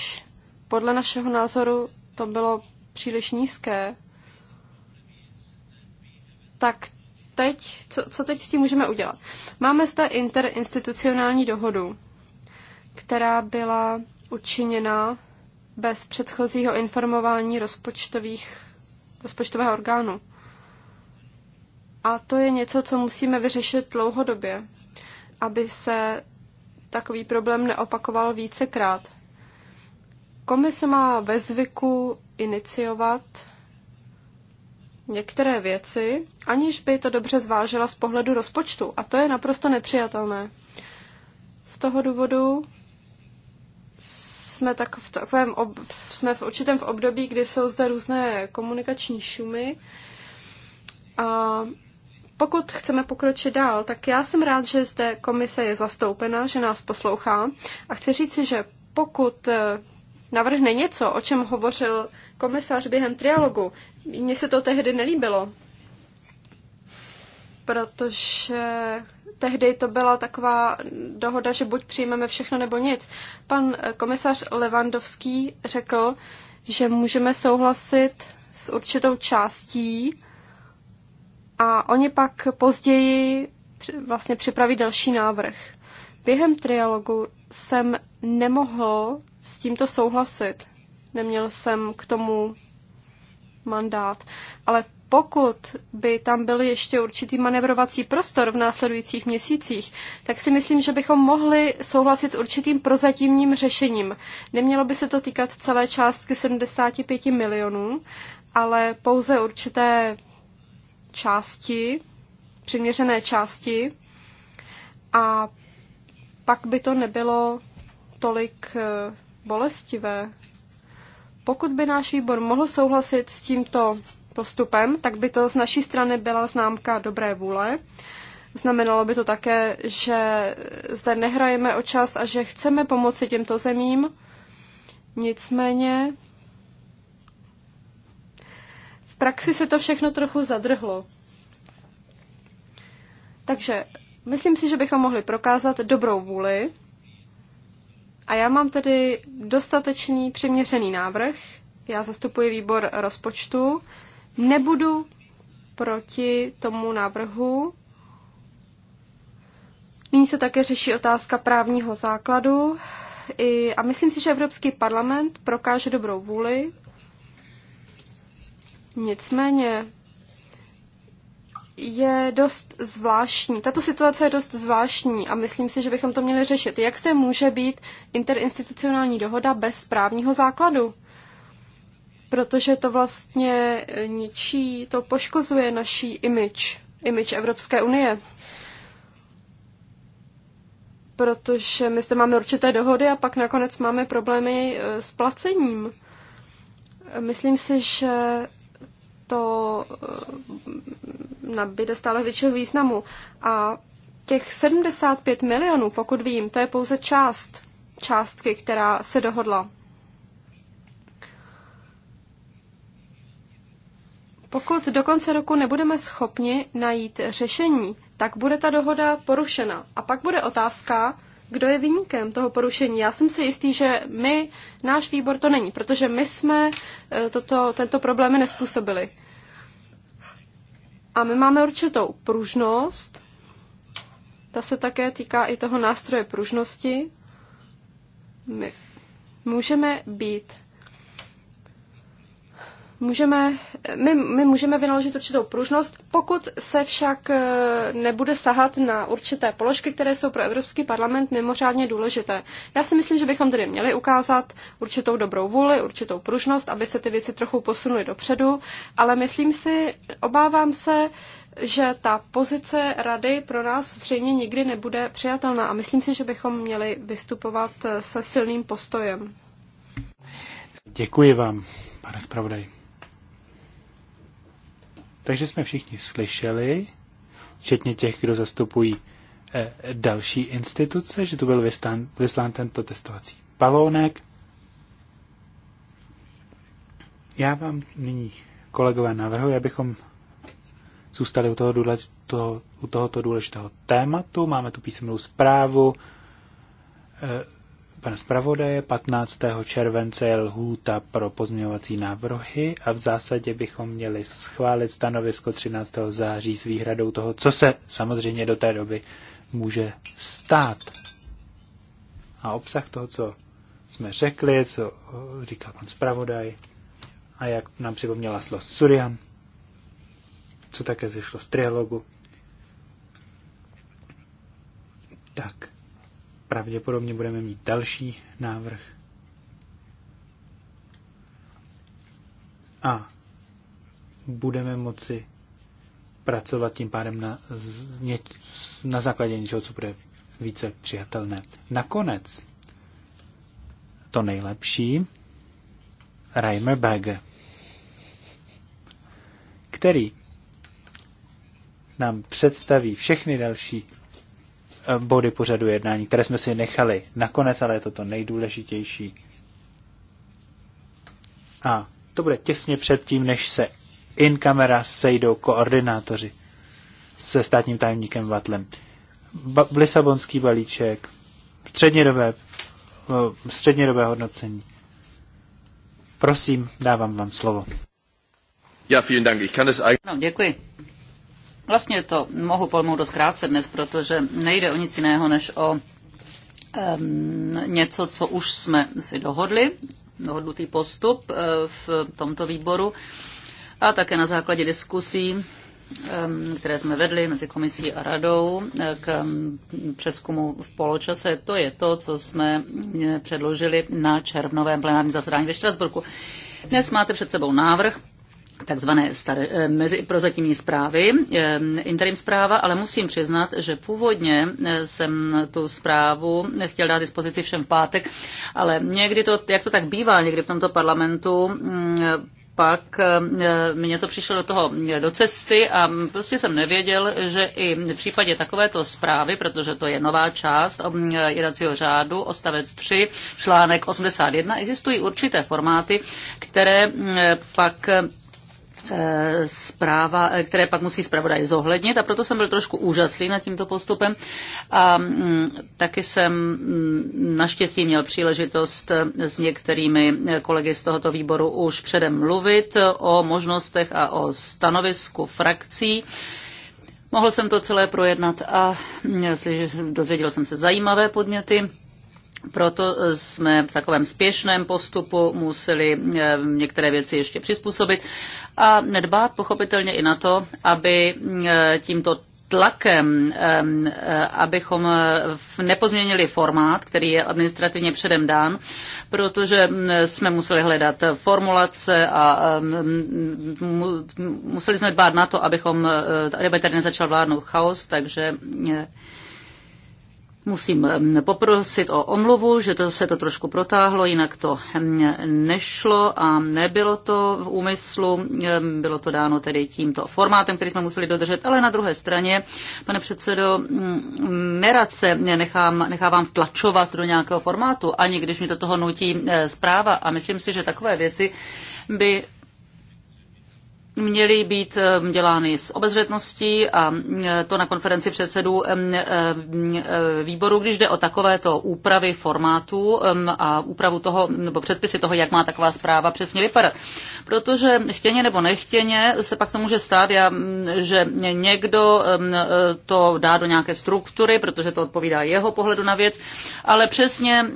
podle našeho názoru to bylo příliš nízké, tak teď, co, co teď s tím můžeme udělat? Máme zde interinstitucionální dohodu, která byla učiněna bez předchozího informování rozpočtových, rozpočtového orgánu. A to je něco, co musíme vyřešit dlouhodobě, aby se takový problém neopakoval vícekrát. Komise má ve zvyku iniciovat některé věci, aniž by to dobře zvážila z pohledu rozpočtu. A to je naprosto nepřijatelné. Z toho důvodu jsme, tak v takovém ob, jsme v určitém období, kdy jsou zde různé komunikační šumy. A pokud chceme pokročit dál, tak já jsem rád, že zde komise je zastoupena, že nás poslouchá. A chci říci, že pokud navrhne něco, o čem hovořil komisař během trialogu. Mně se to tehdy nelíbilo, protože tehdy to byla taková dohoda, že buď přijmeme všechno nebo nic. Pan komisař Levandovský řekl, že můžeme souhlasit s určitou částí a oni pak později vlastně připraví další návrh. Během trialogu jsem nemohl s tímto souhlasit. Neměl jsem k tomu mandát. Ale pokud by tam byl ještě určitý manevrovací prostor v následujících měsících, tak si myslím, že bychom mohli souhlasit s určitým prozatímním řešením. Nemělo by se to týkat celé částky 75 milionů, ale pouze určité části, přiměřené části a pak by to nebylo tolik eh, bolestivé. Pokud by náš výbor mohl souhlasit s tímto postupem, tak by to z naší strany byla známka dobré vůle. Znamenalo by to také, že zde nehrajeme o čas a že chceme pomoci těmto zemím. Nicméně v praxi se to všechno trochu zadrhlo. Takže myslím si, že bychom mohli prokázat dobrou vůli a já mám tedy dostatečný přiměřený návrh. Já zastupuji výbor rozpočtu. Nebudu proti tomu návrhu. Nyní se také řeší otázka právního základu. I, a myslím si, že Evropský parlament prokáže dobrou vůli. Nicméně je dost zvláštní. Tato situace je dost zvláštní a myslím si, že bychom to měli řešit. Jak se může být interinstitucionální dohoda bez právního základu? Protože to vlastně ničí, to poškozuje naší image, image Evropské unie. Protože my zde máme určité dohody a pak nakonec máme problémy e, s placením. Myslím si, že to e, nabíde stále většího významu. A těch 75 milionů, pokud vím, to je pouze část částky, která se dohodla. Pokud do konce roku nebudeme schopni najít řešení, tak bude ta dohoda porušena. A pak bude otázka, kdo je vyníkem toho porušení. Já jsem si jistý, že my, náš výbor to není, protože my jsme eh, toto, tento problémy nespůsobili. A my máme určitou pružnost, ta se také týká i toho nástroje pružnosti. My můžeme být můžeme, my, my můžeme vynaložit určitou pružnost, pokud se však eh, nebude sahat na určité položky, které jsou pro Evropský parlament mimořádně důležité. Já si myslím, že bychom tedy měli ukázat určitou dobrou vůli, určitou pružnost, aby se ty věci trochu posunuly dopředu, ale myslím si, obávám se, že ta pozice rady pro nás zřejmě nikdy nebude přijatelná a myslím si, že bychom měli vystupovat se silným postojem. Děkuji vám, pane zpravodaj. Takže jsme všichni slyšeli, včetně těch, kdo zastupují eh, další instituce, že tu byl vyslán, vyslán tento testovací balónek. Já vám nyní, kolegové, navrhuji, abychom zůstali u, toho důlež, toho, u tohoto důležitého tématu. Máme tu písemnou zprávu. Eh, pana zpravodaje. 15. července je lhůta pro pozměňovací návrhy a v zásadě bychom měli schválit stanovisko 13. září s výhradou toho, co se samozřejmě do té doby může stát. A obsah toho, co jsme řekli, co říkal pan zpravodaj a jak nám připomněla Slo Surian, co také zešlo z trialogu. Tak pravděpodobně budeme mít další návrh. A budeme moci pracovat tím pádem na, na základě něčeho, co bude více přijatelné. Nakonec to nejlepší Reimer Berger, který nám představí všechny další body pořadu jednání, které jsme si nechali nakonec, ale je to to nejdůležitější. A to bude těsně předtím, než se in kamera sejdou koordinátoři se státním tajemníkem Vatlem. Ba- Lisabonský balíček, střednědobé, střednědobé hodnocení. Prosím, dávám vám slovo. Ja, vielen Dank. Ich kann es eigentlich... No, děkuji. Vlastně to mohu pojmout dost krátce dnes, protože nejde o nic jiného, než o um, něco, co už jsme si dohodli, dohodnutý postup uh, v tomto výboru a také na základě diskusí, um, které jsme vedli mezi komisí a radou eh, k um, přeskumu v poločase. To je to, co jsme eh, předložili na červnovém plenárním zasedání ve Štrasburku. Dnes máte před sebou návrh takzvané staré, eh, mezi prozatímní zprávy, eh, interim zpráva, ale musím přiznat, že původně eh, jsem tu zprávu chtěl dát dispozici všem v pátek, ale někdy to, jak to tak bývá někdy v tomto parlamentu, mm, pak mi něco přišlo do toho do cesty a prostě jsem nevěděl, že i v případě takovéto zprávy, protože to je nová část jednacího řádu, ostavec 3, článek 81, existují určité formáty, které pak Eh, zpráva, eh, které pak musí zpravodaj zohlednit a proto jsem byl trošku úžaslý nad tímto postupem a mm, taky jsem mm, naštěstí měl příležitost eh, s některými kolegy z tohoto výboru už předem mluvit o možnostech a o stanovisku frakcí. Mohl jsem to celé projednat a mm, dozvěděl jsem se zajímavé podněty proto eh, jsme v takovém spěšném postupu museli eh, některé věci ještě přizpůsobit a nedbát pochopitelně i na to, aby eh, tímto tlakem, abychom nepozměnili formát, který je administrativně předem dán, protože mm, jsme museli hledat formulace a museli jsme dbát na to, abychom, aby tady nezačal vládnout chaos, takže Musím poprosit o omluvu, že to se to trošku protáhlo, jinak to nešlo a nebylo to v úmyslu, bylo to dáno tedy tímto formátem, který jsme museli dodržet, ale na druhé straně, pane předsedo, nerad mm, se nechám, nechávám vtlačovat do nějakého formátu, ani když mi do toho nutí e, zpráva a myslím si, že takové věci by měly být eh, dělány s obezřetností a eh, to na konferenci předsedů eh, výboru, když jde o takovéto úpravy formátu a úpravu toho, nebo předpisy toho, jak má taková zpráva přesně vypadat. Protože chtěně nebo nechtěně se pak to může stát, já, že někdo to dá do nějaké struktury, protože to odpovídá jeho pohledu na věc, ale přesně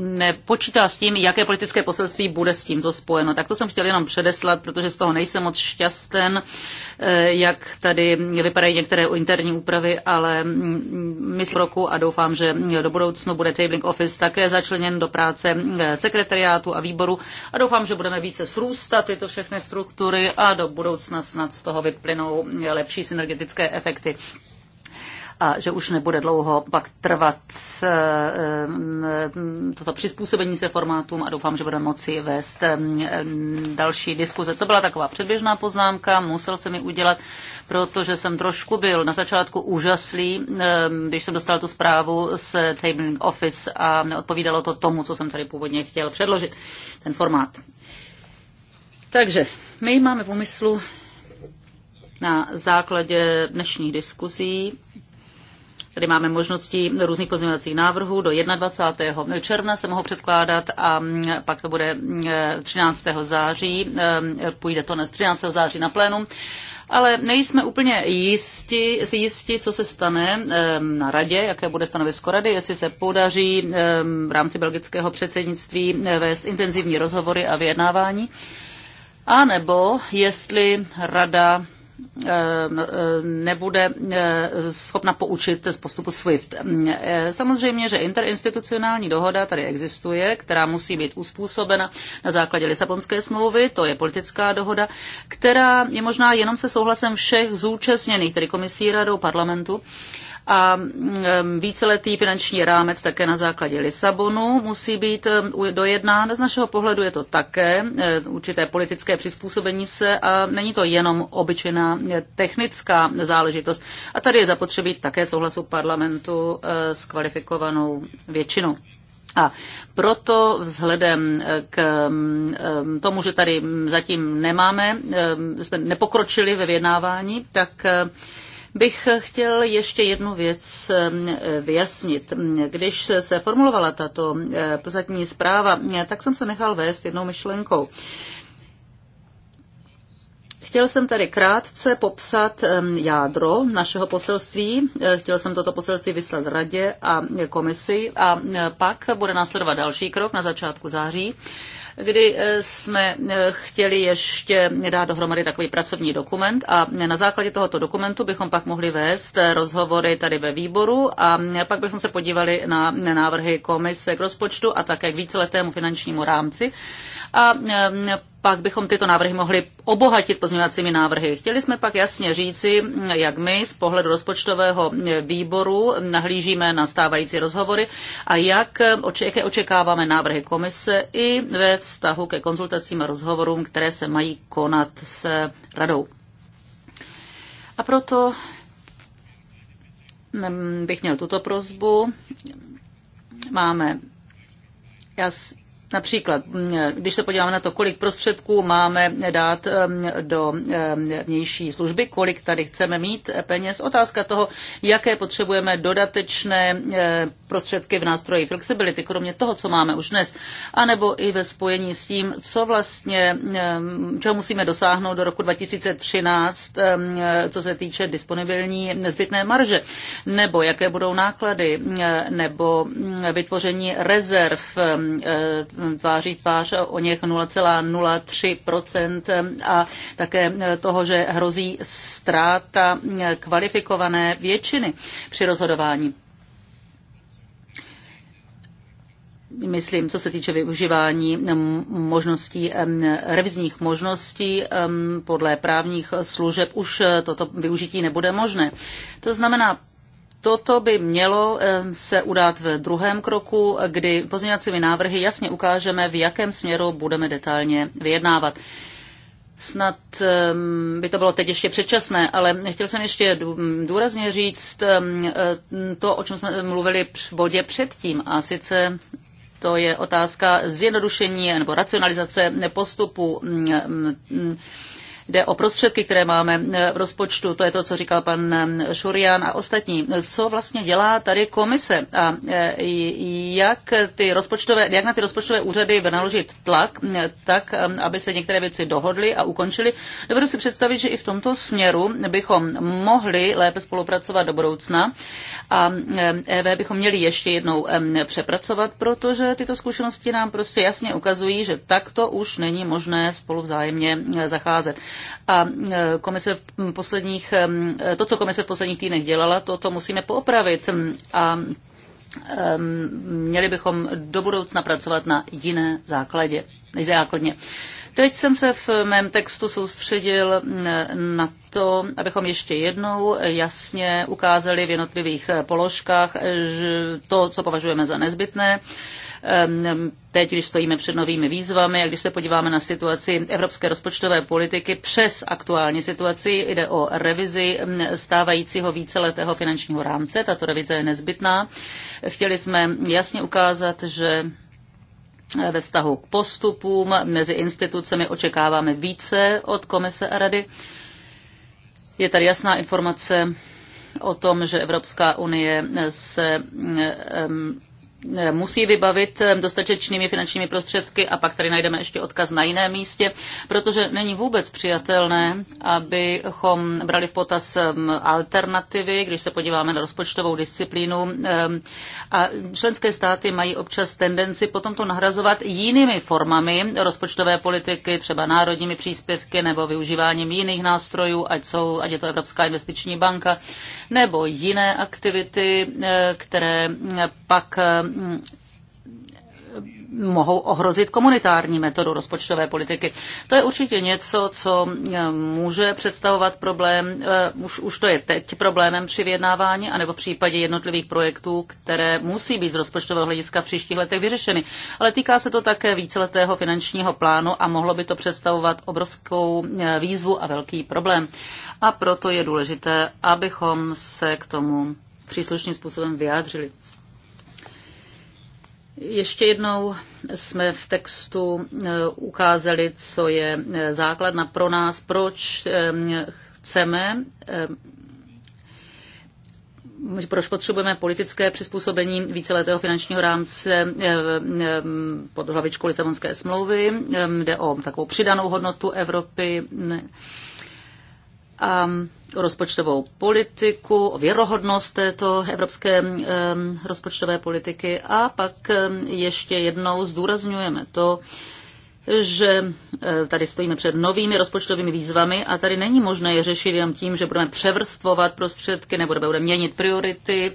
nepočítá s tím, jaké politické poselství bude s tímto spojeno. Tak to jsem chtěl jenom předeslat, protože z toho toho nejsem moc šťasten, eh, jak tady vypadají některé interní úpravy, ale myslím mm, roku a doufám, že mm, do budoucnu bude Tabling Office také začleněn do práce mm, sekretariátu a výboru a doufám, že budeme více srůstat tyto všechny struktury a do budoucna snad z toho vyplynou lepší synergetické efekty a že už nebude dlouho pak trvat eh, eh, toto přizpůsobení se formátům a doufám, že budeme moci vést eh, další diskuze. To byla taková předběžná poznámka, musel jsem ji udělat, protože jsem trošku byl na začátku úžaslý, když jsem dostal tu zprávu z Tabling Office a neodpovídalo to tomu, co jsem tady původně chtěl předložit, ten formát. Takže my máme v úmyslu na základě dnešních diskuzí Tady máme možnosti různých pozměňovacích návrhů. Do 21. června se mohou předkládat a mm, pak to bude 13. Mm, září. Ehm, půjde to na 13. září na plénum ale nejsme úplně jisti, si jisti, co se stane ehm, na radě, jaké bude stanovisko rady, jestli se podaří ehm, v rámci belgického předsednictví eh, vést intenzivní rozhovory a vyjednávání, a nebo jestli rada Ehm, ehm, nebude eh, schopna poučit z postupu SWIFT. Ehm, eh, samozřejmě, že interinstitucionální dohoda tady existuje, která musí být uspůsobena na základě Lisabonské smlouvy, to je politická dohoda, která je možná jenom se souhlasem všech zúčastněných, tedy komisí, radou, parlamentu a mm, mm, víceletý finanční rámec také na základě Lisabonu musí být mm, dojednán. Z našeho pohledu je to také eh, určité politické přizpůsobení se a není to jenom obyčejná eh, technická záležitost. A tady je zapotřebí také souhlasu parlamentu eh, s kvalifikovanou většinou. A proto vzhledem k tomu, že tady zatím nemáme, jsme nepokročili ve vyjednávání, tak bych chtěl ještě jednu věc um, vyjasnit. Když se formulovala tato uh, pozadní zpráva, tak jsem se nechal vést jednou myšlenkou. Chtěl jsem tady krátce popsat um, jádro našeho poselství. Uh, chtěl jsem toto poselství vyslat radě a komisi a uh, pak bude následovat další krok na začátku září kdy eh, jsme eh, chtěli ještě dát dohromady takový pracovní dokument a na základě tohoto dokumentu bychom pak mohli vést eh, rozhovory tady ve výboru a pak bychom se podívali na návrhy komise k rozpočtu a také k víceletému finančnímu rámci. A pak bychom tyto návrhy mohli obohatit pozměňovacími návrhy. Chtěli jsme pak jasně říci, jak my z pohledu rozpočtového výboru nahlížíme na stávající rozhovory a jak, jaké očekáváme návrhy komise i ve vztahu ke konzultacím a rozhovorům, které se mají konat s radou. A proto bych měl tuto prozbu. Máme jas, Například, mm, když se podíváme na to, kolik prostředků máme dát mm, do mm, vnější služby, kolik tady chceme mít peněz, otázka toho, jaké potřebujeme dodatečné prostředky v nástroji flexibility, kromě toho, co máme už dnes, anebo i ve spojení s tím, co vlastně, čeho musíme dosáhnout do roku 2013, co se týče disponibilní nezbytné marže, nebo jaké budou náklady, nebo vytvoření rezerv tváří tvář o něch 0,03% a také toho, že hrozí ztráta kvalifikované většiny při rozhodování. myslím, co se týče využívání možností, revizních možností podle právních služeb, už toto využití nebude možné. To znamená, Toto by mělo eh, se udát v druhém kroku, kdy pozměňovacími návrhy jasně ukážeme, v jakém směru budeme detailně vyjednávat. Snad ehm, by to bylo teď ještě předčasné, ale chtěl jsem ještě důrazně říct ehm, eh, to, o čem jsme mluvili v bodě předtím, a sice to je otázka zjednodušení nebo racionalizace postupu mm, mm, Jde o prostředky, které máme eh, v rozpočtu, to je to, co říkal pan eh, Šurian a ostatní. Co vlastně dělá tady komise a eh, jak, ty rozpočtové, jak na ty rozpočtové úřady vynaložit tlak, tak, aby se některé věci dohodly a ukončily. Dovedu si představit, že i v tomto směru bychom mohli lépe spolupracovat do budoucna a EV e bychom měli ještě jednou přepracovat, protože tyto zkušenosti nám prostě jasně ukazují, že takto už není možné spolu vzájemně zacházet. A e, komise v posledních, e, to, co komise v posledních týdnech dělala, to, to musíme poopravit. A e, měli bychom do budoucna pracovat na jiné základě, základně. Teď jsem se v mém textu soustředil na to, abychom ještě jednou jasně ukázali v jednotlivých položkách to, co považujeme za nezbytné. Ehm, teď, když stojíme před novými výzvami a když se podíváme na situaci evropské rozpočtové politiky přes aktuální situaci, jde o revizi stávajícího víceletého finančního rámce. Tato revize je nezbytná. Chtěli jsme jasně ukázat, že ve vztahu k postupům mezi institucemi očekáváme více od komise a rady. Je tady jasná informace o tom, že Evropská unie se mm, Eh, musí vybavit eh, dostatečnými finančními prostředky a pak tady najdeme ještě odkaz na jiném místě, protože není vůbec přijatelné, abychom brali v potaz eh, alternativy, když se podíváme na rozpočtovou disciplínu. A členské státy mají občas tendenci potom to nahrazovat jinými formami rozpočtové politiky, třeba národními příspěvky nebo využíváním jiných nástrojů, ať, jsou, ať je to Evropská investiční banka, nebo jiné aktivity, které pak Eh, mohou ohrozit komunitární metodu rozpočtové politiky. To je určitě něco, co eh, může představovat problém, eh, už, už to je teď problémem při vyjednávání, anebo v případě jednotlivých projektů, které musí být z rozpočtového hlediska v příštích letech vyřešeny. Ale týká se to také víceletého finančního plánu a mohlo by to představovat obrovskou výzvu a velký problém. A proto je důležité, abychom se k tomu příslušným způsobem vyjádřili. Ještě jednou jsme v textu eh, ukázali, co je eh, základna pro nás, proč eh, chceme proč potřebujeme politické přizpůsobení víceletého finančního rámce pod hlavičkou Lisabonské smlouvy. Jde o takovou přidanou hodnotu Evropy. A rozpočtovou politiku, o věrohodnost této evropské rozpočtové politiky a pak ještě jednou zdůrazňujeme to, že tady stojíme před novými rozpočtovými výzvami a tady není možné je řešit jenom tím, že budeme převrstvovat prostředky nebo budeme měnit priority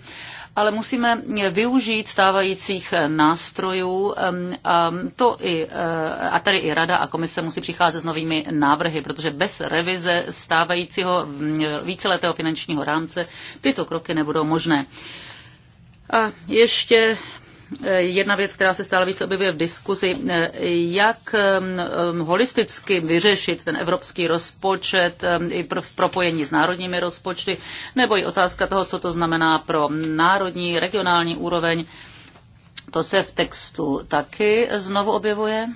ale musíme využít stávajících nástrojů a, to i, eh, a tady i Rada a komise musí přicházet s novými návrhy, protože bez revize stávajícího mm, víceletého finančního rámce tyto kroky nebudou možné. A ještě Eh, jedna věc, která se stále více objevuje v diskuzi, eh, jak ehm, ehm, holisticky vyřešit ten evropský rozpočet ehm, i pro propojení s národními rozpočty, nebo i otázka toho, co to znamená pro národní, regionální úroveň. To se v textu taky znovu objevuje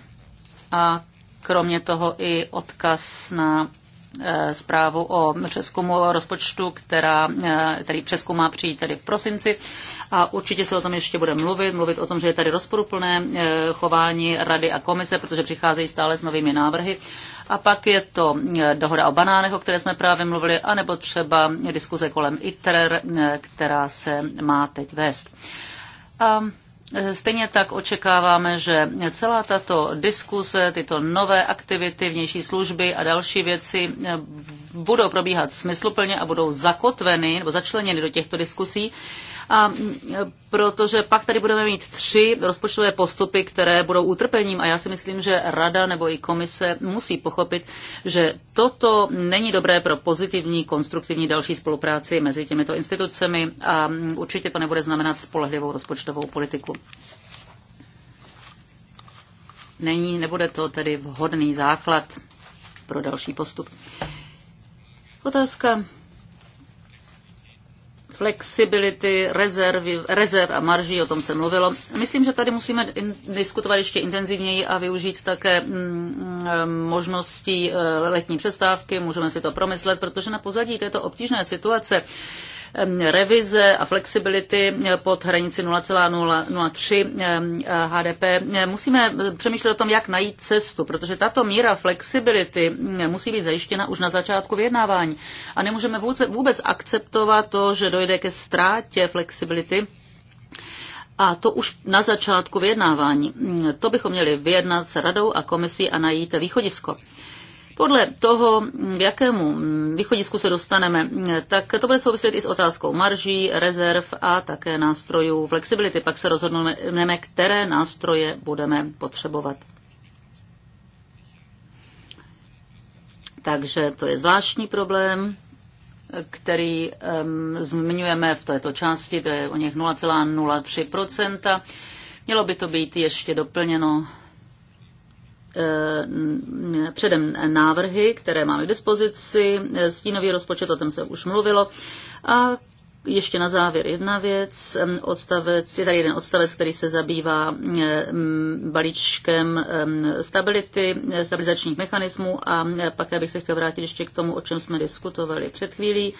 a kromě toho i odkaz na eh, zprávu o přeskumu rozpočtu, která, který přeskum má přijít tedy v prosinci a určitě se o tom ještě bude mluvit, mluvit o tom, že je tady rozporuplné eh, chování rady a komise, protože přicházejí stále s novými návrhy. A pak je to eh, dohoda o banánech, o které jsme právě mluvili, anebo třeba diskuze kolem ITER, eh, která se má teď vést. A Stejně tak očekáváme, že celá tato diskuse, tyto nové aktivity, vnější služby a další věci budou probíhat smysluplně a budou zakotveny nebo začleněny do těchto diskusí a protože pak tady budeme mít tři rozpočtové postupy, které budou utrpením a já si myslím, že rada nebo i komise musí pochopit, že toto není dobré pro pozitivní, konstruktivní další spolupráci mezi těmito institucemi a určitě to nebude znamenat spolehlivou rozpočtovou politiku. Není, nebude to tedy vhodný základ pro další postup. Otázka flexibility, rezervy, rezerv a marží, o tom se mluvilo. Myslím, že tady musíme diskutovat ještě intenzivněji a využít také mm, mm, možnosti eh, letní přestávky, můžeme si to promyslet, protože na pozadí této obtížné situace revize a flexibility eh, pod hranici 0,003 eh, HDP. Eh, musíme přemýšlet o tom, jak najít cestu, protože tato míra flexibility mm, musí být zajištěna už na začátku vyjednávání. A nemůžeme vůbec akceptovat to, že dojde ke ztrátě flexibility a to už na začátku vyjednávání. Mm, to bychom měli vyjednat s radou a komisí a najít východisko. Podle toho, k jakému východisku se dostaneme, tak to bude souviset i s otázkou marží, rezerv a také nástrojů flexibility. Pak se rozhodneme, které nástroje budeme potřebovat. Takže to je zvláštní problém, který um, zmiňujeme v této části, to je o něch 0,03%. Mělo by to být ještě doplněno Eh, předem návrhy, které máme k dispozici, eh, stínový rozpočet, o tom se už mluvilo. A ještě na závěr jedna věc. Odstavec, je tady jeden odstavec, který se zabývá balíčkem stability, eh, stabilizačních mechanismů a pak bych se chtěl vrátit ještě k tomu, o čem jsme diskutovali před chvílí.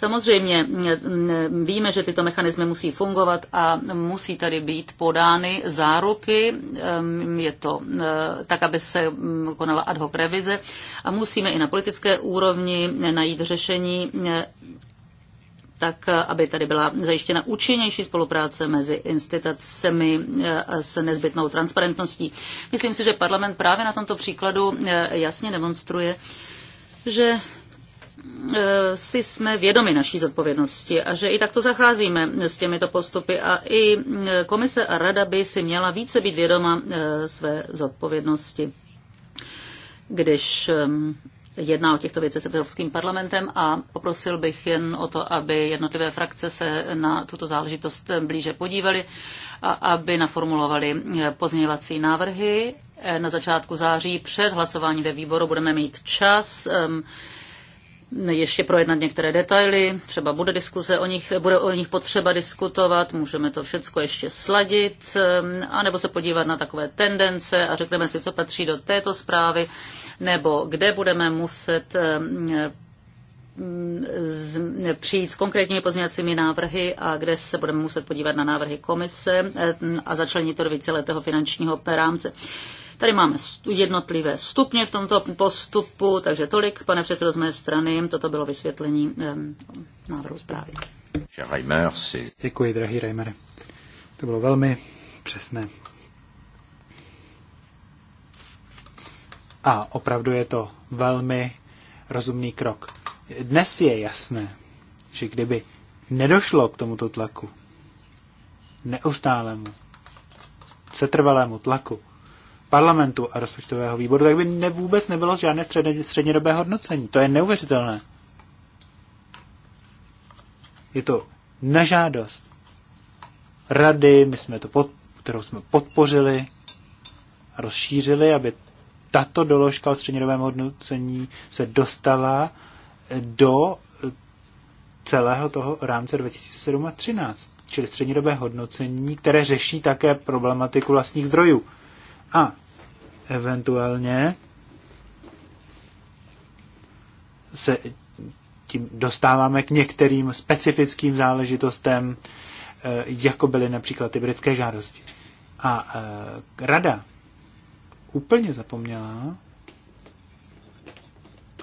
Samozřejmě mm, víme, že tyto mechanismy musí fungovat a musí tady být podány záruky, mm, je to eh, tak, aby se mm, konala ad hoc revize a musíme i na politické úrovni najít řešení eh, tak eh, aby tady byla zajištěna účinnější spolupráce mezi institucemi s nezbytnou transparentností. Myslím si, že parlament právě na tomto příkladu jasně demonstruje, že Eh, si jsme vědomi naší zodpovědnosti a že i takto zacházíme s těmito postupy a i eh, komise a rada by si měla více být vědoma eh, své zodpovědnosti, když ehm, jedná o těchto věcech s Evropským parlamentem a poprosil bych jen o to, aby jednotlivé frakce se na tuto záležitost blíže podívali a aby naformulovali pozměňovací návrhy. Na začátku září před hlasováním ve výboru budeme mít čas ehm, ještě projednat některé detaily, třeba bude diskuze o nich, bude o nich potřeba diskutovat, můžeme to všechno ještě sladit, anebo se podívat na takové tendence a řekneme si, co patří do této zprávy, nebo kde budeme muset přijít s konkrétními pozměňovacími návrhy a kde se budeme muset podívat na návrhy komise a začlenit to do víceletého finančního rámce. Tady máme jednotlivé stupně v tomto postupu, takže tolik, pane předsedo, z mé strany. Toto bylo vysvětlení návrhu zprávy. Děkuji, drahý Reimer. To bylo velmi přesné. A opravdu je to velmi rozumný krok. Dnes je jasné, že kdyby nedošlo k tomuto tlaku, neustálému, setrvalému tlaku, parlamentu a rozpočtového výboru, tak by ne, vůbec nebylo žádné středně, střednědobé hodnocení. To je neuvěřitelné. Je to na žádost rady, my jsme to pod, kterou jsme podpořili a rozšířili, aby tato doložka o střednědobém hodnocení se dostala do celého toho rámce 2007 a 2013, čili střednědobé hodnocení, které řeší také problematiku vlastních zdrojů. A eventuálně se tím dostáváme k některým specifickým záležitostem, eh, jako byly například ty britské žádosti. A eh, rada úplně zapomněla,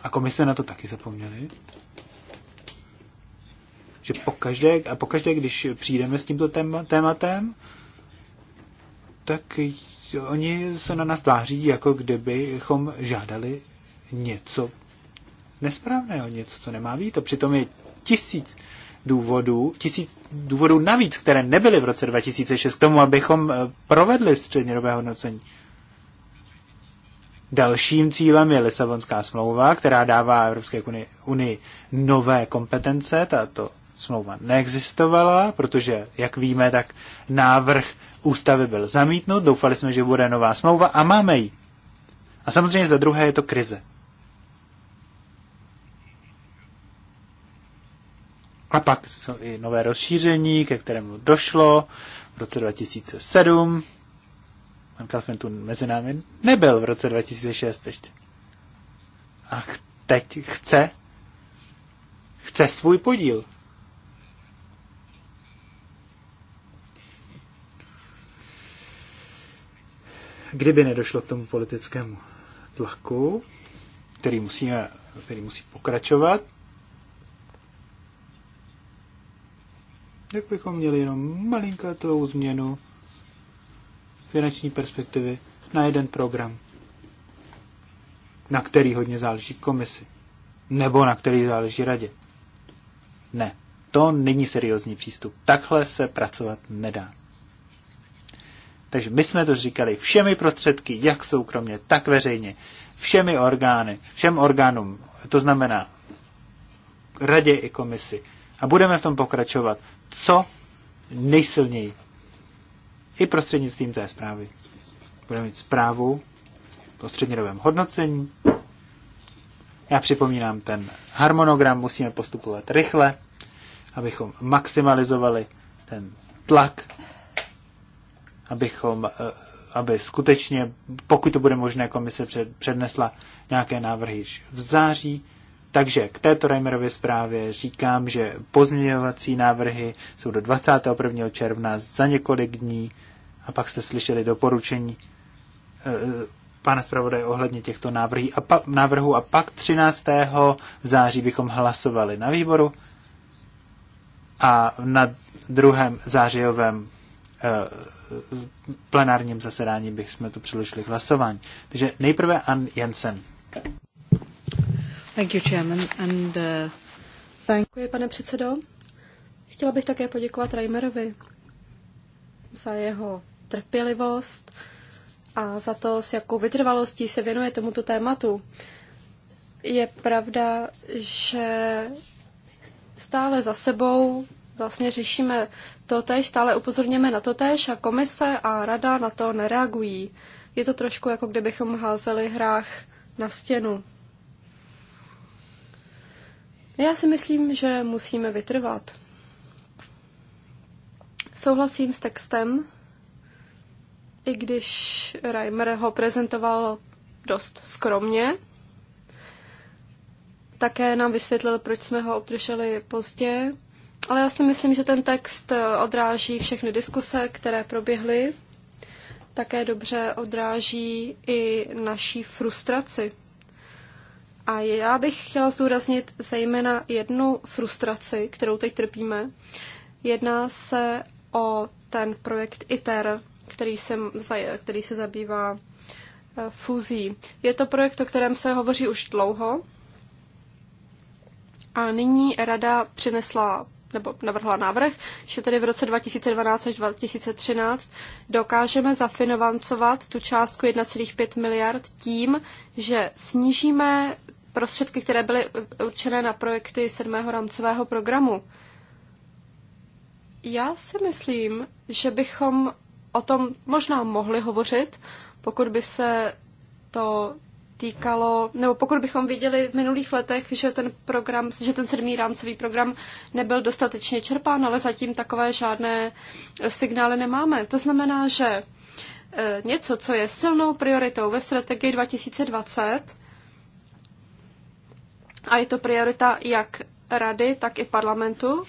a komise na to taky zapomněli, že pokaždé, a pokaždé, když přijdeme s tímto tématem, tak oni se na nás tváří, jako kdybychom žádali něco nesprávného, něco, co nemá být. A přitom je tisíc důvodů, tisíc důvodů navíc, které nebyly v roce 2006 k tomu, abychom eh, provedli střednědobé hodnocení. Dalším cílem je Lisabonská smlouva, která dává Evropské unii, unii nové kompetence. Tato smlouva neexistovala, protože, jak víme, tak návrh ústavy byl zamítnut, doufali jsme, že bude nová smlouva a máme ji. A samozřejmě za druhé je to krize. A pak i nové rozšíření, ke kterému došlo v roce 2007. Pan Kalfin tu mezi námi nebyl v roce 2006 ještě. A teď chce, chce svůj podíl. kdyby nedošlo k tomu politickému tlaku, který, musíme, který musí pokračovat, tak bychom měli jenom malinkatou změnu finanční perspektivy na jeden program, na který hodně záleží komisi, nebo na který záleží radě. Ne, to není seriózní přístup. Takhle se pracovat nedá. Takže my jsme to říkali všemi prostředky, jak soukromně, tak veřejně, všemi orgány, všem orgánům, to znamená radě i komisi. A budeme v tom pokračovat. Co nejsilněji. I prostřednictvím té zprávy. Budeme mít zprávu po střednědobém hodnocení. Já připomínám ten harmonogram, musíme postupovat rychle, abychom maximalizovali ten tlak abychom, eh, aby skutečně, pokud to bude možné, komise přednesla nějaké návrhy v září. Takže k této Reimerově zprávě říkám, že pozměňovací návrhy jsou do 21. června za několik dní a pak jste slyšeli doporučení eh, pana zpravodaje ohledně těchto návrhů a, pa, návrhů a pak 13. září bychom hlasovali na výboru a na druhém zářijovém eh, plenárním zasedání bychom to přeložili k hlasování. Takže nejprve Ann Jensen. Thank you, Chairman, and, uh, thank... Děkuji, pane předsedo. Chtěla bych také poděkovat Reimerovi za jeho trpělivost a za to, s jakou vytrvalostí se věnuje tomuto tématu. Je pravda, že stále za sebou vlastně řešíme to tež, stále upozorněme na to tež a komise a rada na to nereagují. Je to trošku jako kdybychom házeli hrách na stěnu. Já si myslím, že musíme vytrvat. Souhlasím s textem, i když Reimer ho prezentoval dost skromně. Také nám vysvětlil, proč jsme ho obdrželi pozdě ale já si myslím, že ten text eh, odráží všechny diskuse, které proběhly. Také dobře odráží i naší frustraci. A já bych chtěla zdůraznit zejména jednu frustraci, kterou teď trpíme. Jedná se o ten projekt ITER, který se, který se zabývá eh, fúzí. Je to projekt, o kterém se hovoří už dlouho. A nyní rada přinesla nebo navrhla návrh, že tedy v roce 2012 až 2013 dokážeme zafinancovat tu částku 1,5 miliard tím, že snížíme prostředky, které byly určené na projekty sedmého rámcového programu. Já si myslím, že bychom o tom možná mohli hovořit, pokud by se to týkalo, nebo pokud bychom viděli v minulých letech, že ten program, že ten sedmý rámcový program nebyl dostatečně čerpán, ale zatím takové žádné eh, signály nemáme. To znamená, že eh, něco, co je silnou prioritou ve strategii 2020, a je to priorita jak rady, tak i parlamentu,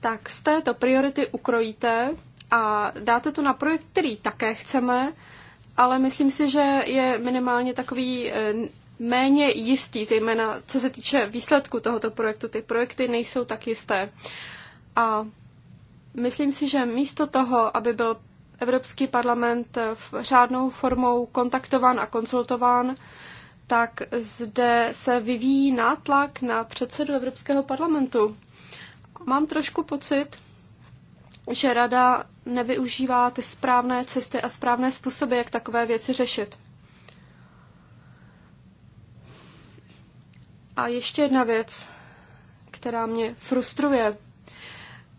tak z této priority ukrojíte a dáte to na projekt, který také chceme, ale myslím si, že je minimálně takový eh, méně jistý, zejména co se týče výsledku tohoto projektu. Ty projekty nejsou tak jisté. A myslím si, že místo toho, aby byl Evropský parlament eh, v řádnou formou kontaktován a konsultován, tak zde se vyvíjí nátlak na předsedu Evropského parlamentu. Mám trošku pocit, že rada nevyužívá ty správné cesty a správné způsoby, jak takové věci řešit. A ještě jedna věc, která mě frustruje.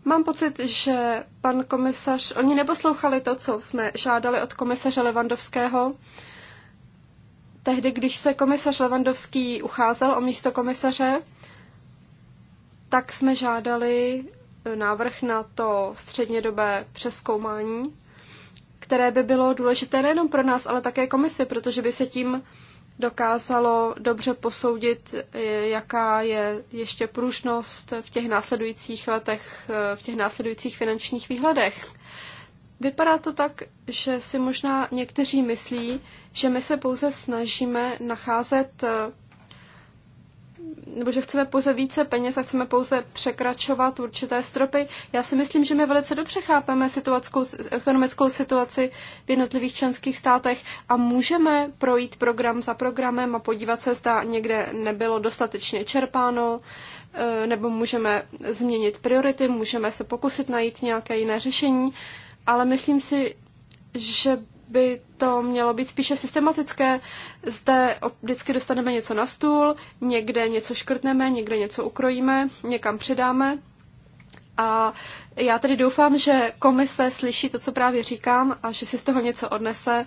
Mám pocit, že pan komisař, oni neposlouchali to, co jsme žádali od komisaře Levandovského. Tehdy, když se komisař Levandovský ucházel o místo komisaře, tak jsme žádali návrh na to střednědobé přeskoumání, které by bylo důležité nejenom pro nás, ale také komisi, protože by se tím dokázalo dobře posoudit, eh, jaká je ještě pružnost v těch následujících letech, eh, v těch následujících finančních výhledech. Vypadá to tak, že si možná někteří myslí, že my se pouze snažíme nacházet eh, nebo že chceme pouze více peněz a chceme pouze překračovat určité stropy. Já si myslím, že my velice dobře chápeme situackou, ekonomickou situaci v jednotlivých členských státech a můžeme projít program za programem a podívat se, zda někde nebylo dostatečně čerpáno, eh, nebo můžeme změnit priority, můžeme se pokusit najít nějaké jiné řešení, ale myslím si, že by to mělo být spíše systematické, zde vždycky dostaneme něco na stůl, někde něco škrtneme, někde něco ukrojíme, někam přidáme. A já tedy doufám, že komise slyší to, co právě říkám a že si z toho něco odnese.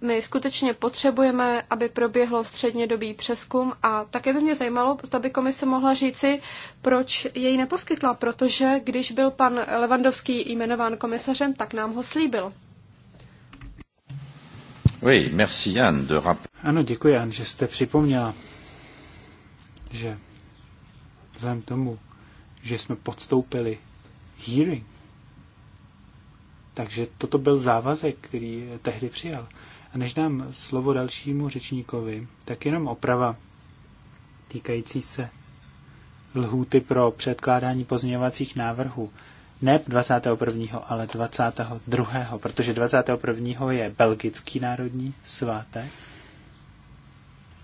My skutečně potřebujeme, aby proběhlo střednědobý přeskum a také by mě zajímalo, zda by komise mohla říci, proč jej neposkytla, protože když byl pan Levandovský jmenován komisařem, tak nám ho slíbil. Oui, merci de Ano, děkuji Jan, že jste připomněla, že vzhledem tomu, že jsme podstoupili hearing, takže toto byl závazek, který tehdy přijal. A než dám slovo dalšímu řečníkovi, tak jenom oprava týkající se lhůty pro předkládání pozměňovacích návrhů ne 21., ale 22., protože 21. je belgický národní svátek,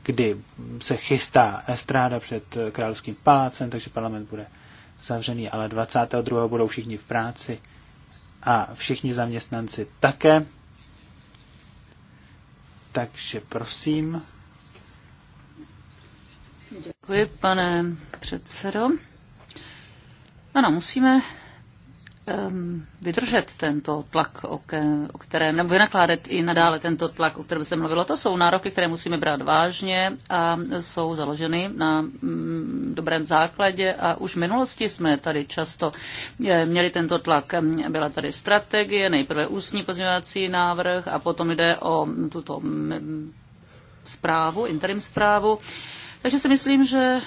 kdy se chystá estráda před Královským palácem, takže parlament bude zavřený, ale 22. budou všichni v práci a všichni zaměstnanci také. Takže prosím. Děkuji, pane předsedo. Ano, musíme Ehm, vydržet tento tlak, o, ke, o kterém, nebo vynakládat i nadále tento tlak, o kterém se mluvilo. To jsou nároky, které musíme brát vážně a jsou založeny na mm, dobrém základě a už v minulosti jsme tady často měli tento tlak. Ehm, byla tady strategie, nejprve ústní pozměňovací návrh a potom jde o tuto mm, zprávu, interim zprávu. Takže si myslím, že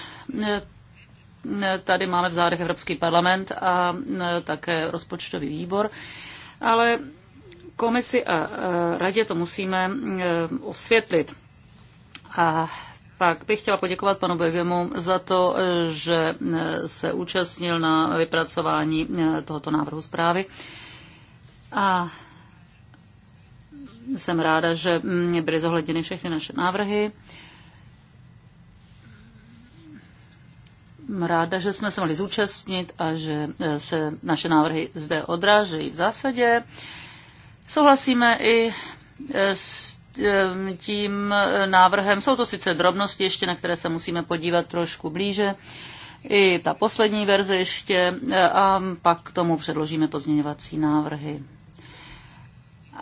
e, Tady máme v zádech Evropský parlament a e, také rozpočtový výbor, ale komisi a e, radě to musíme e, osvětlit. A pak bych chtěla poděkovat panu Begemu za to, že se účastnil na vypracování tohoto návrhu zprávy. A jsem ráda, že byly zohledněny všechny naše návrhy. ráda, že jsme se mohli zúčastnit a že e, se naše návrhy zde odrážejí. V zásadě souhlasíme i e, s e, tím návrhem. Jsou to sice drobnosti ještě, na které se musíme podívat trošku blíže. I ta poslední verze ještě a pak k tomu předložíme pozměňovací návrhy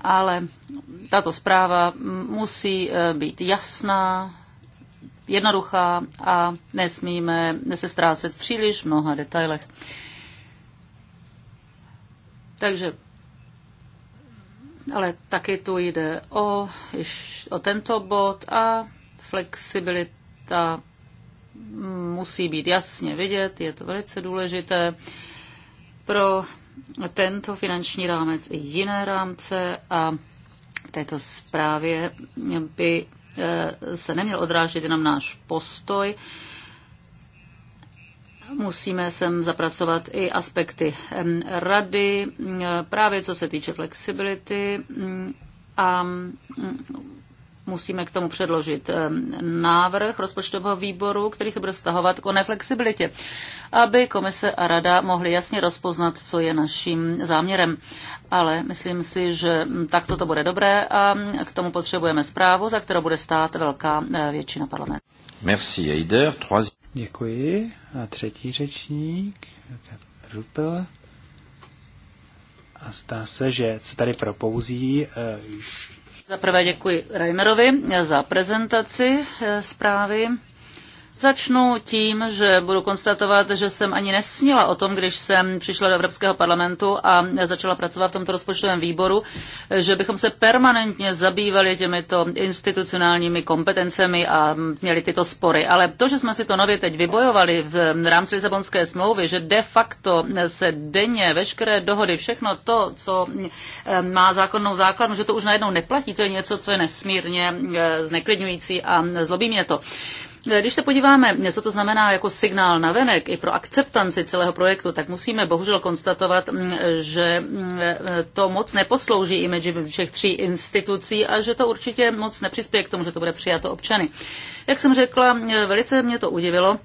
ale tato zpráva musí být jasná, jednoduchá a nesmíme se ztrácet v příliš mnoha detailech. Takže ale taky tu jde o, o tento bod a flexibilita musí být jasně vidět, je to velice důležité pro tento finanční rámec i jiné rámce a v této zprávě by Eh, se neměl odrážet jenom náš postoj, musíme sem zapracovat i aspekty rady, právě co se týče flexibility a Musíme k tomu předložit návrh rozpočtového výboru, který se bude vztahovat k oné flexibilitě, aby komise a rada mohly jasně rozpoznat, co je naším záměrem. Ale myslím si, že mm, takto to bude dobré a mm, k tomu potřebujeme zprávu, za kterou bude stát velká e, většina parlamentu. Merci, Eider. Trois... Děkuji. A třetí řečník, Rupel. A zdá se, že se tady propouzí e, za prvé děkuji Reimerovi za prezentaci eh, zprávy. Začnu tím, že budu konstatovat, že jsem ani nesnila o tom, když jsem přišla do Evropského parlamentu a začala pracovat v tomto rozpočtovém výboru, že bychom se permanentně zabývali těmito institucionálními kompetencemi a měli tyto spory. Ale to, že jsme si to nově teď vybojovali v rámci Lisabonské smlouvy, že de facto se denně veškeré dohody, všechno to, co eh, má zákonnou základnu, že to už najednou neplatí, to je něco, co je nesmírně eh, zneklidňující a zlobí mě to. Když se podíváme, co to znamená jako signál na venek i pro akceptanci celého projektu, tak musíme bohužel konstatovat, mm, že mm, to moc neposlouží mezi všech tří institucí a že to určitě moc nepřispěje k tomu, že to bude přijato občany. Jak jsem řekla, velice mě to udivilo,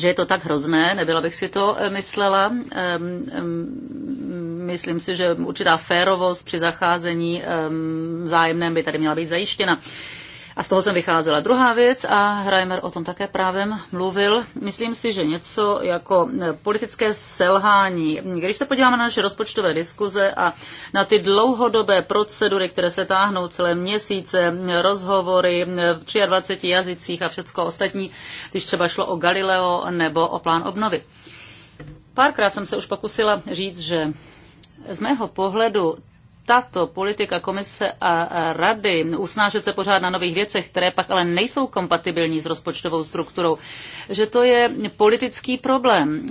že je to tak hrozné, nebyla bych si to eh, myslela. Ehm, ehm, myslím si, že určitá férovost při zacházení ehm, zájemném by tady měla být zajištěna. A z toho jsem vycházela. Druhá věc, a Hreimer o tom také právem mluvil, myslím si, že něco jako e, politické selhání. Když se podíváme na naše rozpočtové diskuze a na ty dlouhodobé procedury, které se táhnou celé měsíce, rozhovory v 23 jazycích a všecko ostatní, když třeba šlo o Galileo nebo o plán obnovy. Párkrát jsem se už pokusila říct, že z mého pohledu tato politika komise a rady usnášet se pořád na nových věcech, které pak ale nejsou kompatibilní s rozpočtovou strukturou, že to je politický problém.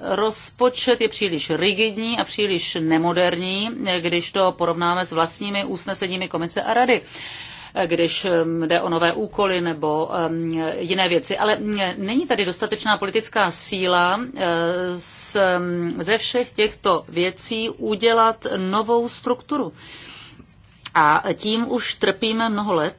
Rozpočet je příliš rigidní a příliš nemoderní, když to porovnáme s vlastními usneseními komise a rady když jde o nové úkoly nebo jiné věci. Ale není tady dostatečná politická síla eh, ze všech těchto věcí udělat novou strukturu. A tím už trpíme mnoho let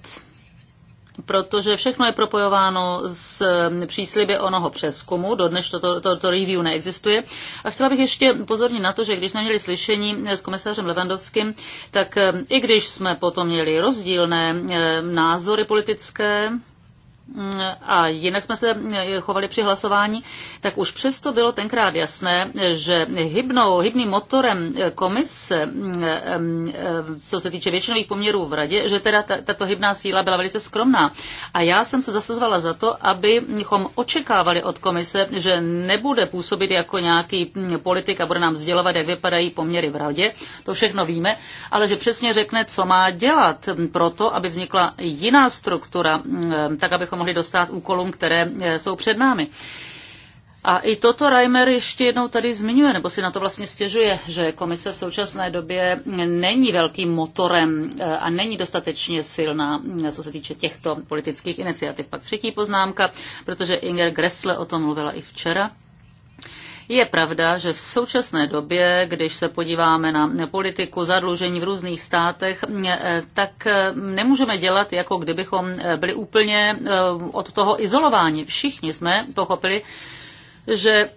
protože všechno je propojováno s přísliby onoho přeskumu, dodnes to, to, to, to review neexistuje. A chtěla bych ještě pozornit na to, že když jsme měli slyšení eh, s komisařem Levandovským, tak i když jsme potom měli rozdílné eh, názory politické, a jinak jsme se chovali při hlasování, tak už přesto bylo tenkrát jasné, že hybnou, hybným motorem komise, co se týče většinových poměrů v radě, že teda tato hybná síla byla velice skromná. A já jsem se zasazovala za to, abychom očekávali od komise, že nebude působit jako nějaký politik a bude nám sdělovat, jak vypadají poměry v radě. To všechno víme, ale že přesně řekne, co má dělat proto, aby vznikla jiná struktura, tak abychom mohli dostat úkolům, které eh, jsou před námi. A i toto Reimer ještě jednou tady zmiňuje, nebo si na to vlastně stěžuje, že komise v současné době není velkým motorem eh, a není dostatečně silná, eh, co se týče těchto politických iniciativ. Pak třetí poznámka, protože Inger Gressle o tom mluvila i včera. Je pravda, že v současné době, když se podíváme na politiku zadlužení v různých státech, eh, tak eh, nemůžeme dělat, jako kdybychom eh, byli úplně od toho izolováni. Všichni jsme pochopili, že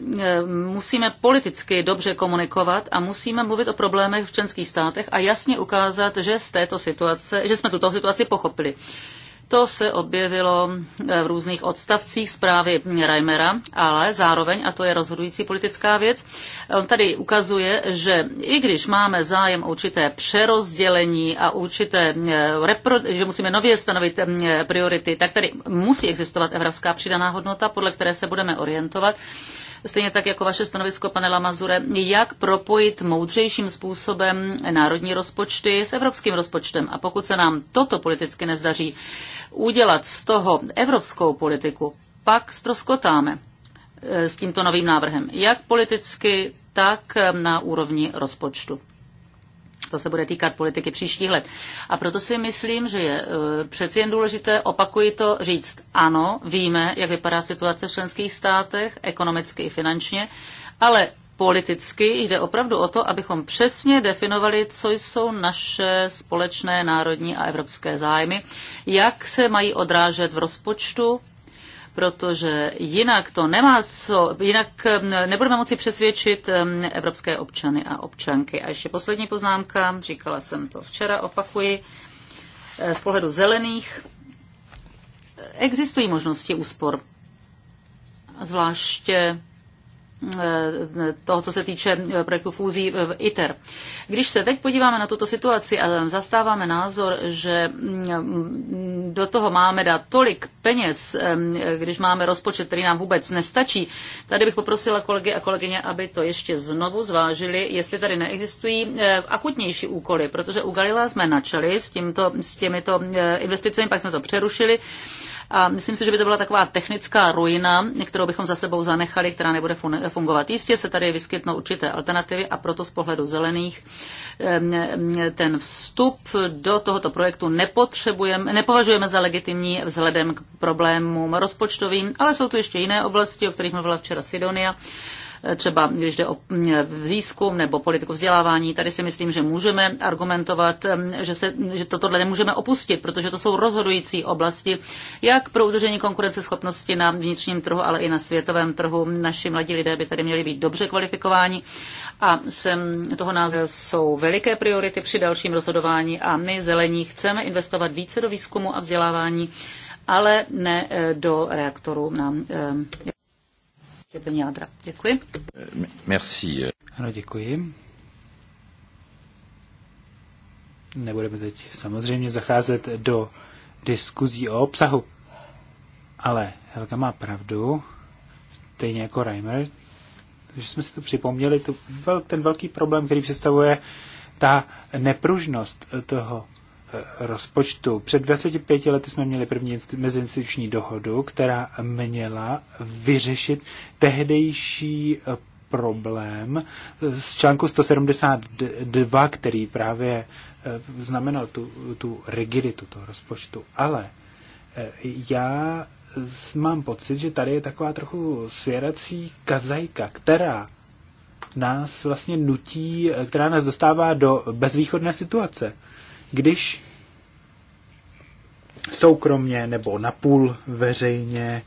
musíme politicky dobře komunikovat a musíme mluvit o problémech v členských státech a jasně ukázat, že z této situace, že jsme tuto situaci pochopili. To se objevilo eh, v různých odstavcích zprávy Reimera, ale zároveň, a to je rozhodující politická věc, on tady ukazuje, že i když máme zájem o určité přerozdělení a určité, eh, že musíme nově stanovit eh, priority, tak tady musí existovat evropská přidaná hodnota, podle které se budeme orientovat stejně tak jako vaše stanovisko, pane Lamazure, jak propojit moudřejším způsobem národní rozpočty s evropským rozpočtem. A pokud se nám toto politicky nezdaří udělat z toho evropskou politiku, pak stroskotáme eh, s tímto novým návrhem, jak politicky, tak eh, na úrovni rozpočtu. To se bude týkat politiky příštích let. A proto si myslím, že je e, přeci jen důležité, opakuji to, říct ano, víme, jak vypadá situace v členských státech, ekonomicky i finančně, ale politicky jde opravdu o to, abychom přesně definovali, co jsou naše společné národní a evropské zájmy, jak se mají odrážet v rozpočtu protože jinak to nemá co, jinak um, nebudeme moci přesvědčit um, evropské občany a občanky. A ještě poslední poznámka, říkala jsem to včera, opakuji, eh, z pohledu zelených eh, existují možnosti úspor, zvláště Eh, toho, co se týče eh, projektu fúzí v ITER. Když se teď podíváme na tuto situaci a zastáváme názor, že mm, do toho máme dát tolik peněz, eh, když máme rozpočet, který nám vůbec nestačí, tady bych poprosila kolegy a kolegyně, aby to ještě znovu zvážili, jestli tady neexistují akutnější úkoly, protože u Galila jsme načali s, tímto, s těmito investicemi, pak jsme to přerušili. A myslím si, že by to byla taková technická ruina, kterou bychom za sebou zanechali, která nebude fungovat. Jistě se tady vyskytnou určité alternativy a proto z pohledu zelených ten vstup do tohoto projektu nepotřebujeme, nepovažujeme za legitimní vzhledem k problémům rozpočtovým, ale jsou tu ještě jiné oblasti, o kterých mluvila včera Sidonia třeba když jde o mm, výzkum nebo politiku vzdělávání. Tady si myslím, že můžeme argumentovat, mm, že, se, že tohle nemůžeme opustit, protože to jsou rozhodující oblasti, jak pro udržení konkurenceschopnosti na vnitřním trhu, ale i na světovém trhu. Naši mladí lidé by tady měli být dobře kvalifikováni a sem toho názoru jsou veliké priority při dalším rozhodování a my zelení chceme investovat více do výzkumu a vzdělávání ale ne eh, do reaktoru na eh, štěpení jádra. Děkuji. Merci. Ano, děkuji. Nebudeme teď samozřejmě zacházet do diskuzí o obsahu. Ale Helga má pravdu, stejně jako Reimer, že jsme si to připomněli tu, ten velký problém, který představuje ta nepružnost toho rozpočtu. Před 25 lety jsme měli první meziinstituční dohodu, která měla vyřešit tehdejší eh, problém z článku 172, který právě eh, znamenal tu, tu rigiditu toho rozpočtu. Ale eh, já mám pocit, že tady je taková trochu svěrací kazajka, která nás vlastně nutí, která nás dostává do bezvýchodné situace když soukromně nebo napůl veřejně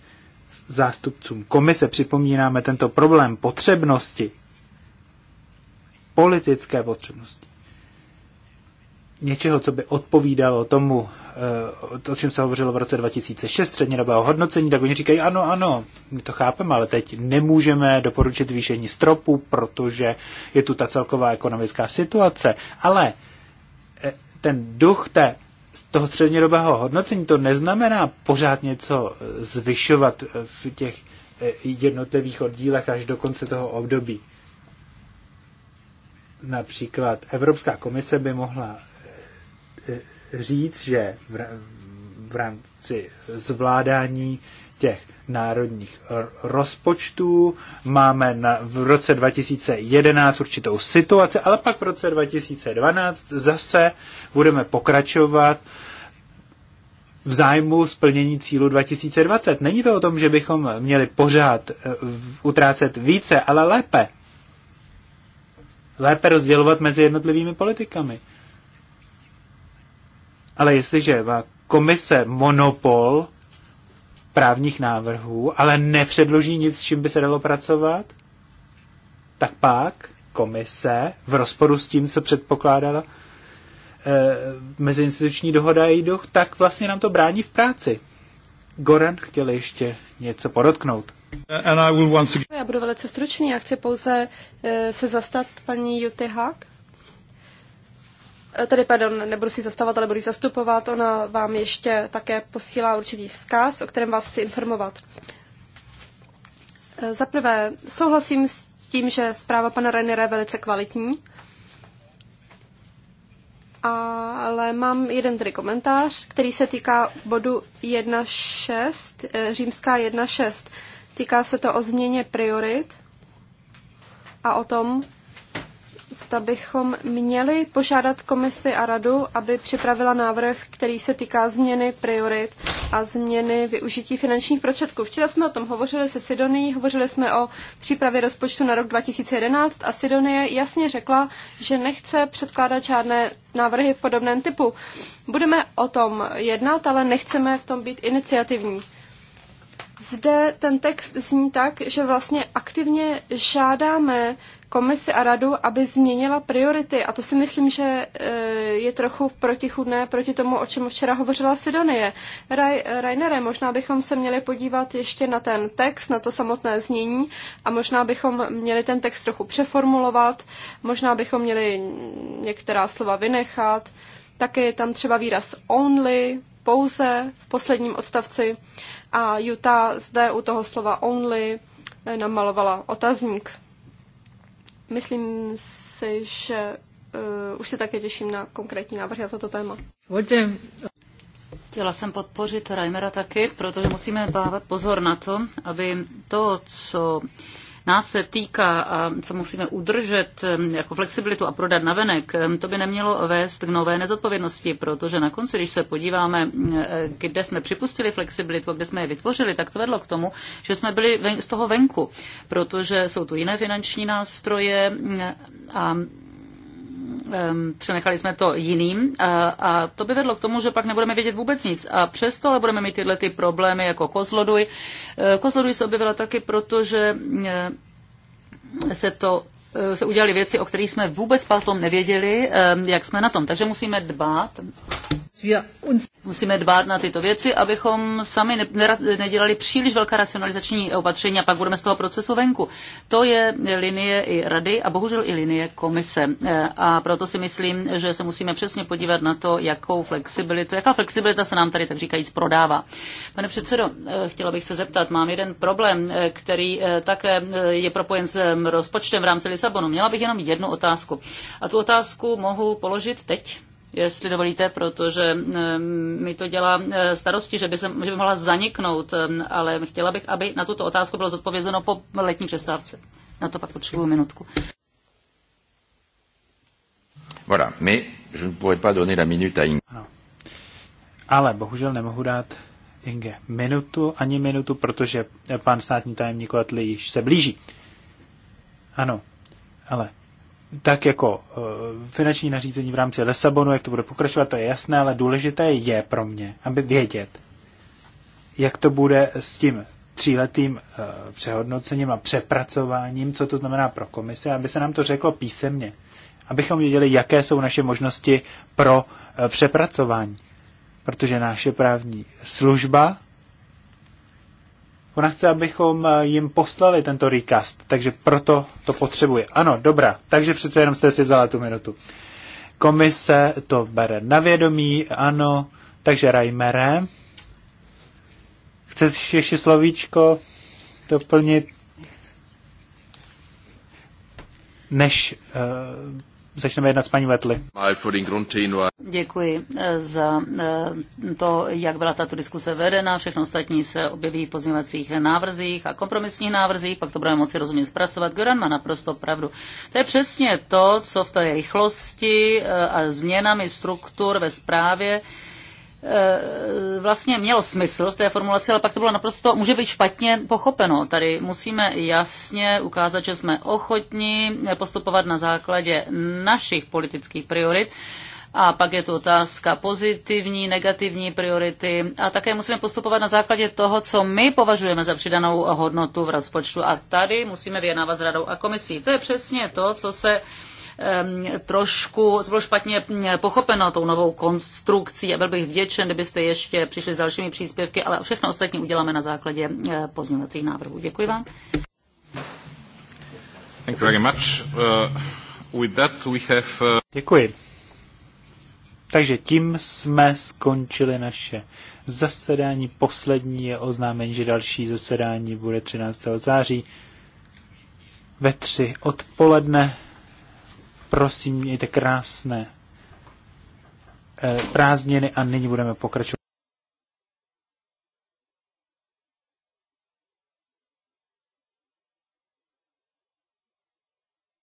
zástupcům komise připomínáme tento problém potřebnosti, politické potřebnosti, něčeho, co by odpovídalo tomu, eh, o čem se hovořilo v roce 2006, střednědobého hodnocení, tak oni říkají, ano, ano, my to chápeme, ale teď nemůžeme doporučit zvýšení stropu, protože je tu ta celková ekonomická situace. Ale ten duch té, z toho střednědobého hodnocení, to neznamená pořád něco zvyšovat v těch eh, jednotlivých oddílech až do konce toho období. Například Evropská komise by mohla eh, eh, říct, že v rámci zvládání těch národních rozpočtů. Máme na, v roce 2011 určitou situaci, ale pak v roce 2012 zase budeme pokračovat v zájmu splnění cílu 2020. Není to o tom, že bychom měli pořád eh, utrácet více, ale lépe. Lépe rozdělovat mezi jednotlivými politikami. Ale jestliže má komise monopol právních návrhů, ale nepředloží nic, s čím by se dalo pracovat, tak pak komise v rozporu s tím, co předpokládala e, meziinstituční dohoda a její duch, tak vlastně nám to brání v práci. Goran chtěl ještě něco podotknout. Já budu velice stručný a chci pouze e, se zastat paní Juty Hák. Tady, pardon, nebudu si zastavovat, ale budu ji zastupovat. Ona vám ještě také posílá určitý vzkaz, o kterém vás chci informovat. E, za prvé, souhlasím s tím, že zpráva pana Rainera je velice kvalitní, ale mám jeden tedy komentář, který se týká bodu 1.6, e, římská 1.6. Týká se to o změně priorit a o tom, zda bychom měli požádat komisi a radu, aby připravila návrh, který se týká změny priorit a změny využití finančních prostředků. Včera jsme o tom hovořili se Sidonií, hovořili jsme o přípravě rozpočtu na rok 2011 a Sidonie jasně řekla, že nechce předkládat žádné návrhy v podobném typu. Budeme o tom jednat, ale nechceme v tom být iniciativní. Zde ten text zní tak, že vlastně aktivně žádáme komisi a radu, aby změnila priority. A to si myslím, že e, je trochu protichudné proti tomu, o čem včera hovořila Sidonie. Raj, Rainere, možná bychom se měli podívat ještě na ten text, na to samotné znění a možná bychom měli ten text trochu přeformulovat, možná bychom měli některá slova vynechat. Také je tam třeba výraz only, pouze v posledním odstavci a Juta zde u toho slova only e, namalovala otazník. Myslím si, že uh, už se také těším na konkrétní návrh na toto téma. Chtěla jsem podpořit Reimera taky, protože musíme dávat pozor na to, aby to, co uh, nás se týká a co musíme udržet um, jako flexibilitu a prodat navenek, um, to by nemělo vést k nové nezodpovědnosti, protože na konci, když se podíváme, um, kde jsme připustili flexibilitu a kde jsme je vytvořili, tak to vedlo k tomu, že jsme byli z toho venku, protože jsou tu jiné finanční nástroje a Ehm, přenechali jsme to jiným a to by vedlo k tomu, že pak nebudeme vědět vůbec nic a přesto ale budeme mít tyhle ty problémy jako kozloduj. Ehm, kozloduj se objevila taky proto, že ehm, se to se udělali věci, o kterých jsme vůbec potom nevěděli, jak jsme na tom. Takže musíme dbát Musíme dbát na tyto věci, abychom sami nedělali příliš velká racionalizační opatření a pak budeme z toho procesu venku. To je linie i rady a bohužel i linie komise. E, a proto si myslím, že se musíme přesně podívat na to, jakou flexibilitu, jaká flexibilita se nám tady tak říkajíc prodává. Pane předsedo, e, chtěla bych se zeptat, mám jeden problém, e, který také je propojen s rozpočtem v rámci Lisabonu. Měla bych jenom jednu otázku. A tu otázku mohu položit teď jestli dovolíte, protože eh, mi to dělá eh, starosti, že by, se, že by mohla zaniknout, eh, ale chtěla bych, aby na tuto otázku bylo zodpovězeno po letní přestávce. Na to pak potřebuji minutku. Voilà, mais je ne pourrais pas donner la minute à Inge. Ano. Ale bohužel nemohu dát Inge minutu, ani minutu, protože pan státní tajemník Letli již se blíží. Ano, ale tak jako eh, finanční nařízení v rámci Lesabonu, jak to bude pokračovat, to je jasné, ale důležité je pro mě, aby vědět, jak to bude s tím tříletým eh, přehodnocením a přepracováním, co to znamená pro komisi, aby se nám to řeklo písemně, abychom věděli, jaké jsou naše možnosti pro eh, přepracování. Protože naše právní služba Ona chce, abychom eh, jim poslali tento recast, takže proto to potřebuje. Ano, dobrá, takže přece jenom jste si vzala tu minutu. Komise to bere na vědomí, ano, takže Rajmere. Chceš ještě slovíčko doplnit? Než uh, začneme jednat s paní Vetli. Děkuji eh, za eh, to, jak byla tato diskuse vedena. Všechno ostatní se objeví v pozměňovacích návrzích a kompromisních návrzích, pak to budeme moci rozumně zpracovat. Goran má naprosto pravdu. To je přesně to, co v té rychlosti eh, a změnami struktur ve správě Eh, vlastně mělo smysl v té formulaci, ale pak to bylo naprosto, může být špatně pochopeno. Tady musíme jasně ukázat, že jsme ochotní postupovat na základě našich politických priorit. A pak je to otázka pozitivní, negativní priority. A také musíme postupovat na základě toho, co my považujeme za přidanou hodnotu v rozpočtu. A tady musíme vyjednávat s radou a komisí. To je přesně to, co se trošku, co bylo špatně mm, pochopeno tou novou konstrukcí a byl bych vděčen, kdybyste ještě přišli s dalšími příspěvky, ale všechno ostatní uděláme na základě eh, pozměňovacích návrhů. Děkuji vám. Thank you very much. Uh, with that we have, uh... Děkuji. Takže tím jsme skončili naše zasedání. Poslední je oznámení, že další zasedání bude 13. září ve 3 odpoledne prosím, mějte krásné eh, prázdniny a nyní budeme pokračovat.